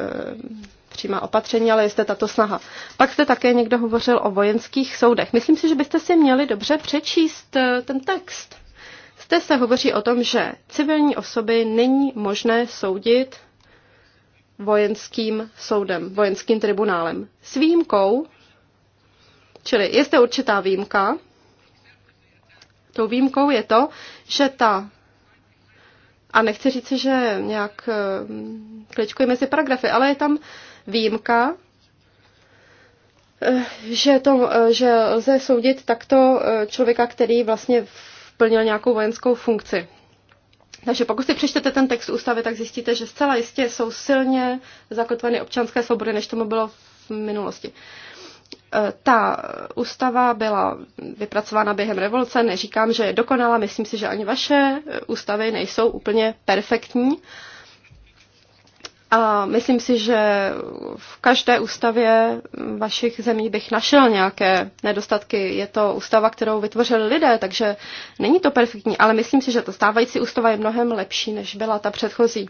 přímá opatření, ale jste tato snaha. Pak jste také někdo hovořil o vojenských soudech. Myslím si, že byste si měli dobře přečíst e, ten text. Zde se hovoří o tom, že civilní osoby není možné soudit vojenským soudem, vojenským tribunálem. S výjimkou, čili je zde určitá výjimka, Tou výjimkou je to, že ta a nechci říct, že nějak eh, kličkuji mezi paragrafy, ale je tam výjimka, eh, že, to, eh, že lze soudit takto člověka, který vlastně plnil nějakou vojenskou funkci. Takže pokud si přečtete ten text ústavy, tak zjistíte, že zcela jistě jsou silně zakotveny občanské svobody, než tomu bylo v minulosti. Eh, ta ústava byla vypracována během revoluce, neříkám, že je dokonalá, myslím si, že ani vaše eh, ústavy nejsou úplně perfektní. A myslím si, že v každé ústavě vašich zemí bych našel nějaké nedostatky. Je to ústava, kterou vytvořili lidé, takže není to perfektní, ale myslím si, že ta stávající ústava je mnohem lepší, než byla ta předchozí.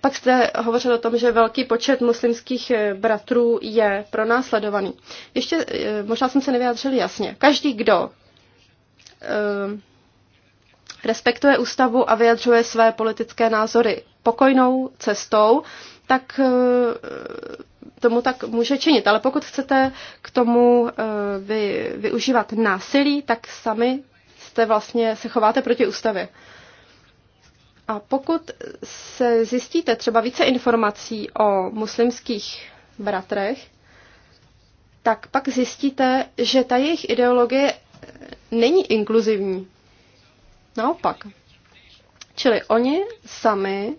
Pak jste hovořil o tom, že velký počet muslimských eh, bratrů je pronásledovaný. Ještě, eh, možná jsem se nevyjádřil jasně. Každý, kdo eh, respektuje ústavu a vyjadřuje své politické názory pokojnou cestou, tak tomu tak může činit. Ale pokud chcete k tomu vy, využívat násilí, tak sami jste vlastně se chováte proti ústavě. A pokud se zjistíte třeba více informací o muslimských bratrech, tak pak zjistíte, že ta jejich ideologie není inkluzivní. Naopak. Čili oni sami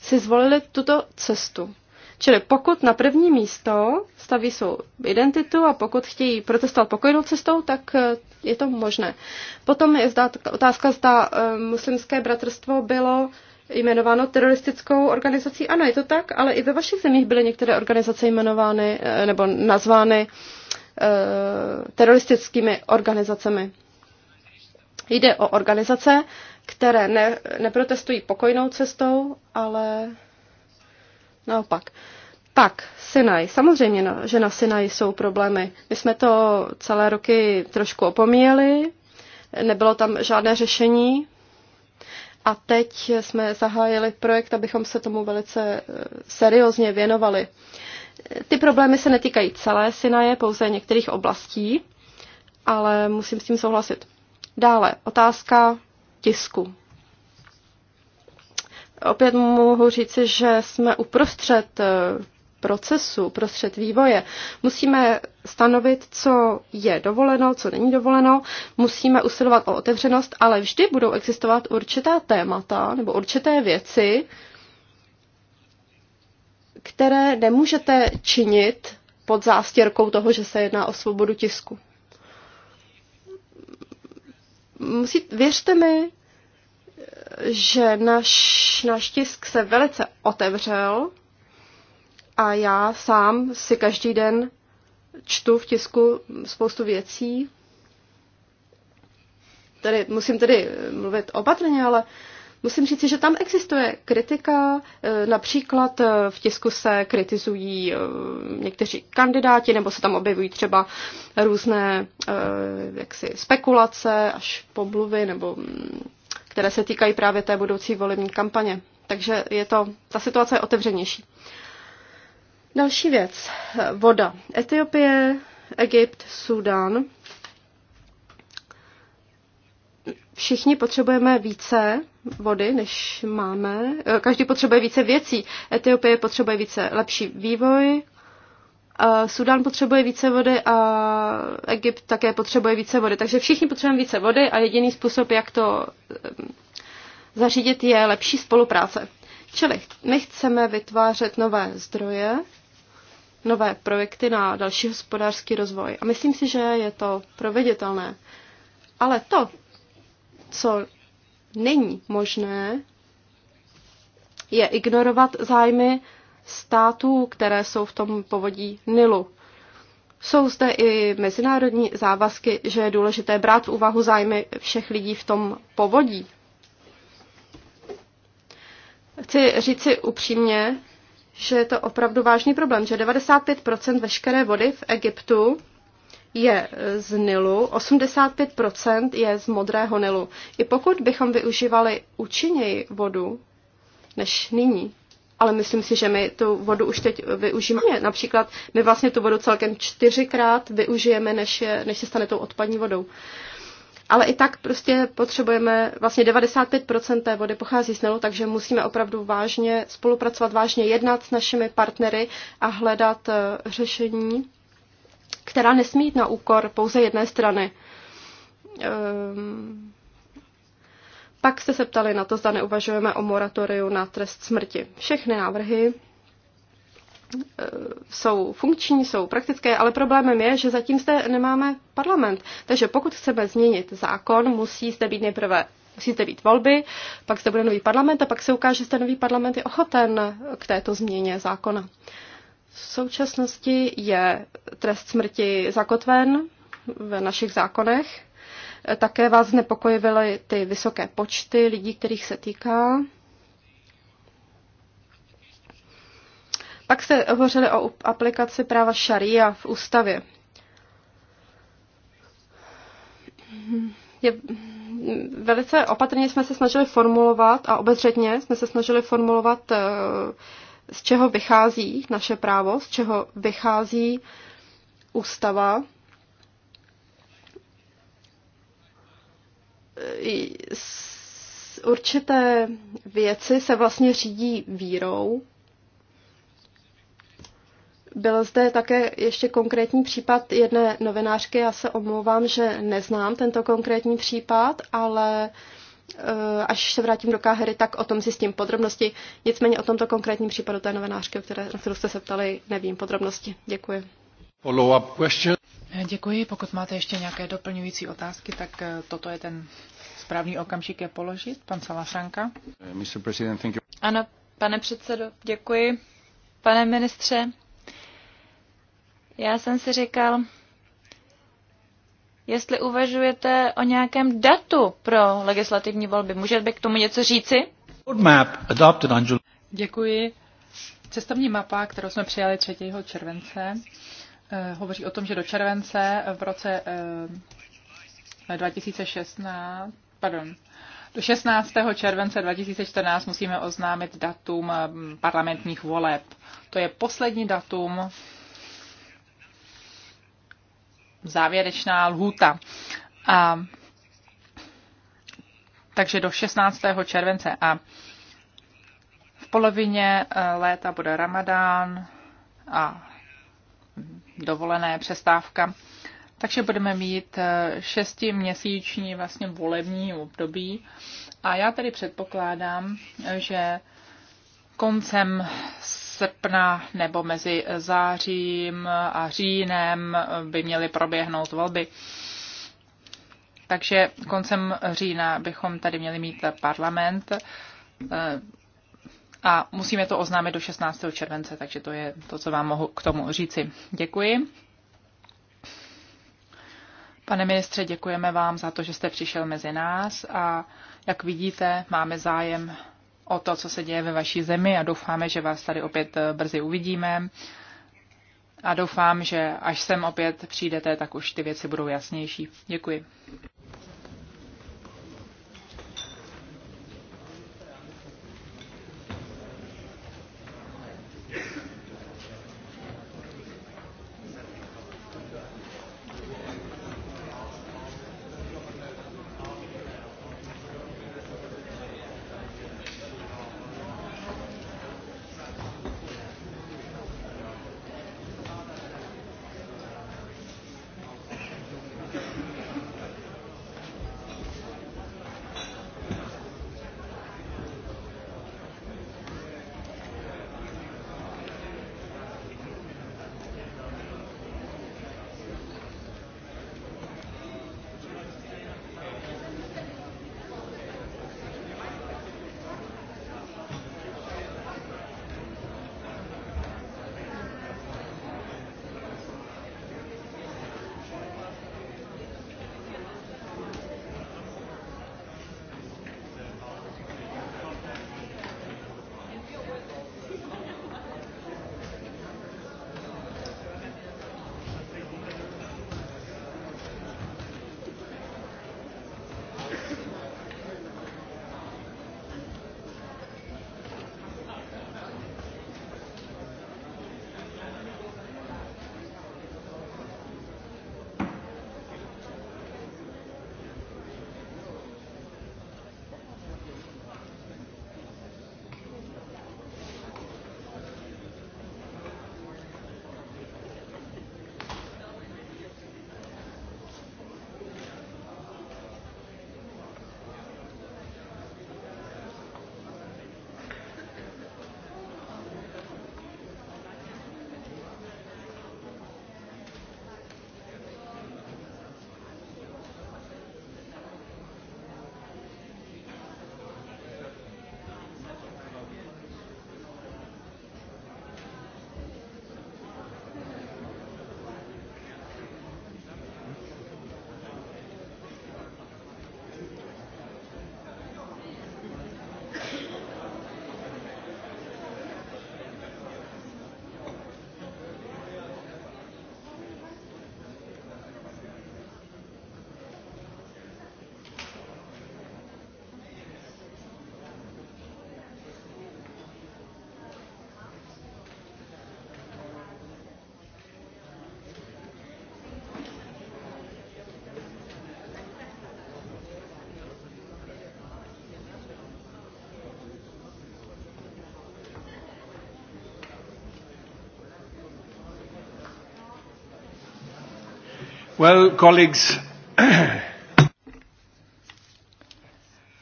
si zvolili tuto cestu. Čili pokud na první místo staví svou identitu a pokud chtějí protestovat pokojnou cestou, tak je to možné. Potom je zda, otázka, zda eh, muslimské bratrstvo bylo jmenováno teroristickou organizací. Ano, je to tak, ale i ve vašich zemích byly některé organizace jmenovány eh, nebo nazvány eh, teroristickými organizacemi. Jde o organizace, které ne, neprotestují pokojnou cestou, ale naopak. E, pak Sinaj. Samozřejmě, no, že na Sinaj jsou problémy. My jsme to celé roky trošku opomíjeli, nebylo tam žádné řešení. A teď jsme zahájili projekt, abychom se tomu velice eh, seriózně věnovali. Ty problémy se netýkají celé Sinaje, pouze některých oblastí, ale musím s tím souhlasit. Dále, otázka tisku. Opět mohu říci, že jsme uprostřed eh, procesu, prostřed vývoje. Musíme stanovit, co je dovoleno, co není dovoleno, musíme usilovat o otevřenost, ale vždy budou existovat určitá témata nebo určité věci, které nemůžete činit pod zástěrkou toho, že se jedná o svobodu tisku. Musí, věřte mi, že náš, náš tisk se velice otevřel a já sám si každý den čtu v tisku spoustu věcí. Tady musím tedy eh, mluvit opatrně, ale musím říct, že tam existuje kritika. Eh, například eh, v tisku se kritizují někteří kandidáti, nebo se tam objevují třeba různé jaksi, spekulace až pobluvy, nebo mm, které se týkají právě té budoucí volební kampaně. Takže je to, ta situace je otevřenější. Další věc. Voda. Etiopie, Egypt, Sudan, Všichni potřebujeme více vody, než máme. Každý potřebuje více věcí. Etiopie potřebuje více lepší vývoj, Sudán potřebuje více vody a Egypt také potřebuje více vody. Takže všichni potřebujeme více vody a jediný způsob, jak to um, zařídit, je lepší spolupráce. Čili my chceme vytvářet nové zdroje, nové projekty na další hospodářský rozvoj. A myslím si, že je to proveditelné. Ale to, co není možné, je ignorovat zájmy států, které jsou v tom povodí Nilu. Jsou zde i mezinárodní závazky, že je důležité brát v úvahu zájmy všech lidí v tom povodí. Chci říci upřímně, že je to opravdu vážný problém, že 95% veškeré vody v Egyptu je eh, z Nilu, 85% je z modrého Nilu. I pokud bychom využívali účinněji vodu než nyní, ale myslím si, že my tu vodu už teď eh, využijeme. Například my vlastně tu vodu celkem čtyřikrát využijeme, než, je, než se stane tou odpadní vodou. Ale i tak prostě potřebujeme, vlastně 95% té vody pochází z Nilu, takže musíme opravdu vážně spolupracovat, vážně jednat s našimi partnery a hledat eh, řešení, která nesmí jít na úkor pouze jedné strany. Um, pak jste se ptali na to, zda neuvažujeme o moratoriu na trest smrti. Všechny návrhy Eh, jsou funkční, jsou praktické, ale problémem je, že zatím zde nemáme parlament. Takže pokud chceme změnit zákon, musí zde být nejprve musí zde být volby, pak zde bude nový parlament a pak se ukáže, že nový parlament je ochoten k této změně zákona. V současnosti je trest smrti zakotven v našich zákonech. Také vás znepokojily ty vysoké počty lidí, kterých se týká. Pak se hovořili o aplikaci práva šaria v ústavě. Je, velice opatrně jsme se snažili formulovat a obezřetně jsme se snažili formulovat, eh, z čeho vychází naše právo, z čeho vychází ústava. Z určité věci se vlastně řídí vírou, byl zde také ještě konkrétní případ jedné novinářky. Já se omlouvám, že neznám tento konkrétní případ, ale eh, až se vrátím do Káhery, tak o tom zjistím podrobnosti. Nicméně o tomto konkrétním případu té novinářky, o které, na kterou jste se ptali, nevím podrobnosti. Děkuji. Follow-up question. Eh, děkuji. Pokud máte ještě nějaké doplňující otázky, tak eh, toto je ten správný okamžik je položit. Pan Salašanka. Mr. President, thank you. Ano, pane předsedo, děkuji. Pane ministře, já jsem si říkal, jestli uvažujete o nějakém datu pro legislativní volby. Můžete k tomu něco říci? Děkuji. Cestovní mapa, kterou jsme přijali 3. července, eh, hovoří o tom, že do července v roce 2016, eh, pardon, do 16. července 2014 musíme oznámit datum eh, parlamentních voleb. To je poslední datum závěrečná lhůta. A, takže do 16. července. A v polovině eh, léta bude ramadán a dovolené přestávka. Takže budeme mít eh, šestiměsíční vlastně volební období. A já tedy předpokládám, že koncem srpna nebo mezi zářím a říjnem by měly proběhnout volby. Takže koncem října bychom tady měli mít parlament eh, a musíme to oznámit do 16. července, takže to je to, co vám mohu k tomu říci. Děkuji. Pane ministře, děkujeme vám za to, že jste přišel mezi nás a jak vidíte, máme zájem o to, co se děje ve vaší zemi a doufáme, že vás tady opět eh, brzy uvidíme. A doufám, že až sem opět přijdete, tak už ty věci budou jasnější. Děkuji.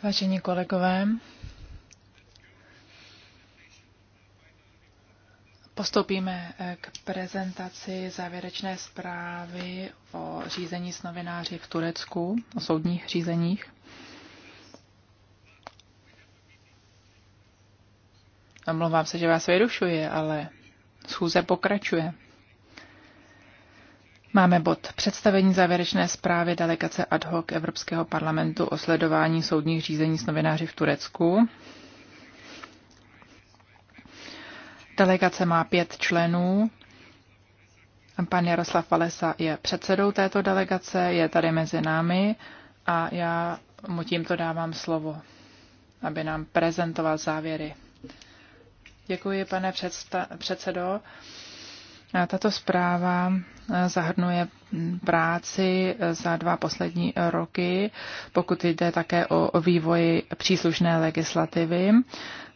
Vážení kolegové, postoupíme eh, k prezentaci závěrečné zprávy o řízení s novináři v Turecku, o soudních řízeních. Omlouvám se, že vás vyrušuji, ale schůze pokračuje. Máme bod představení závěrečné zprávy delegace ad hoc Evropského parlamentu o sledování soudních řízení s novináři v Turecku. Delegace má pět členů. Pan Jaroslav Valesa je předsedou této delegace, je tady mezi námi a já mu tímto dávám slovo, aby nám prezentoval závěry. Děkuji, pane předsta- předsedo. Tato zpráva eh, zahrnuje práci eh, za dva poslední roky, pokud jde také o vývoji příslušné legislativy.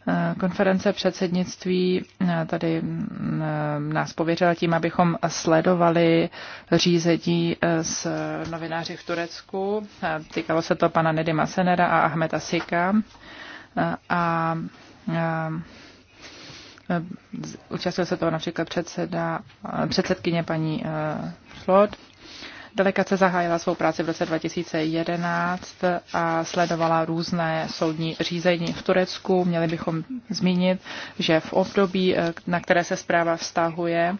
Eh, konference předsednictví tady mm, nás pověřila tím, abychom sledovali řízení s novináři v Turecku. Týkalo se to pana Nedima Senera a Ahmeta Sika. A, a Učastil eh, se toho například předseda, eh, předsedkyně paní eh, Flod. Delegace zahájila svou práci v roce 2011 a sledovala různé soudní řízení v Turecku. Měli bychom zmínit, že v období, na které se zpráva vztahuje,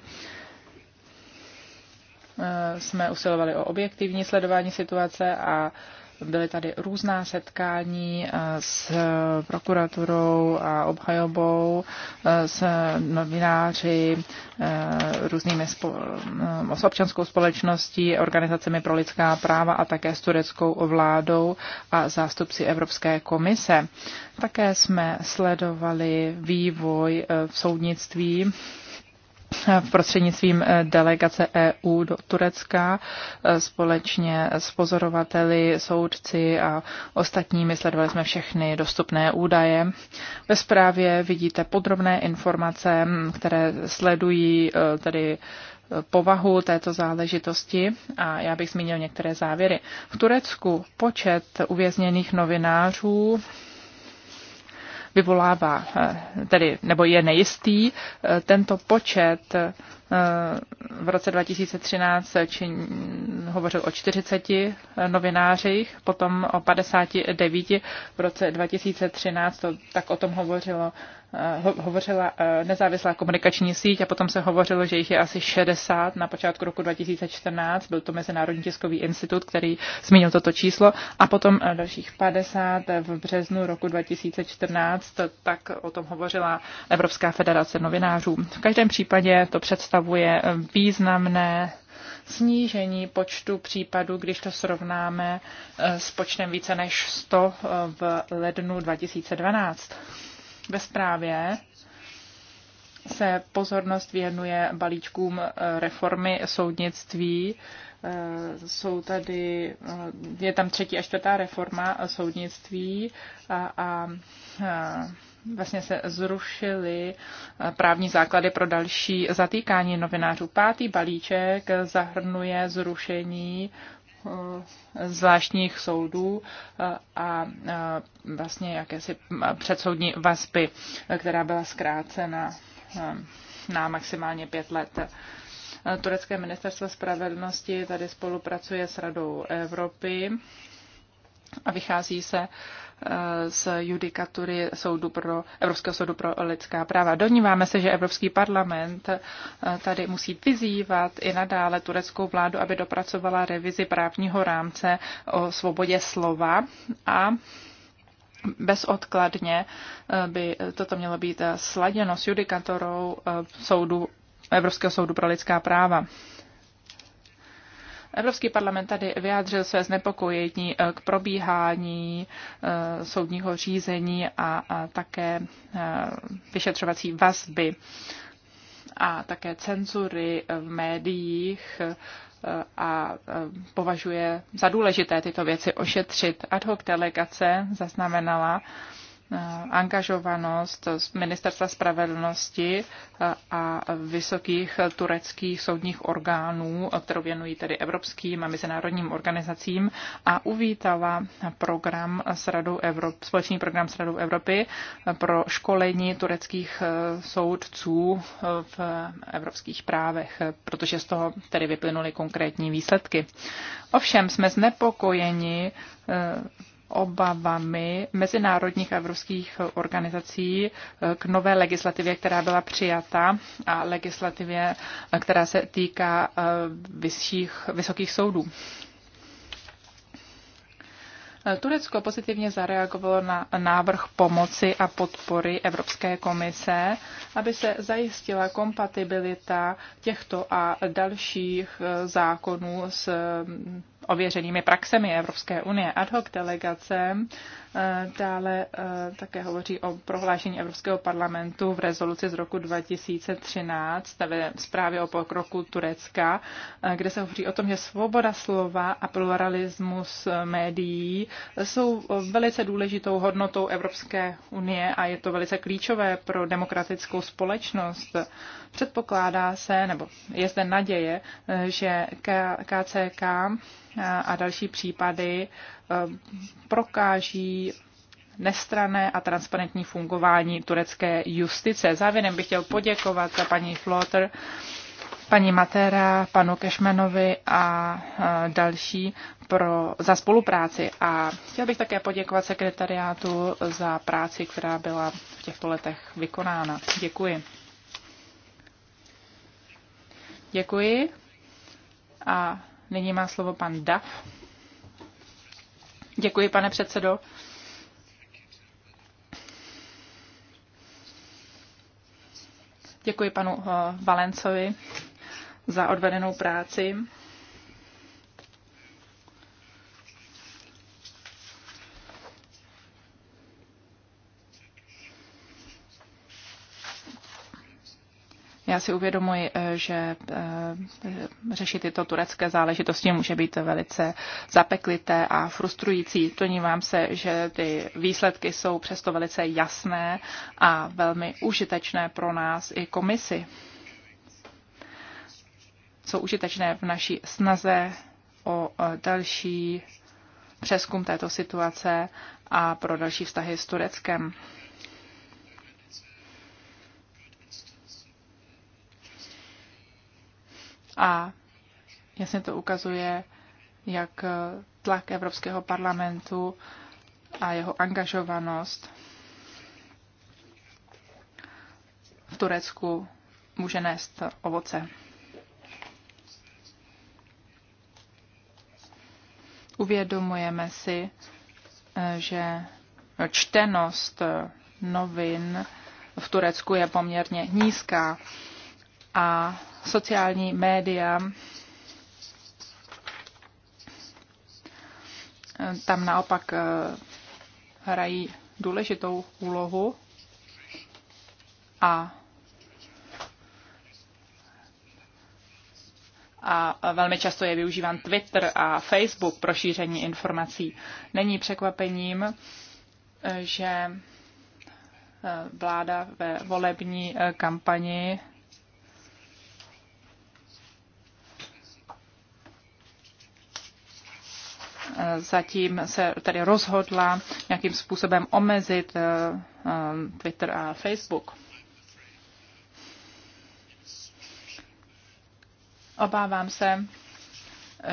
jsme usilovali o objektivní sledování situace a Byly tady různá setkání eh, s prokuraturou a obhajobou, eh, s novináři, eh, různými s občanskou společností, organizacemi pro lidská práva a také s tureckou vládou a zástupci Evropské komise. Také jsme sledovali vývoj v soudnictví v prostřednictvím eh, delegace EU do Turecka eh, společně s pozorovateli, soudci a ostatními sledovali jsme všechny dostupné údaje. Ve zprávě vidíte podrobné informace, mm, které sledují eh, tedy povahu této záležitosti a já bych zmínil některé závěry. V Turecku počet uvězněných novinářů vyvolává, eh, tedy, nebo je nejistý. Eh, tento počet eh, v roce 2013 čin, hovořil o 40 novinářích, potom o 59 v roce 2013, to, tak o tom hovořilo, eh, ho, hovořila eh, nezávislá komunikační síť a potom se hovořilo, že jich je asi 60 na počátku roku 2014, byl to Mezinárodní tiskový institut, který zmínil toto číslo a potom eh, dalších 50 v březnu roku 2014, tak o tom hovořila Evropská federace novinářů. V každém případě to představuje představuje významné snížení počtu případů, když to srovnáme eh, s počtem více než 100 eh, v lednu 2012. Ve zprávě se pozornost věnuje balíčkům eh, reformy soudnictví. Jsou tady, je tam třetí a čtvrtá reforma soudnictví a, a, a vlastně se zrušily eh, právní základy pro další zatýkání novinářů. Pátý balíček zahrnuje zrušení eh, zvláštních soudů eh, a vlastně jakési předsoudní vazby, která byla zkrácena na maximálně pět let. Turecké ministerstvo spravedlnosti tady spolupracuje s Radou Evropy a vychází se uh, z judikatury soudu pro, Evropského soudu pro lidská práva. Doníváme se, že Evropský parlament eh, tady musí vyzývat i nadále tureckou vládu, aby dopracovala revizi právního rámce o svobodě slova a bezodkladně eh, by toto mělo být sladěno s judikatorou eh, soudu Evropského soudu pro lidská práva. Evropský parlament tady vyjádřil své znepokojení eh, k probíhání eh, soudního řízení a také eh, vyšetřovací vazby a také cenzury v médiích a považuje za důležité tyto věci ošetřit. Ad hoc delegace zaznamenala, Eh, angažovanost Ministerstva spravedlnosti eh, a vysokých tureckých soudních orgánů, kterou věnují tedy evropským a mezinárodním organizacím, a uvítala program s Radou Evrop, společný program s Radou Evropy eh, pro školení tureckých soudců v evropských právech, protože z toho tedy vyplynuly konkrétní výsledky. Ovšem jsme znepokojeni obavami mezinárodních a evropských organizací eh, k nové legislativě, která byla přijata a legislativě, eh, která se týká eh, vyšších, vysokých soudů. Turecko pozitivně zareagovalo na návrh pomoci a podpory Evropské komise, aby se zajistila kompatibilita těchto a dalších zákonů s ověřenými praxemi Evropské unie. Ad hoc delegace eh, dále eh, také hovoří o prohlášení Evropského parlamentu v rezoluci z roku 2013 ve zprávě o pokroku Turecka, eh, kde se hovoří o tom, že svoboda slova a pluralismus médií jsou velice důležitou hodnotou Evropské unie a je to velice klíčové pro demokratickou společnost. Předpokládá se, nebo je zde naděje, že KCK a další případy eh, prokáží nestrané a transparentní fungování turecké justice. Závěrem bych chtěl poděkovat za paní Flotter, paní Matera, panu Kešmenovi a eh, další pro, za spolupráci. A chtěl bych také poděkovat sekretariátu za práci, která byla v těchto letech vykonána. Děkuji. Děkuji. A Nyní má slovo pan Duff. Děkuji, pane předsedo. Děkuji panu eh, Valencovi za odvedenou práci. Já si uvědomuji, eh, že eh, řešit tyto turecké záležitosti může být velice zapeklité a frustrující. Donívám se, že ty výsledky jsou přesto velice jasné a velmi užitečné pro nás i komisi. Jsou užitečné v naší snaze o eh, další přeskum této situace a pro další vztahy s Tureckem. A jasně to ukazuje, jak tlak Evropského parlamentu a jeho angažovanost v Turecku může nést ovoce. Uvědomujeme si, že čtenost novin v Turecku je poměrně nízká a sociální média. Tam naopak eh, hrají důležitou úlohu a a velmi často je využíván Twitter a Facebook pro šíření informací. Není překvapením, eh, že eh, vláda ve volební kampani zatím se tady rozhodla nějakým způsobem omezit eh, eh, Twitter a Facebook. Obávám se,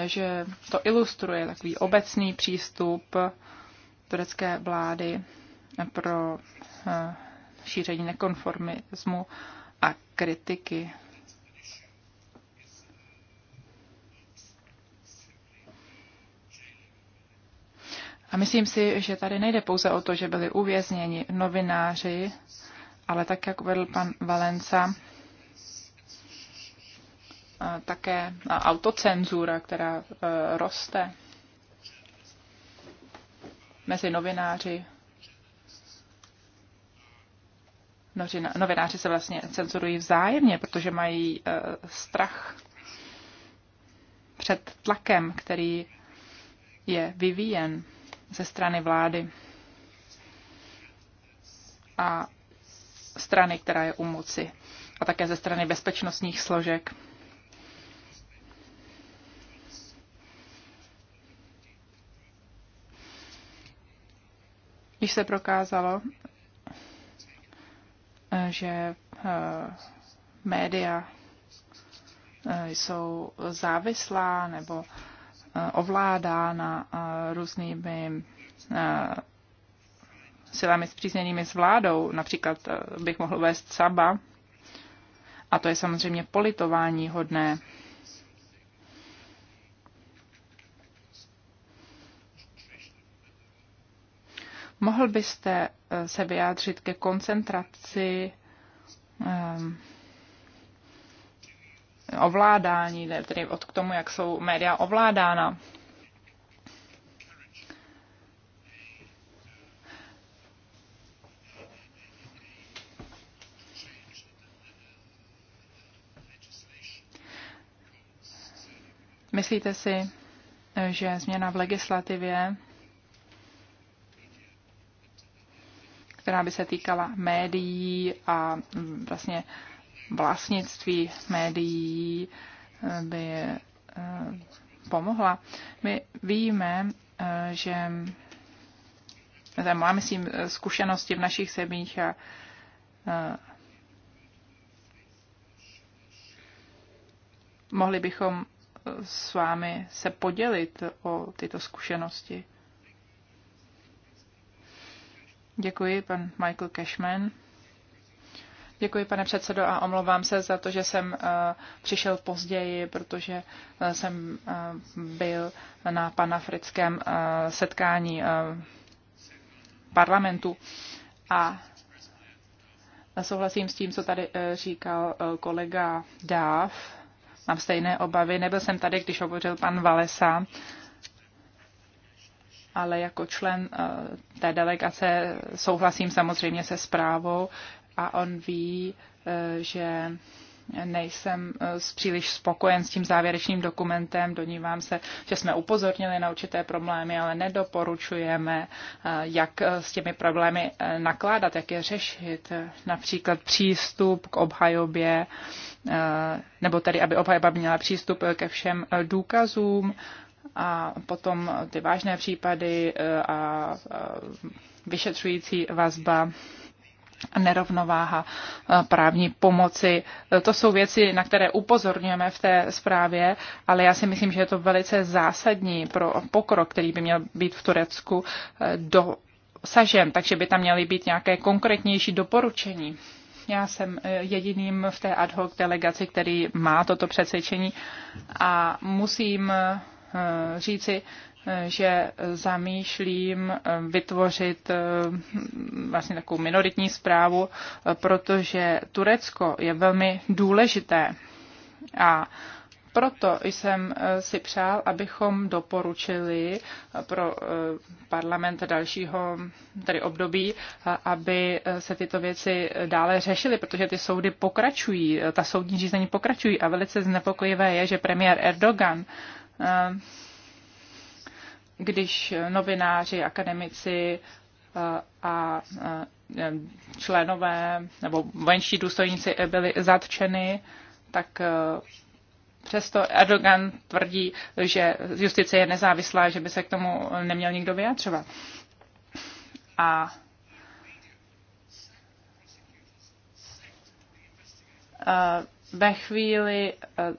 že to ilustruje takový obecný přístup turecké vlády pro eh, šíření nekonformismu a kritiky A myslím si, že tady nejde pouze o to, že byli uvězněni novináři, ale tak, jak uvedl pan Valenca, eh, také autocenzura, která eh, roste mezi novináři. Novináři se vlastně cenzurují vzájemně, protože mají eh, strach před tlakem, který je vyvíjen ze strany vlády a strany, která je u moci a také ze strany bezpečnostních složek. Když se prokázalo, že eh, média eh, jsou závislá nebo Eh, ovládána eh, různými eh, silami zpřízněnými s vládou. Například bych mohl vést Saba. A to je samozřejmě politování hodné. Mohl byste se vyjádřit ke koncentraci um, ovládání, tedy od k tomu, jak jsou média ovládána. Myslíte si, že změna v legislativě, která by se týkala médií a mm, vlastně vlastnictví médií by eh, pomohla. My víme, eh, že eh, máme myslím, zkušenosti v našich zemích a mohli bychom s vámi se podělit o tyto zkušenosti. Děkuji, pan Michael Cashman. Děkuji, pane předsedo, a omlouvám se za to, že jsem eh, přišel později, protože eh, jsem eh, byl na panafrickém setkání parlamentu. A souhlasím s tím, co tady říkal kolega Dáv. Mám stejné obavy. Nebyl jsem tady, když hovořil pan Valesa, ale jako člen té delegace souhlasím samozřejmě se zprávou a on ví, eh, že nejsem eh, příliš spokojen s tím závěrečným dokumentem. Donívám se, že jsme upozornili na určité problémy, ale nedoporučujeme, eh, jak s těmi problémy nakládat, jak je řešit. Například přístup k obhajobě, nebo tedy, aby obhajoba měla přístup ke všem důkazům a potom ty vážné případy a vyšetřující vazba nerovnováha eh, právní pomoci. Eh, to jsou věci, na které upozorňujeme v té zprávě, ale já si myslím, že je to velice zásadní pro pokrok, který by měl být v Turecku eh, do sažen, takže by tam měly být nějaké konkrétnější doporučení. Já jsem jediným v té ad hoc delegaci, který má toto přesvědčení a musím říci, že zamýšlím eh, vytvořit eh, vlastně takovou minoritní zprávu, eh, protože Turecko je velmi důležité a proto jsem si přál, abychom doporučili pro parlament dalšího tedy období, aby se tyto věci dále řešily, protože ty soudy pokračují, ta soudní řízení pokračují a velice znepokojivé je, že premiér Erdogan když novináři, akademici eh, a eh, členové nebo vojenští důstojníci byli zatčeni, tak eh, přesto Erdogan tvrdí, že justice je nezávislá, že by se k tomu neměl nikdo vyjadřovat. A ve chvíli,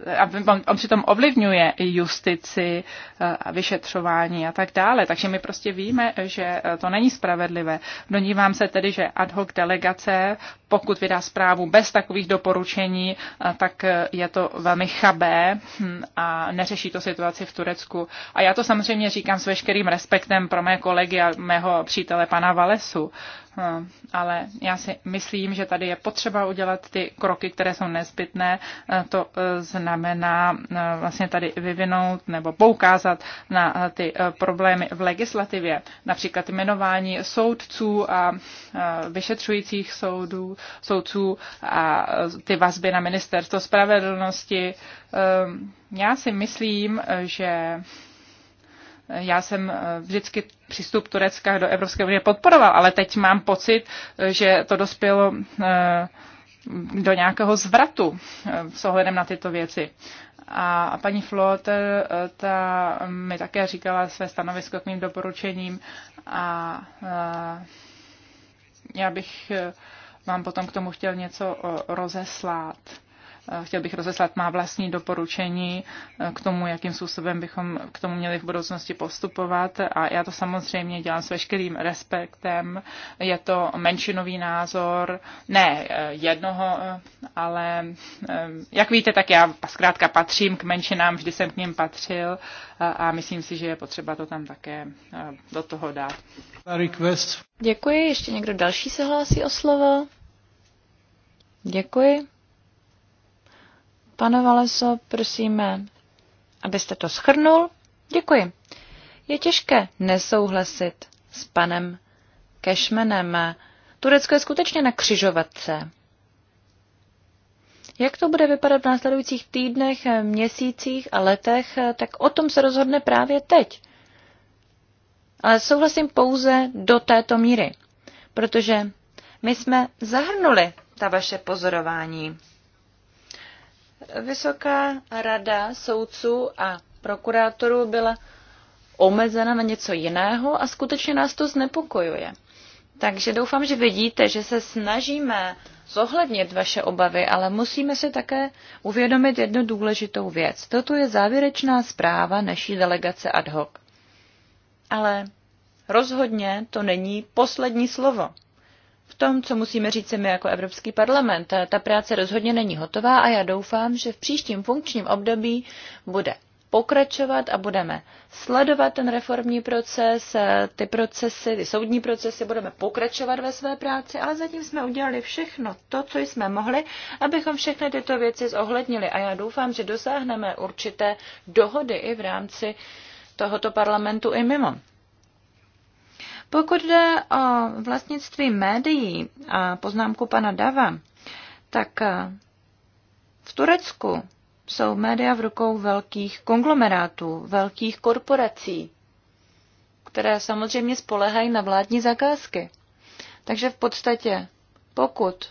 eh, a on, on přitom ovlivňuje justici eh, a vyšetřování a tak dále. Takže my prostě víme, že eh, to není spravedlivé. Donívám se tedy, že ad hoc delegace pokud vydá zprávu bez takových doporučení, eh, tak eh, je to velmi chabé hm, a neřeší to situaci v Turecku. A já to samozřejmě říkám s veškerým respektem pro mé kolegy a mého přítele pana Valesu, eh, ale já si myslím, že tady je potřeba udělat ty kroky, které jsou nezbytné. To znamená vlastně tady vyvinout nebo poukázat na ty problémy v legislativě, například jmenování soudců a vyšetřujících soudů soudců a ty vazby na ministerstvo spravedlnosti. Ehm, já si myslím, že já jsem eh, vždycky přístup Turecka do Evropské unie podporoval, ale teď mám pocit, eh, že to dospělo eh, do nějakého zvratu s ohledem na tyto věci. A paní Flot ta mi také říkala své stanovisko k mým doporučením a já bych vám potom k tomu chtěl něco eh, rozeslat. Eh, chtěl bych rozeslat má vlastní doporučení eh, k tomu, jakým způsobem bychom k tomu měli v budoucnosti postupovat. A já to samozřejmě dělám s veškerým respektem. Je to menšinový názor, ne eh, jednoho, ale jak víte, tak já zkrátka patřím k menšinám, vždy jsem k ním patřil a myslím si, že je potřeba to tam také do toho dát. Děkuji. Ještě někdo další se hlásí o slovo? Děkuji. Pane Valeso, prosíme, abyste to schrnul. Děkuji. Je těžké nesouhlasit s panem Kešmenem. Turecko je skutečně na křižovatce. Jak to bude vypadat v následujících týdnech, měsících a letech, tak o tom se rozhodne právě teď. Ale souhlasím pouze do této míry, protože my jsme zahrnuli ta vaše pozorování Vysoká rada soudců a prokurátorů byla omezena na něco jiného a skutečně nás to znepokojuje. Takže doufám, že vidíte, že se snažíme zohlednit vaše obavy, ale musíme si také uvědomit jednu důležitou věc. Toto je závěrečná zpráva naší delegace ad hoc. Ale rozhodně to není poslední slovo v tom, co musíme říct my jako Evropský parlament. Ta práce rozhodně není hotová a já doufám, že v příštím funkčním období bude pokračovat a budeme sledovat ten reformní proces, eh, ty procesy, ty soudní procesy, budeme pokračovat ve své práci, ale zatím jsme udělali všechno to, co jsme mohli, abychom všechny tyto věci zohlednili a já doufám, že dosáhneme určité dohody i v rámci tohoto parlamentu i mimo. Pokud jde o vlastnictví médií a poznámku pana Dava, tak eh, v Turecku jsou média v rukou velkých konglomerátů, velkých korporací, které samozřejmě spolehají na vládní zakázky. Takže v podstatě, pokud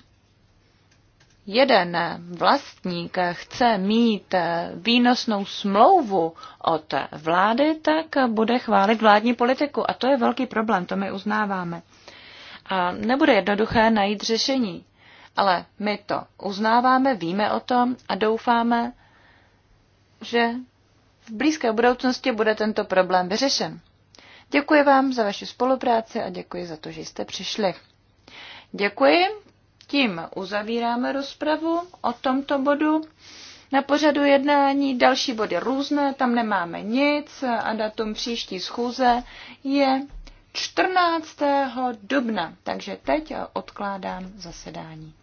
jeden vlastník chce mít výnosnou smlouvu od vlády, tak bude chválit vládní politiku. A to je velký problém, to my uznáváme. A nebude jednoduché najít řešení. Ale my to uznáváme, víme o tom a doufáme, že v blízké budoucnosti bude tento problém vyřešen. Děkuji vám za vaši spolupráci a děkuji za to, že jste přišli. Děkuji, tím uzavíráme rozpravu o tomto bodu. Na pořadu jednání další body různé, tam nemáme nic a datum příští schůze je 14. dubna, takže teď odkládám zasedání.